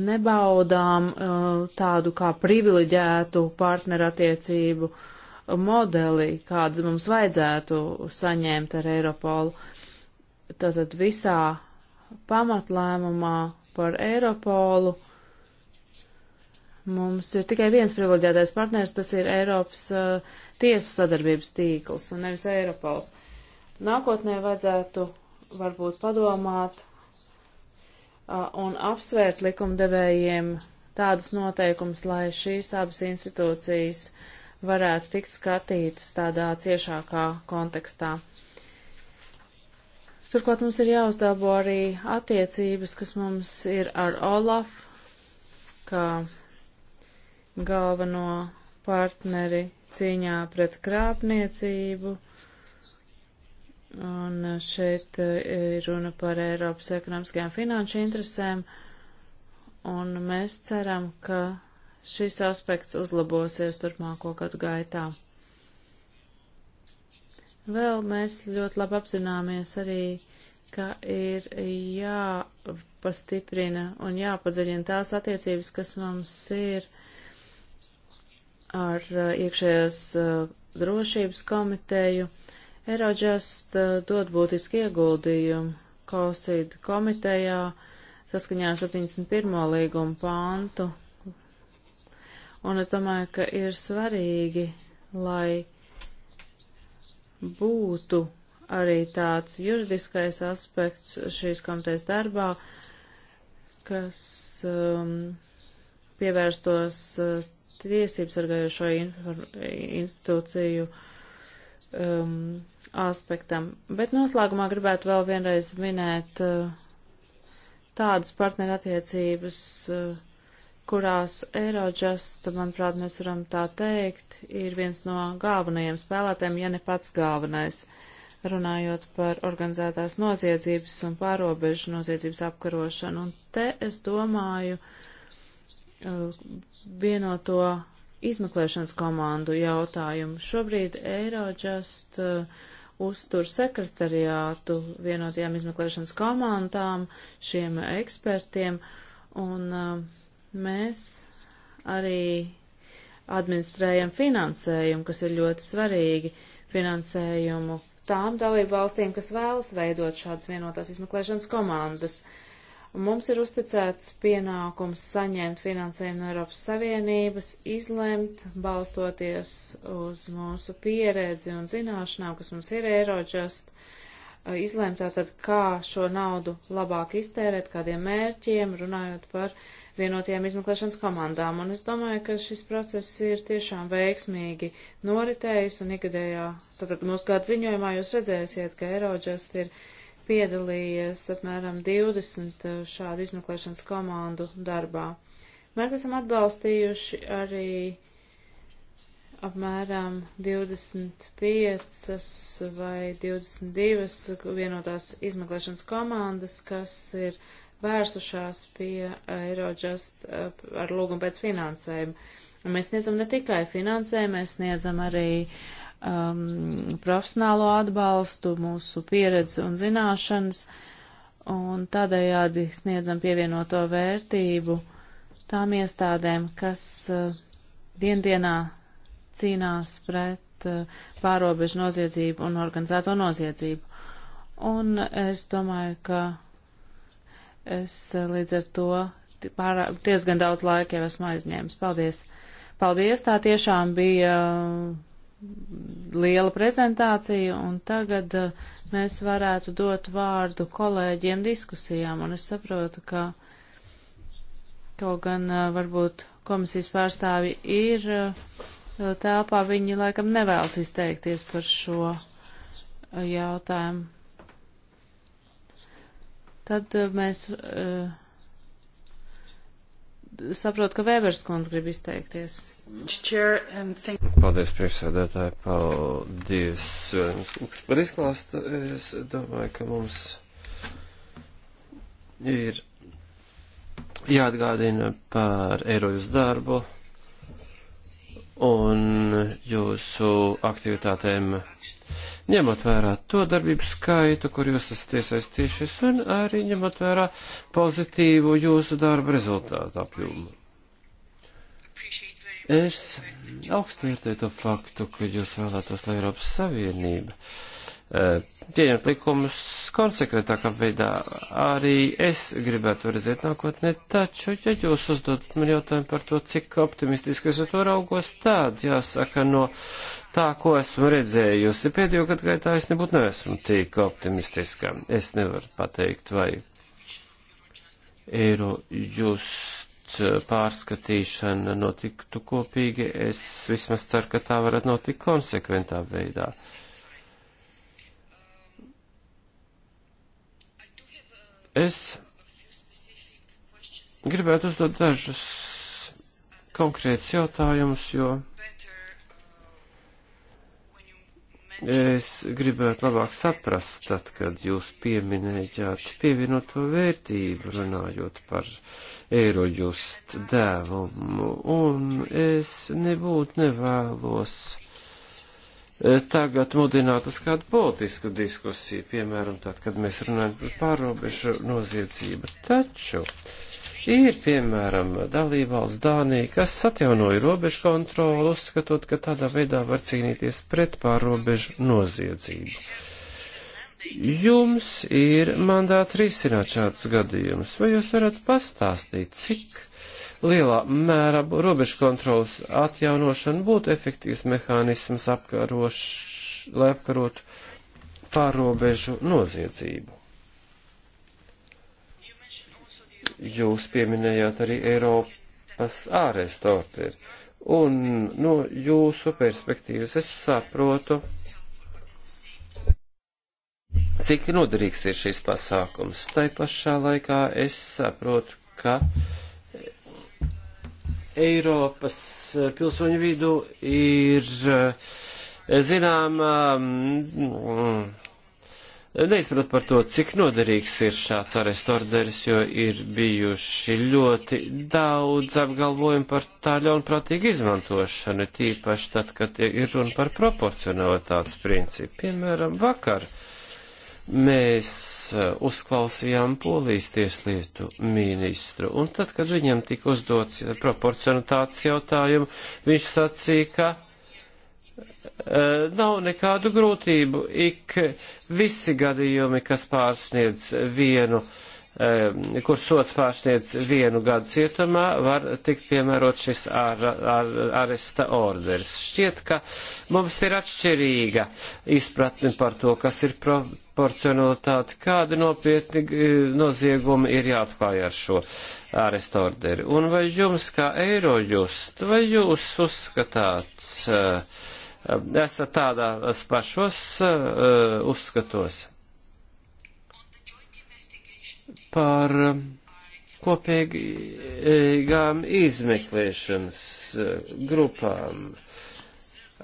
nebaudām uh, tādu kā privileģētu partnerattiecību uh, modeli, kādu mums vajadzētu saņemt ar Eiropolu. Tātad visā pamatlēmumā par Eiropolu mums ir tikai viens privileģētais partners, tas ir Eiropas uh, tiesu sadarbības tīkls un nevis Eiropols. Nākotnē vajadzētu varbūt padomāt uh, un apsvērt likumdevējiem tādus noteikumus, lai šīs abas institūcijas uh, varētu tikt skatītas tādā ciešākā kontekstā. Turklāt mums ir jāuzdabo arī attiecības, kas mums ir ar Olaf, kā galveno partneri cīņā pret krāpniecību. Un šeit eh, ir runa par Eiropas ekonomiskajām finanšu interesēm, un mēs ceram, ka šis aspekts uzlabosies turpmāko gadu gaitā. Vēl mēs ļoti labi apzināmies arī, ka ir jāpastiprina un jāpadziļina tās attiecības, kas mums ir ar uh, iekšējās uh, drošības komiteju. Eirodžast uh, dod būtiski ieguldījumu Kausīdu komitejā saskaņā 71. līguma pāntu Un es domāju, ka ir svarīgi, lai būtu arī tāds juridiskais aspekts šīs komitejas darbā, kas um, pievērstos uh, tiesību sargājošo institūciju um, aspektam. Bet noslēgumā gribētu vēl vienreiz minēt uh, tādas partnerattiecības, uh, kurās Eurojust, manuprāt, mēs varam tā teikt, ir viens no galvenajiem spēlētājiem, ja ne pats galvenais, runājot par organizētās noziedzības un pārobežu noziedzības apkarošanu. Un te es domāju uh, vienoto izmeklēšanas komandu jautājumu. Šobrīd Eurojust uh, uztur sekretariātu vienotajām izmeklēšanas komandām, šiem ekspertiem, un uh, Mēs arī administrējam finansējumu, kas ir ļoti svarīgi finansējumu tām dalību valstīm, kas vēlas veidot šādas vienotās izmeklēšanas komandas. Mums ir uzticēts pienākums saņemt finansējumu no Eiropas Savienības, izlemt, balstoties uz mūsu pieredzi un zināšanām, kas mums ir Eirožast, izlemt tātad, kā šo naudu labāk iztērēt, kādiem mērķiem, runājot par vienotajām izmeklēšanas komandām. Un es domāju, ka šis process ir tiešām veiksmīgi noritējis un ikgadējā, tātad mūsu gada ziņojumā jūs redzēsiet, ka Eirodžast ir piedalījies apmēram 20 uh, šādu izmeklēšanas komandu darbā. Mēs esam atbalstījuši arī apmēram 25 vai 22 vienotās izmeklēšanas komandas, kas ir vērsušās pie Eirodžast eh, eh, ar lūgumu pēc finansējuma. Un mēs sniedzam ne tikai finansējumu, mēs sniedzam arī um, profesionālo atbalstu, mūsu pieredzi un zināšanas, un tādējādi sniedzam pievienoto vērtību tām iestādēm, kas uh, diendienā cīnās pret eh, pārobežu noziedzību un organizēto noziedzību. Un es domāju, ka es eh, līdz ar to pārā, diezgan daudz laika jau esmu aizņēmis. Paldies! Paldies! Tā tiešām bija mm, liela prezentācija, un tagad eh, mēs varētu dot vārdu kolēģiem diskusijām, un es saprotu, ka kaut gan varbūt komisijas pārstāvi ir uh, telpā viņi laikam nevēlas izteikties par šo jautājumu. Tad mēs uh, saprotu, ka Vēbers kundze grib izteikties. Um, paldies, priekšsēdētāji, paldies par izklāstu. Es domāju, ka mums ir jāatgādina par Eiropas darbu un jūsu aktivitātēm, ņemot vērā to darbību skaitu, kur jūs esat iesaistījušies, un arī ņemot vērā pozitīvu jūsu darba rezultātu apjomu. Es augstu vērtēju to faktu, ka jūs vēlētos, lai Eiropas Savienība uh, Eh, pieņemt likumus konsekventākā veidā. Arī es gribētu redzēt nākotnē, taču, ja jūs uzdodat man jautājumu par to, cik optimistiski es to raugos, tad jāsaka no tā, ko esmu redzējusi pēdējo gadu gaitā, es nebūtu neesmu tik optimistiska. Es nevaru pateikt, vai eiro just eh, pārskatīšana notiktu kopīgi. Es vismaz ceru, ka tā varat notikt konsekventā veidā. Uh, Es gribētu uzdot dažus konkrētus jautājumus, jo es gribētu labāk saprast, tad, kad jūs pieminējāt pievienoto vērtību, runājot par eirojust dēvumu, un es nebūtu nevēlos E, tagad mudināt uz kādu politisku diskusiju, piemēram, tad, kad mēs runājam par pārobežu noziedzību. Taču ir, piemēram, dalībvalsts Dānija, kas atjaunoja robežu kontroli, uzskatot, ka tādā veidā var cīnīties pret pārobežu noziedzību. Jums ir mandāts risināt šādus gadījumus, vai jūs varat pastāstīt, cik lielā mērā robežu kontrolas atjaunošana būtu efektīvs mehānisms, apkaroš, lai apkarotu pārrobežu noziedzību. Jūs pieminējāt arī Eiropas ārēstu orderi, un no jūsu perspektīvas es saprotu, cik noderīgs ir šis pasākums. Tai pašā laikā es saprotu, ka uh, Eiropas eh, pilsoņu vidū ir eh, zinām eh, mm, neizprat par to, cik noderīgs ir šāds arestu orderis, jo ir bijuši ļoti daudz apgalvojumu par tā ļaunprātīgu izmantošanu, tīpaši tad, kad ir runa par proporcionalitātes principu. Piemēram, vakar. Uh, mēs e, uzklausījām polijas tieslietu ministru, un tad, kad viņam tika uzdots proporcionitātes jautājumu, viņš sacīja, ka e, nav nekādu grūtību. Ik visi gadījumi, kas pārsniedz vienu, e, kur sots pārsniedz vienu gadu cietumā, var tikt piemērot šis ar, ar, aresta orders. Šķiet, ka mums ir atšķirīga izpratne par to, kas ir pro, proporcionalitāti, kādi nopietni e, noziegumi ir jāatklāj ar šo ārestu orderi. Un vai jums, kā eirojust, vai jūs uzskatāt, e, esat tādās pašos e, uzskatos par kopīgām izmeklēšanas grupām?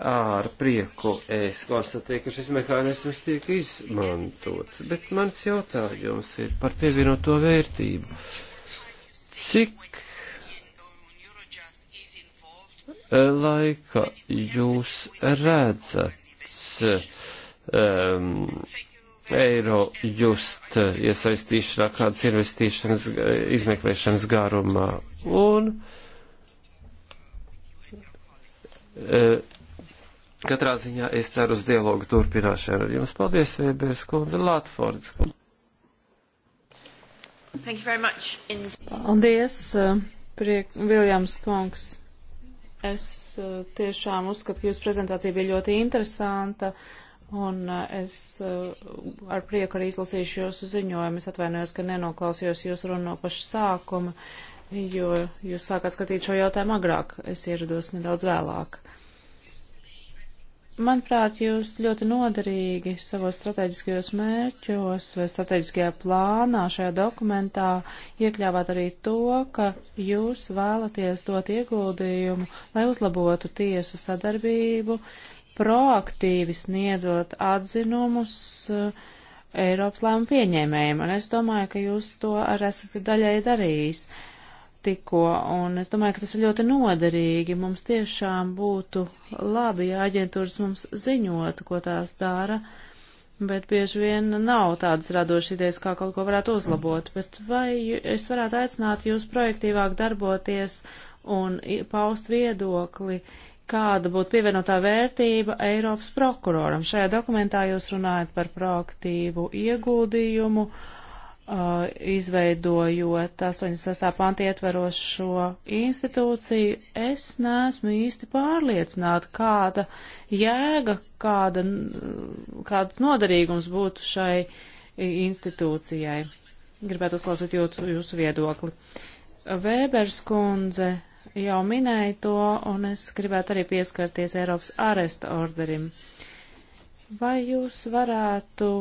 Ar prieku es konstatēju, ka šis mehānisms tiek izmantots, bet mans jautājums ir par pievienoto vērtību. Cik eh, laika jūs redzat um, eiro just iesaistīšanā, kādas investīšanas, eh, izmeklēšanas garumā? Un, uh, Katrā ziņā es ceru uz dialogu turpināšanu ar jums. Paldies, Vēbērs kundze, Latfords. Paldies, eh, priek, Viljams kungs. Es eh, tiešām uzskatu, ka jūsu prezentācija bija ļoti interesanta. Un eh, es ar prieku arī izlasīšu jūsu ziņojumu. Es atvainojos, ka nenoklausījos jūsu runu no paša sākuma, jo jūs sākāt skatīt šo jautājumu agrāk. Es ierados nedaudz vēlāk. Uh, Manuprāt, jūs ļoti noderīgi savos strateģiskajos mērķos vai strateģiskajā plānā šajā dokumentā iekļāvāt arī to, ka jūs vēlaties dot ieguldījumu, lai uzlabotu tiesu sadarbību, proaktīvi sniedzot atzinumus eh, Eiropas lēmumu pieņēmējiem. Un es domāju, ka jūs to arī esat daļai darījis. Uh, tikko, un es domāju, ka tas ir ļoti noderīgi. Mums tiešām būtu labi, ja aģentūras mums ziņotu, ko tās dara, bet bieži vien nav tādas radošas idejas, kā kaut ko varētu uzlabot. Bet vai es varētu aicināt jūs projektīvāk darboties un paust viedokli, kāda būtu pievienotā vērtība Eiropas prokuroram? Šajā dokumentā jūs runājat par proaktīvu ieguldījumu Uh, izveidojot 86. panti ietverošo institūciju, es neesmu īsti pārliecināta, kāda jēga, kāda, kāds noderīgums būtu šai institūcijai. Gribētu uzklausīt jūtu, jūsu viedokli. Vēbers kundze jau minēja to, un es gribētu arī pieskarties Eiropas aresta orderim. Vai jūs varētu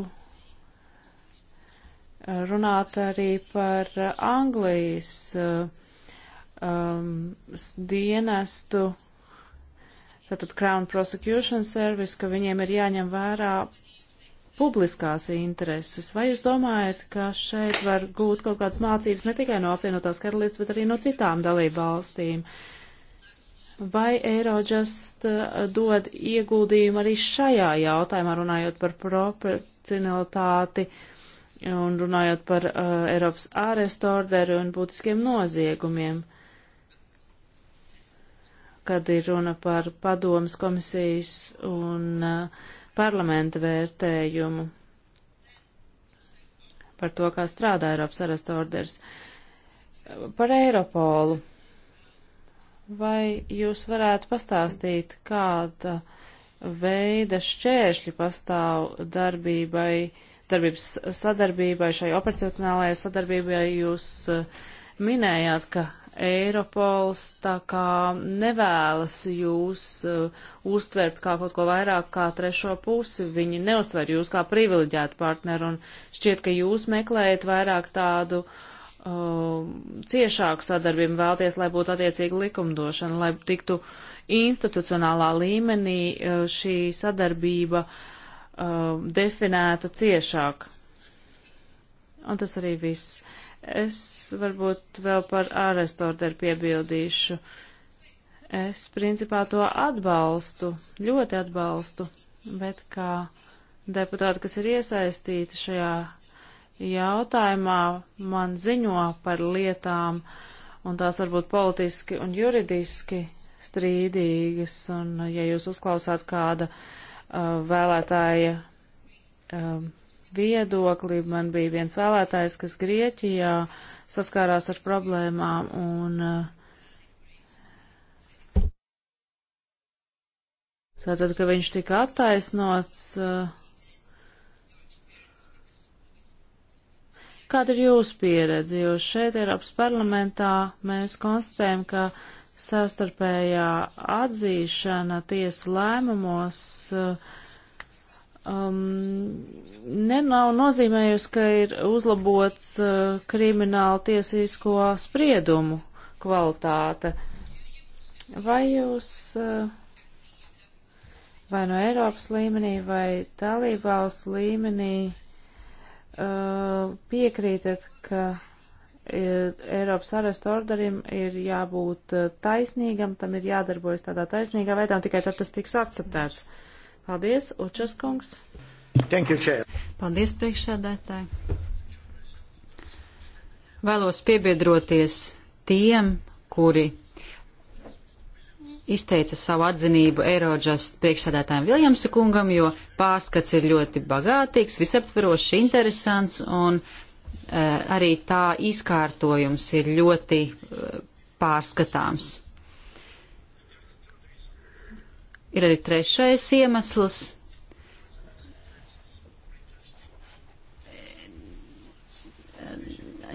runāt arī par Anglijas uh, um, dienestu, tātad Crown Prosecution Service, ka viņiem ir jāņem vērā publiskās intereses. Vai jūs domājat, ka šeit var gūt kaut kādas mācības ne tikai no apvienotās karalists, bet arī no citām dalību valstīm? Vai Eirožast uh, dod ieguldījumu arī šajā jautājumā, runājot par proporcionalitāti? Uh, un runājot par uh, Eiropas ārestu orderu un būtiskiem noziegumiem, kad ir runa par padomas komisijas un uh, parlamenta vērtējumu par to, kā strādā Eiropas ārestu orders. Par Eiropolu. Vai jūs varētu pastāstīt, kāda veida šķēršļi pastāv darbībai uh, darbības sadarbībai, šai operacionālajai sadarbībai jūs eh, minējāt, ka Eiropols tā kā nevēlas jūs uh, uztvert kā kaut ko vairāk kā trešo pusi. Viņi neuztver jūs kā privileģētu partneru un šķiet, ka jūs meklējat vairāk tādu uh, ciešāku sadarbību, vēlties, lai būtu attiecīga likumdošana, lai tiktu institucionālā līmenī uh, šī sadarbība uh, uh, definēta ciešāk. Un tas arī viss. Es varbūt vēl par ārestu orderu piebildīšu. Es principā to atbalstu, ļoti atbalstu, bet kā deputāti, kas ir iesaistīti šajā jautājumā, man ziņo par lietām, un tās varbūt politiski un juridiski strīdīgas, un ja jūs uzklausāt kāda uh, Uh, vēlētāja um, viedokli. Man bija viens vēlētājs, kas Grieķijā saskārās ar problēmām un uh, tātad, ka viņš tika attaisnots. Uh. Kāda ir jūsu pieredze? Jo šeit Eiropas parlamentā mēs konstatējam, ka uh, savstarpējā atzīšana tiesu lēmumos um, nav nozīmējusi, ka ir uzlabots uh, krimināla tiesisko spriedumu kvalitāte. Vai jūs uh, vai no Eiropas līmenī vai dalībvalstu līmenī uh, piekrītat, ka E, Eiropas arestu orderim ir jābūt e, taisnīgam, tam ir jādarbojas tādā taisnīgā veidā, un tikai tad tas tiks akceptēts. Paldies, Učas kungs. Thank you, chair. Paldies, priekšsēdētāji. Vēlos piebiedroties tiem, kuri izteica savu atzinību Eirodžast priekšsēdētājiem Viljamsa kungam, jo pārskats ir ļoti bagātīgs, visaptverošs, interesants un. Uh, Eh, arī tā izkārtojums ir ļoti eh, pārskatāms. Ir arī trešais iemesls.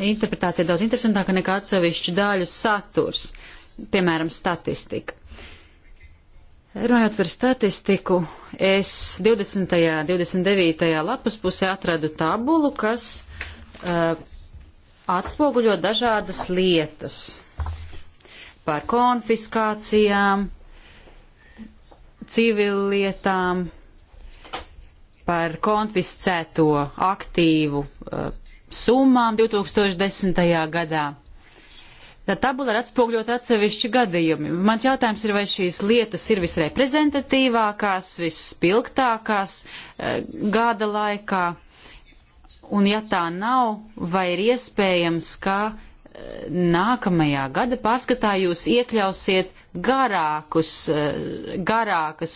interpretācija ir daudz interesantāka nekā atsevišķu daļu saturs, piemēram, statistika. Runājot par statistiku, es 20. un 29. lapas pusē atradu tabulu, kas Uh, atspoguļo dažādas lietas par konfiskācijām, civillietām, par konfiscēto aktīvu uh, summām 2010. gadā. Tad tabula ir atspogļota atsevišķi gadījumi. Mans jautājums ir, vai šīs lietas ir visreprezentatīvākās, visspilgtākās uh, gada laikā. Un ja tā nav, vai ir iespējams, ka eh, nākamajā gada pārskatā jūs iekļausiet garākus, eh, garākas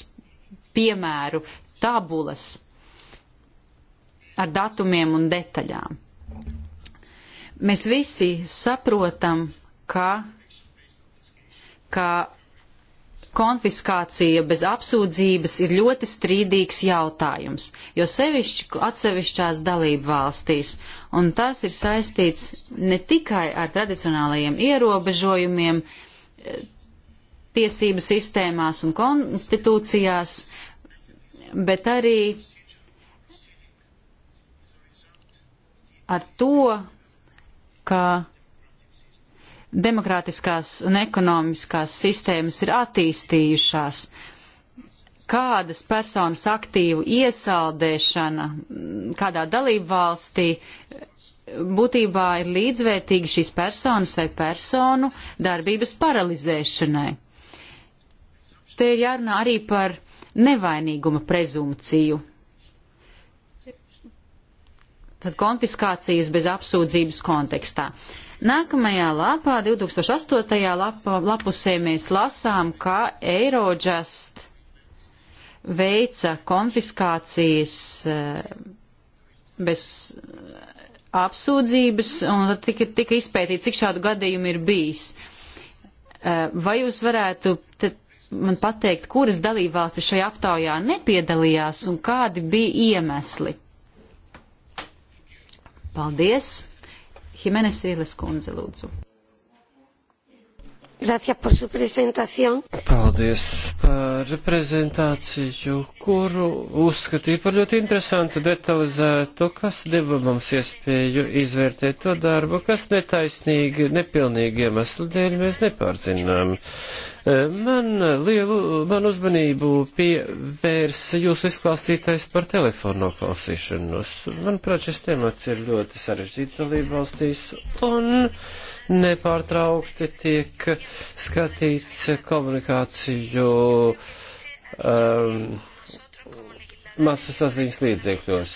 piemēru tabulas ar datumiem un detaļām? Mēs visi saprotam, ka, ka konfiskācija bez apsūdzības ir ļoti strīdīgs jautājums, jo sevišķi atsevišķās dalību valstīs, un tas ir saistīts ne tikai ar tradicionālajiem ierobežojumiem eh, tiesību sistēmās un konstitūcijās, bet arī ar to, ka demokrātiskās un ekonomiskās sistēmas ir attīstījušās, kādas personas aktīvu iesaldēšana kādā dalību valstī būtībā ir līdzvērtīga šīs personas vai personu darbības paralizēšanai. Te ir jārunā arī par nevainīguma prezumciju. Tad konfiskācijas bez apsūdzības kontekstā. Uh, Nākamajā lapā, 2008. Lapā, lapusē, mēs lasām, ka Eirodžast veica konfiskācijas eh, bez apsūdzības, un tad tika, tika izpētīts, cik šādu gadījumu ir bijis. Eh, vai jūs varētu man pateikt, kuras dalībvalstis šajā aptaujā nepiedalījās un kādi bija iemesli? Paldies! Himenes Vīles kundze, lūdzu. Gracias por su presentación. Paldies par prezentāciju, kuru uzskatīju par ļoti interesantu, detalizētu, kas deva mums iespēju izvērtēt to darbu, kas netaisnīgi, nepilnīgi iemeslu dēļ mēs nepārzinām. E, man lielu, man uzmanību pievērsa jūsu izklāstītais par telefonu noklausīšanos. Manuprāt, šis temats ir ļoti sarežģīts dalībvalstīs un nepārtraukti tiek skatīts komunikāciju um, masu saziņas līdzekļos.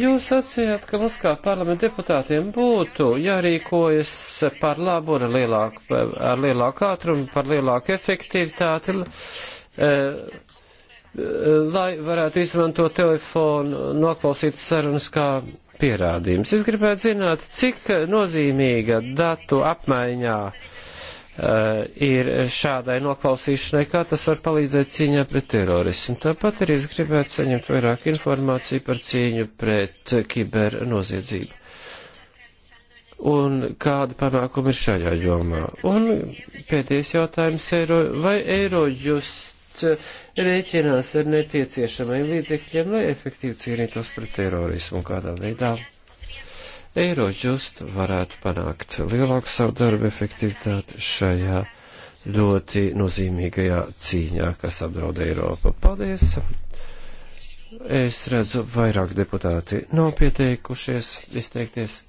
Jūs atsījāt, ka mums kā parlamenta deputātiem būtu jārīkojas par labu un ar lielāku, ar lielāku ātrumu, par lielāku efektivitāti. Uh, lai varētu izmantot telefonu, noklausīt sarunas kā pierādījums. Es gribētu zināt, cik nozīmīga datu apmaiņā uh, ir šādai noklausīšanai, kā tas var palīdzēt cīņā pret terorismu. Tāpat arī es gribētu saņemt vairāk informāciju par cīņu pret kibernoziedzību un kāda panākuma ir šajā jomā. Un pēdējais jautājums, eiro, vai eiro just bet eh, rēķinās ar nepieciešamiem līdzekļiem, lai efektīvi cīnītos pret terorismu kādā veidā. Eirojust varētu panākt lielāku savu darbu efektivitāti šajā ļoti nozīmīgajā cīņā, kas apdraud Eiropu. Paldies! Es redzu, vairāk deputāti nav pieteikušies izteikties,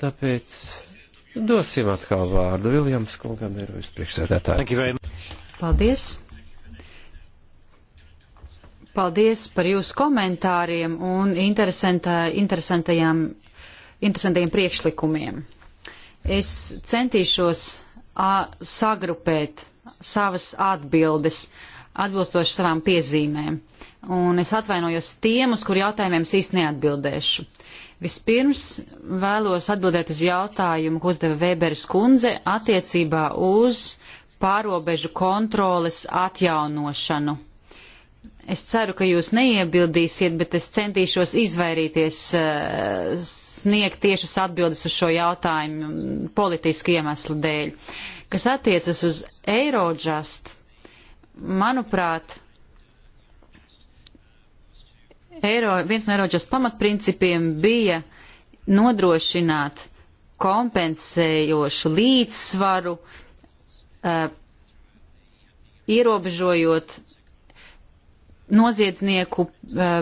tāpēc dosim atkal vārdu Viljams kungam, Eiropas priekšsēdētājiem. Paldies! Paldies par jūsu komentāriem un interesantajiem priekšlikumiem. Es centīšos a, sagrupēt savas atbildes atbilstoši savām piezīmēm. Un es atvainojos tiem, uz kur jautājumiem es īsti neatbildēšu. Vispirms vēlos atbildēt uz jautājumu, ko uzdeva Vēberis kundze attiecībā uz pārobežu kontroles atjaunošanu Es ceru, ka jūs neiebildīsiet, bet es centīšos izvairīties eh, sniegt tiešas atbildes uz šo jautājumu politisku iemeslu dēļ. Kas attiecas uz Eirodžast, manuprāt, Eiro, viens no Eirodžast pamatprincipiem bija nodrošināt kompensējošu līdzsvaru, uh, ierobežojot noziedznieku uh,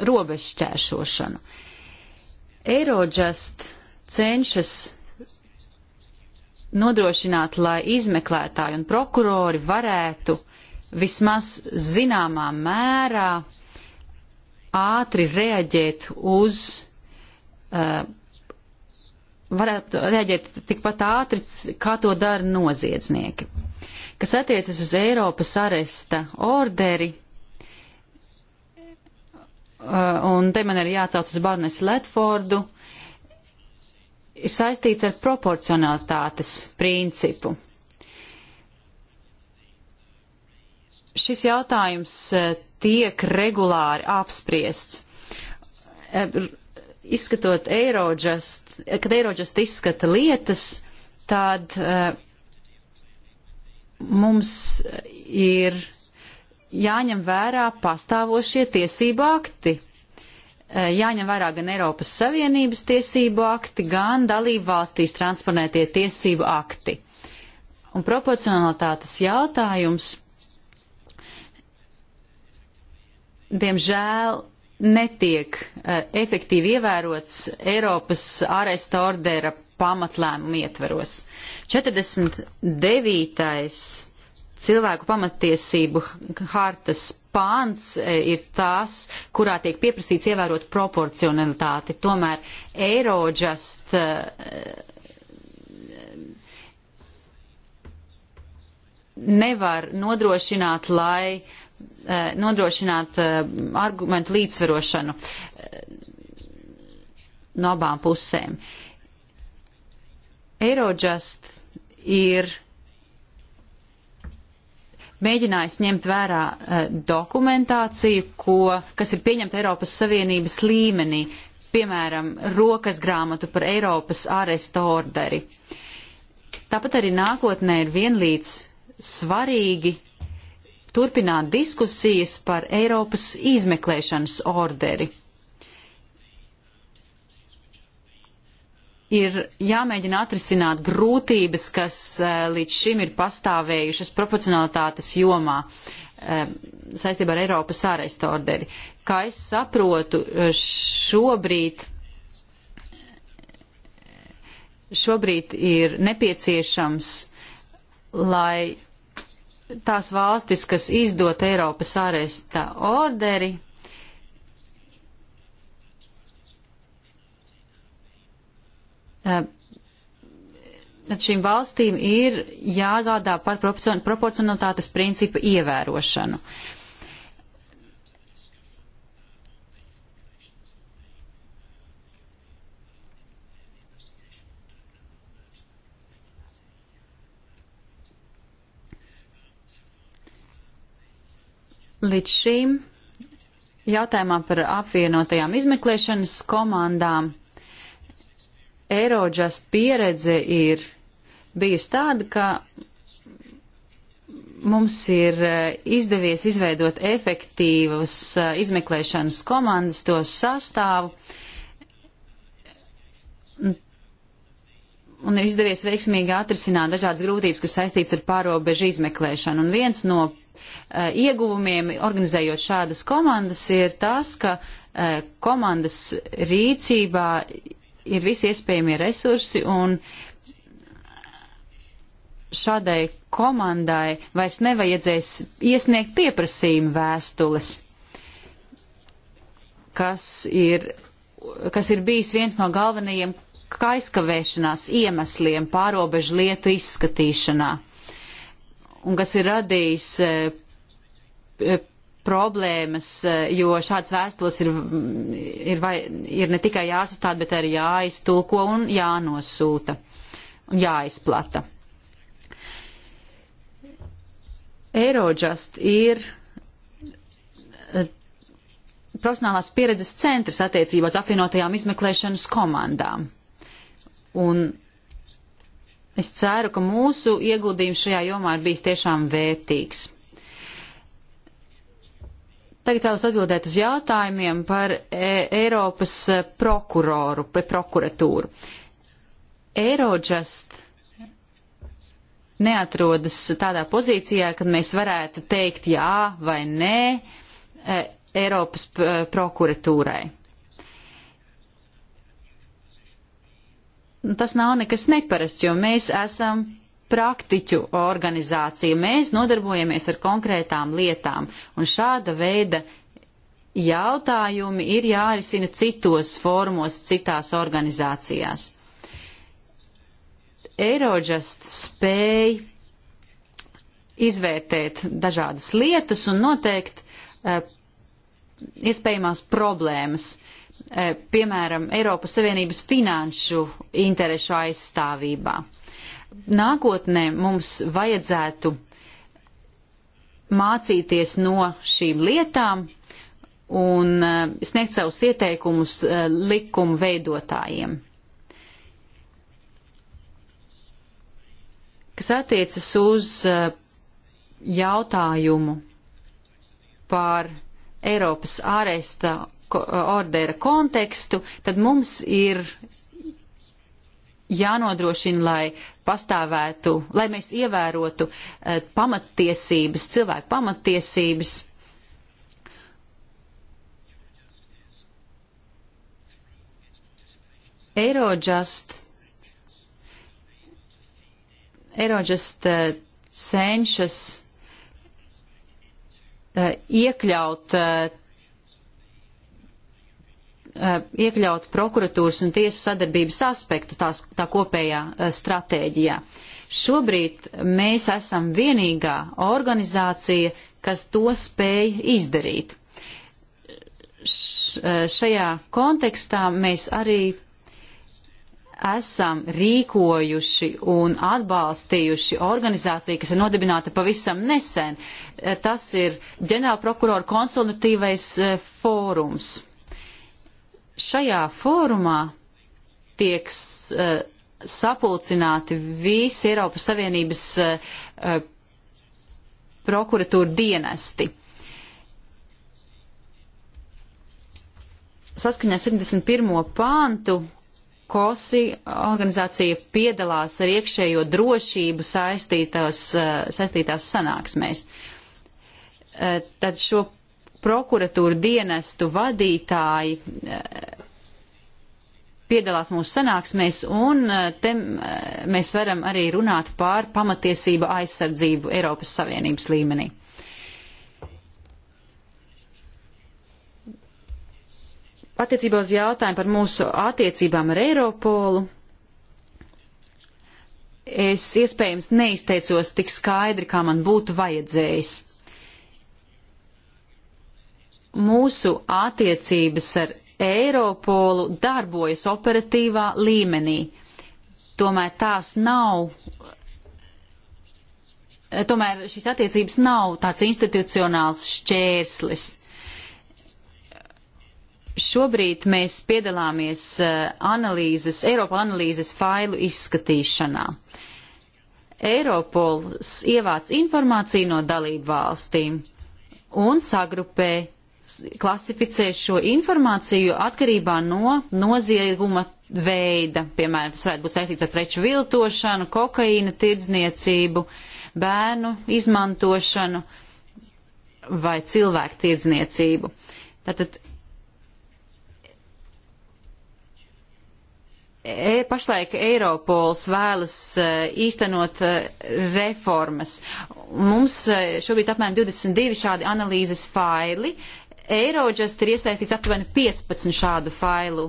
robežšķēršošanu. Eirodžast cenšas nodrošināt, lai izmeklētāji un prokurori varētu vismaz zināmā mērā ātri reaģēt uz, uh, varētu reaģēt tikpat ātri, kā to dara noziedznieki. Kas attiecas uz Eiropas aresta orderi, uh, un te man ir jāatsauc uz Barnes Ledfordu, ir saistīts ar proporcionalitātes principu. Šis jautājums uh, tiek regulāri apspriests. Uh, izskatot Eirodžast, kad Eirodžast izskata lietas, tad uh, mums ir jāņem vērā pastāvošie tiesību akti. E, jāņem vērā gan Eiropas Savienības tiesību akti, gan dalību valstīs transponētie tiesību akti. Un proporcionalitātes jautājums, diemžēl, netiek e, efektīvi ievērots Eiropas aresta ordera pamatlēmumu ietveros. 49. cilvēku pamattiesību hartas pāns e, ir tās, kurā tiek pieprasīts ievērot proporcionalitāti. Tomēr Eirodžast e, nevar nodrošināt, lai e, nodrošināt argumentu līdzsverošanu no abām pusēm. Uh, Eurojust ir mēģinājis ņemt vērā uh, dokumentāciju, ko, kas ir pieņemta Eiropas Savienības līmenī, piemēram, rokas grāmatu par Eiropas ārestu orderi. Tāpat arī nākotnē ir vienlīdz svarīgi turpināt diskusijas par Eiropas izmeklēšanas orderi. ir jāmēģina atrisināt grūtības, kas eh, līdz šim ir pastāvējušas proporcionalitātes jomā eh, saistībā ar Eiropas ārestu orderi. Kā es saprotu, eh, šobrīd, šobrīd ir nepieciešams, lai tās valstis, kas izdot Eiropas āresta orderi, Eh, šīm valstīm ir jāgādā par proporcionalitātes principu ievērošanu. Līdz šīm jautājumā par apvienotajām izmeklēšanas komandām Eirodžast pieredze ir bijusi tāda, ka mums ir e, izdevies izveidot efektīvas e, izmeklēšanas komandas, to sastāvu, un ir izdevies veiksmīgi atrisināt dažādas grūtības, kas saistīts ar pārobežu izmeklēšanu. Un viens no uh, ieguvumiem, organizējot šādas komandas, ir tas, ka uh, komandas rīcībā ir visi iespējamie resursi un šādai komandai vairs nevajadzēs iesniegt pieprasījumu vēstules, kas ir, kas ir bijis viens no galvenajiem aizkavēšanās iemesliem pārobežu lietu izskatīšanā un kas ir radījis eh, problēmas, eh, jo šāds vēstules ir, mm, ir, vai, ir ne tikai jāsastāda, bet arī jāiztulko un jānosūta un jāizplata. Eirodžast ir eh, profesionālās pieredzes centrs attiecībā uz apvienotajām izmeklēšanas komandām. Un es ceru, ka mūsu ieguldījums šajā jomā ir bijis tiešām vērtīgs. Tagad vēlos atbildēt uz jautājumiem par e, Eiropas e, prokuroru, par e, prokuratūru. Eirodžast neatrodas tādā pozīcijā, kad mēs varētu teikt jā vai nē Eiropas prokuratūrai. Nu, tas nav nekas neparasts, jo mēs esam praktiķu organizācija. Mēs nodarbojamies ar konkrētām lietām, un šāda veida jautājumi ir jārisina citos formos, citās organizācijās. Eirožast spēj izvērtēt dažādas lietas un noteikt e, iespējamās problēmas, e, piemēram, Eiropas Savienības finanšu interešu aizstāvībā nākotnē mums vajadzētu mācīties no šīm lietām un eh, sniegt savus ieteikumus eh, likumu veidotājiem. Kas attiecas uz eh, jautājumu par Eiropas āresta ordera kontekstu, tad mums ir jānodrošina, lai pastāvētu, lai mēs ievērotu uh, pamattiesības, cilvēku pamattiesības. Eirodžast, Eirodžast uh, eh, cenšas uh, iekļaut Eh, iekļaut prokuratūras un tiesu sadarbības aspektu tās, tā kopējā eh, stratēģijā. Šobrīd mēs esam vienīgā organizācija, kas to spēj izdarīt. Eh, šajā kontekstā mēs arī esam rīkojuši un atbalstījuši organizāciju, kas ir nodibināta pavisam nesen. Tas ir ģenerālprokurora konsultatīvais fórums šajā fórumā tiek uh, eh, sapulcināti visi Eiropas Savienības uh, prokuratūra dienesti. Saskaņā 71. pāntu KOSI organizācija piedalās ar iekšējo drošību saistītās, uh, saistītās sanāksmēs. Tad šo prokuratūra dienestu vadītāji eh, piedalās mūsu sanāksmēs, un eh, te eh, mēs varam arī runāt pār pamatiesību aizsardzību Eiropas Savienības līmenī. Attiecībā uz jautājumu par mūsu attiecībām ar Eiropolu, es iespējams neizteicos tik skaidri, kā man būtu vajadzējis mūsu attiecības ar Eiropolu darbojas operatīvā līmenī. Tomēr tās nav, tomēr šīs attiecības nav tāds institucionāls šķērslis. Šobrīd mēs piedalāmies eh, analīzes, Eiropa analīzes failu izskatīšanā. Eiropols ievāc informāciju no dalību valstīm un sagrupē klasificē šo informāciju atkarībā no nozieguma veida. Piemēram, tas varētu būt saistīts ar preču viltošanu, kokaīna tirdzniecību, bērnu izmantošanu vai cilvēku tirdzniecību. Tātad E, pašlaik Eiropols vēlas e, īstenot e, reformas. Mums e, šobrīd apmēram 22 šādi analīzes faili. Eirožast ir iesaistīts aptuveni 15 šādu failu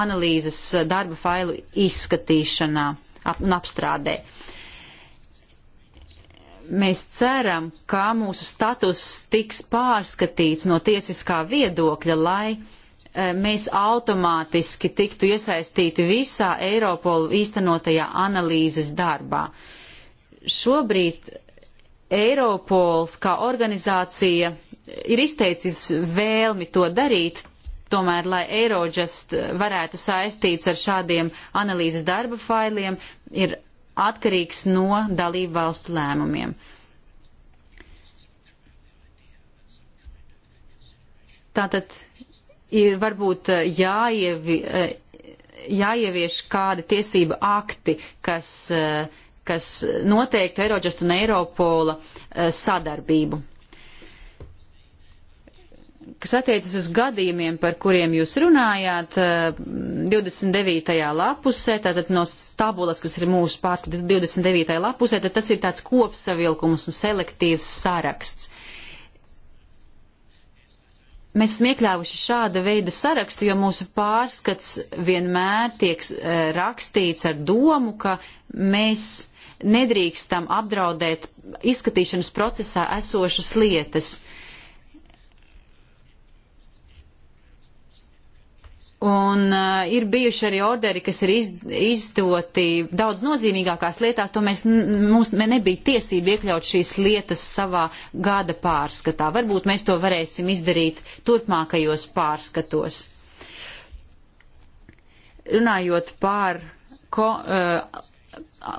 analīzes eh, darba failu izskatīšanā ap, un apstrādē. Mēs ceram, ka mūsu status tiks pārskatīts no tiesiskā viedokļa, lai eh, mēs automātiski tiktu iesaistīti visā Eiropolu īstenotajā analīzes darbā. Šobrīd Eiropols kā organizācija ir izteicis vēlmi to darīt, tomēr, lai Eirodžast varētu saistīts ar šādiem analīzes darba failiem, ir atkarīgs no dalību valstu lēmumiem. Tātad ir varbūt eh, jāievi, eh, jāievieš kādi tiesība akti, kas, eh, kas noteiktu Eirodžast un Eiropola sadarbību kas attiecas uz gadījumiem, par kuriem jūs runājāt, 29. Eh, lapusē, tātad no tabulas, kas ir mūsu pārskatīta 29. lapusē, tad tas ir tāds kopsavilkums un selektīvs saraksts. Mēs esam iekļāvuši šāda veida sarakstu, jo mūsu pārskats vienmēr tiek eh, rakstīts ar domu, ka mēs nedrīkstam apdraudēt izskatīšanas procesā esošas lietas. Uh, Un uh, ir bijuši arī orderi, kas ir iz, izdoti daudz nozīmīgākās lietās, to mēs, mums mē nebija tiesība iekļaut šīs lietas savā gada pārskatā. Varbūt mēs to varēsim izdarīt turpmākajos pārskatos. Runājot par ko, uh,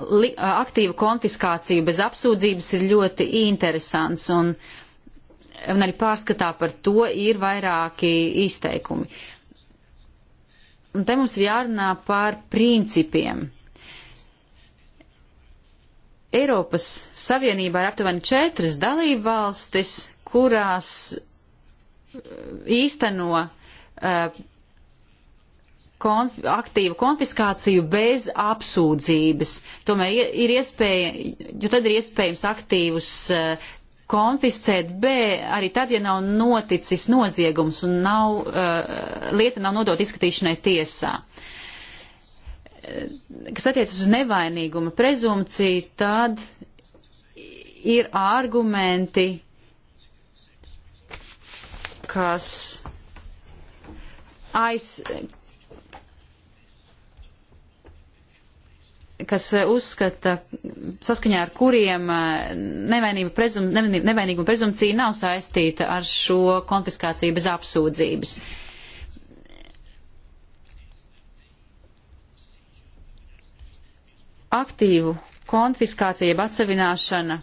li, eh, aktīvu konfiskāciju bez apsūdzības ir ļoti interesants un, un arī pārskatā par to ir vairāki izteikumi. Uh, Un te mums ir jārunā par principiem. Eiropas Savienībā ir aptuveni četras dalībvalstis, kurās eh, īsteno uh, konf aktīvu konfiskāciju bez apsūdzības. Tomēr ir iespēja, jo tad ir iespējams aktīvus uh, konfiscēt B arī tad, ja nav noticis noziegums un nav, uh, lieta nav nodot izskatīšanai tiesā. Eh, kas attiecas uz nevainīguma prezumciju, tad ir argumenti, kas aiz, kas eh, uzskata, saskaņā ar kuriem eh, nevainība prezum, nevainīguma prezumcija nav saistīta ar šo konfiskāciju bez apsūdzības. Aktīvu konfiskācija jeb atsevināšana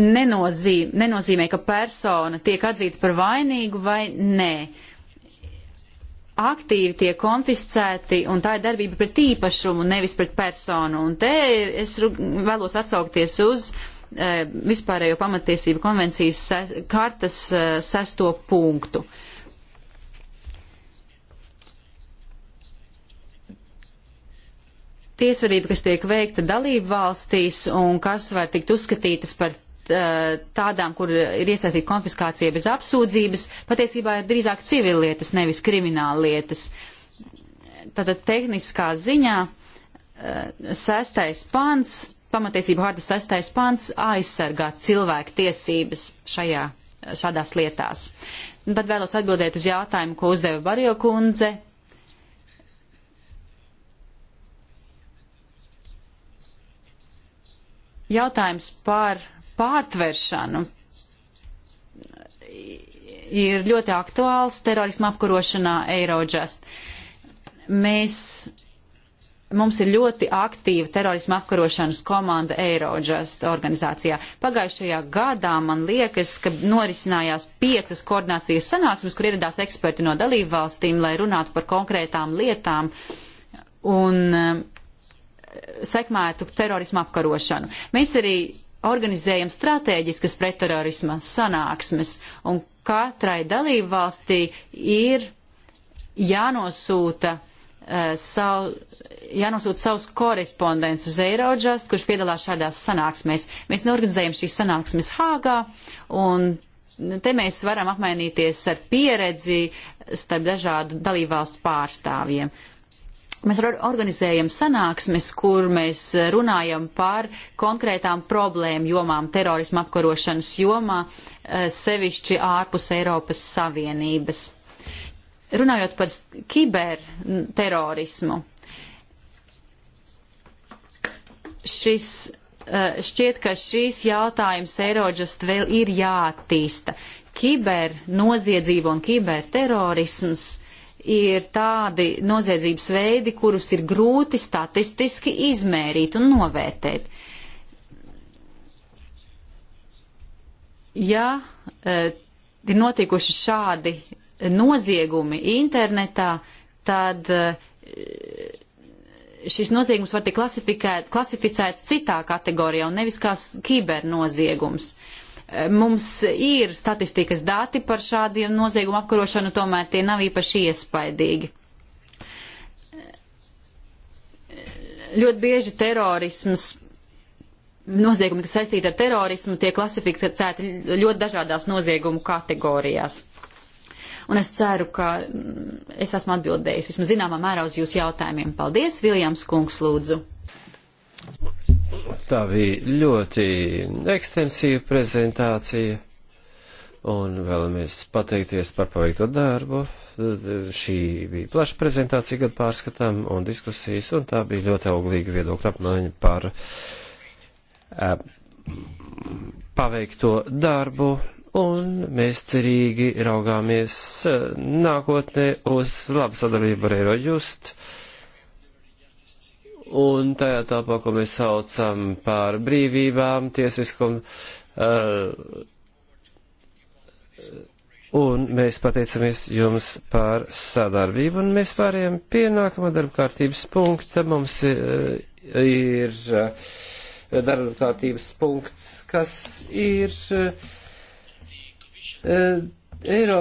nenozīm, nenozīmē, ka persona tiek atzīta par vainīgu vai nē aktīvi tiek konfiscēti, un tā ir darbība pret īpašumu, nevis pret personu. Un te es vēlos atsaukties uz e, vispārējo pamatiesību konvencijas se, kartas e, sesto punktu. Tiesvedība, kas tiek veikta dalību valstīs un kas var tikt uzskatītas par Eh, tādām, kur ir iesaistīta konfiskācija bez apsūdzības, patiesībā ir drīzāk civillietas, nevis krimināllietas. Tātad tehniskā ziņā eh, sestais pants, pamatiesība harta sestais pants aizsargā cilvēku tiesības šajā, šādās lietās. Un tad vēlos atbildēt uz jautājumu, ko uzdeva Barjo kundze. Jautājums par pārtveršanu ir ļoti aktuāls terorisma apkarošanā Eirodžast. Mēs, mums ir ļoti aktīva terorisma apkarošanas komanda Eirodžast organizācijā. Pagājušajā gadā man liekas, ka norisinājās piecas koordinācijas sanāksmes, kur ieradās eksperti no dalību valstīm, lai runātu par konkrētām lietām. Un, eh, sekmētu terorismu apkarošanu. Mēs arī organizējam stratēģiskas pretterorisma sanāksmes, un katrai dalību valstī ir jānosūta, uh, sav, jānosūta savus korespondents uz Eirodžast, kurš piedalās šādās sanāksmēs. Mēs neorganizējam šīs sanāksmes Hāgā, un te mēs varam apmainīties ar pieredzi starp dažādu dalībvalstu pārstāvjiem. Uh, Mēs organizējam sanāksmes, kur mēs runājam par konkrētām problēmu jomām terorisma apkarošanas jomā, eh, sevišķi ārpus Eiropas Savienības. Runājot par kiberterorismu, šis eh, šķiet, ka šīs jautājums Eirodžast vēl ir jāattīsta. Kiber noziedzība un kiberterorisms ir tādi noziedzības veidi, kurus ir grūti statistiski izmērīt un novērtēt. Ja e, ir notikuši šādi noziegumi internetā, tad e, šis noziegums var tikt klasificēts citā kategorijā un nevis kā kibernoziegums. Uh, Mums ir statistikas dati par šādiem noziegumu apkarošanu, tomēr tie nav īpaši iespaidīgi. Ļoti bieži terorisms, noziegumi, kas saistīti ar terorismu, tiek klasificēti ļoti dažādās noziegumu kategorijās. Un es ceru, ka mm, es esmu atbildējis vismaz zināmā mērā uz jūsu jautājumiem. Paldies, Viljams Kungs, lūdzu. Tā bija ļoti ekstensīva prezentācija. Un vēlamies pateikties par paveikto darbu. Šī bija plaša prezentācija gadu pārskatām un diskusijas, un tā bija ļoti auglīga viedokļa apmaiņa par e, paveikto darbu. Un mēs cerīgi raugāmies nākotnē uz labu sadarbību ar Eirojust. E, un tajā telpā, ko mēs saucam par brīvībām, tiesiskumu. Uh, Un mēs pateicamies jums par sadarbību, un mēs pārējām pie nākamā darba kārtības punkta. Mums eh, ir, ir eh, darba kārtības punkts, kas ir Eiropa.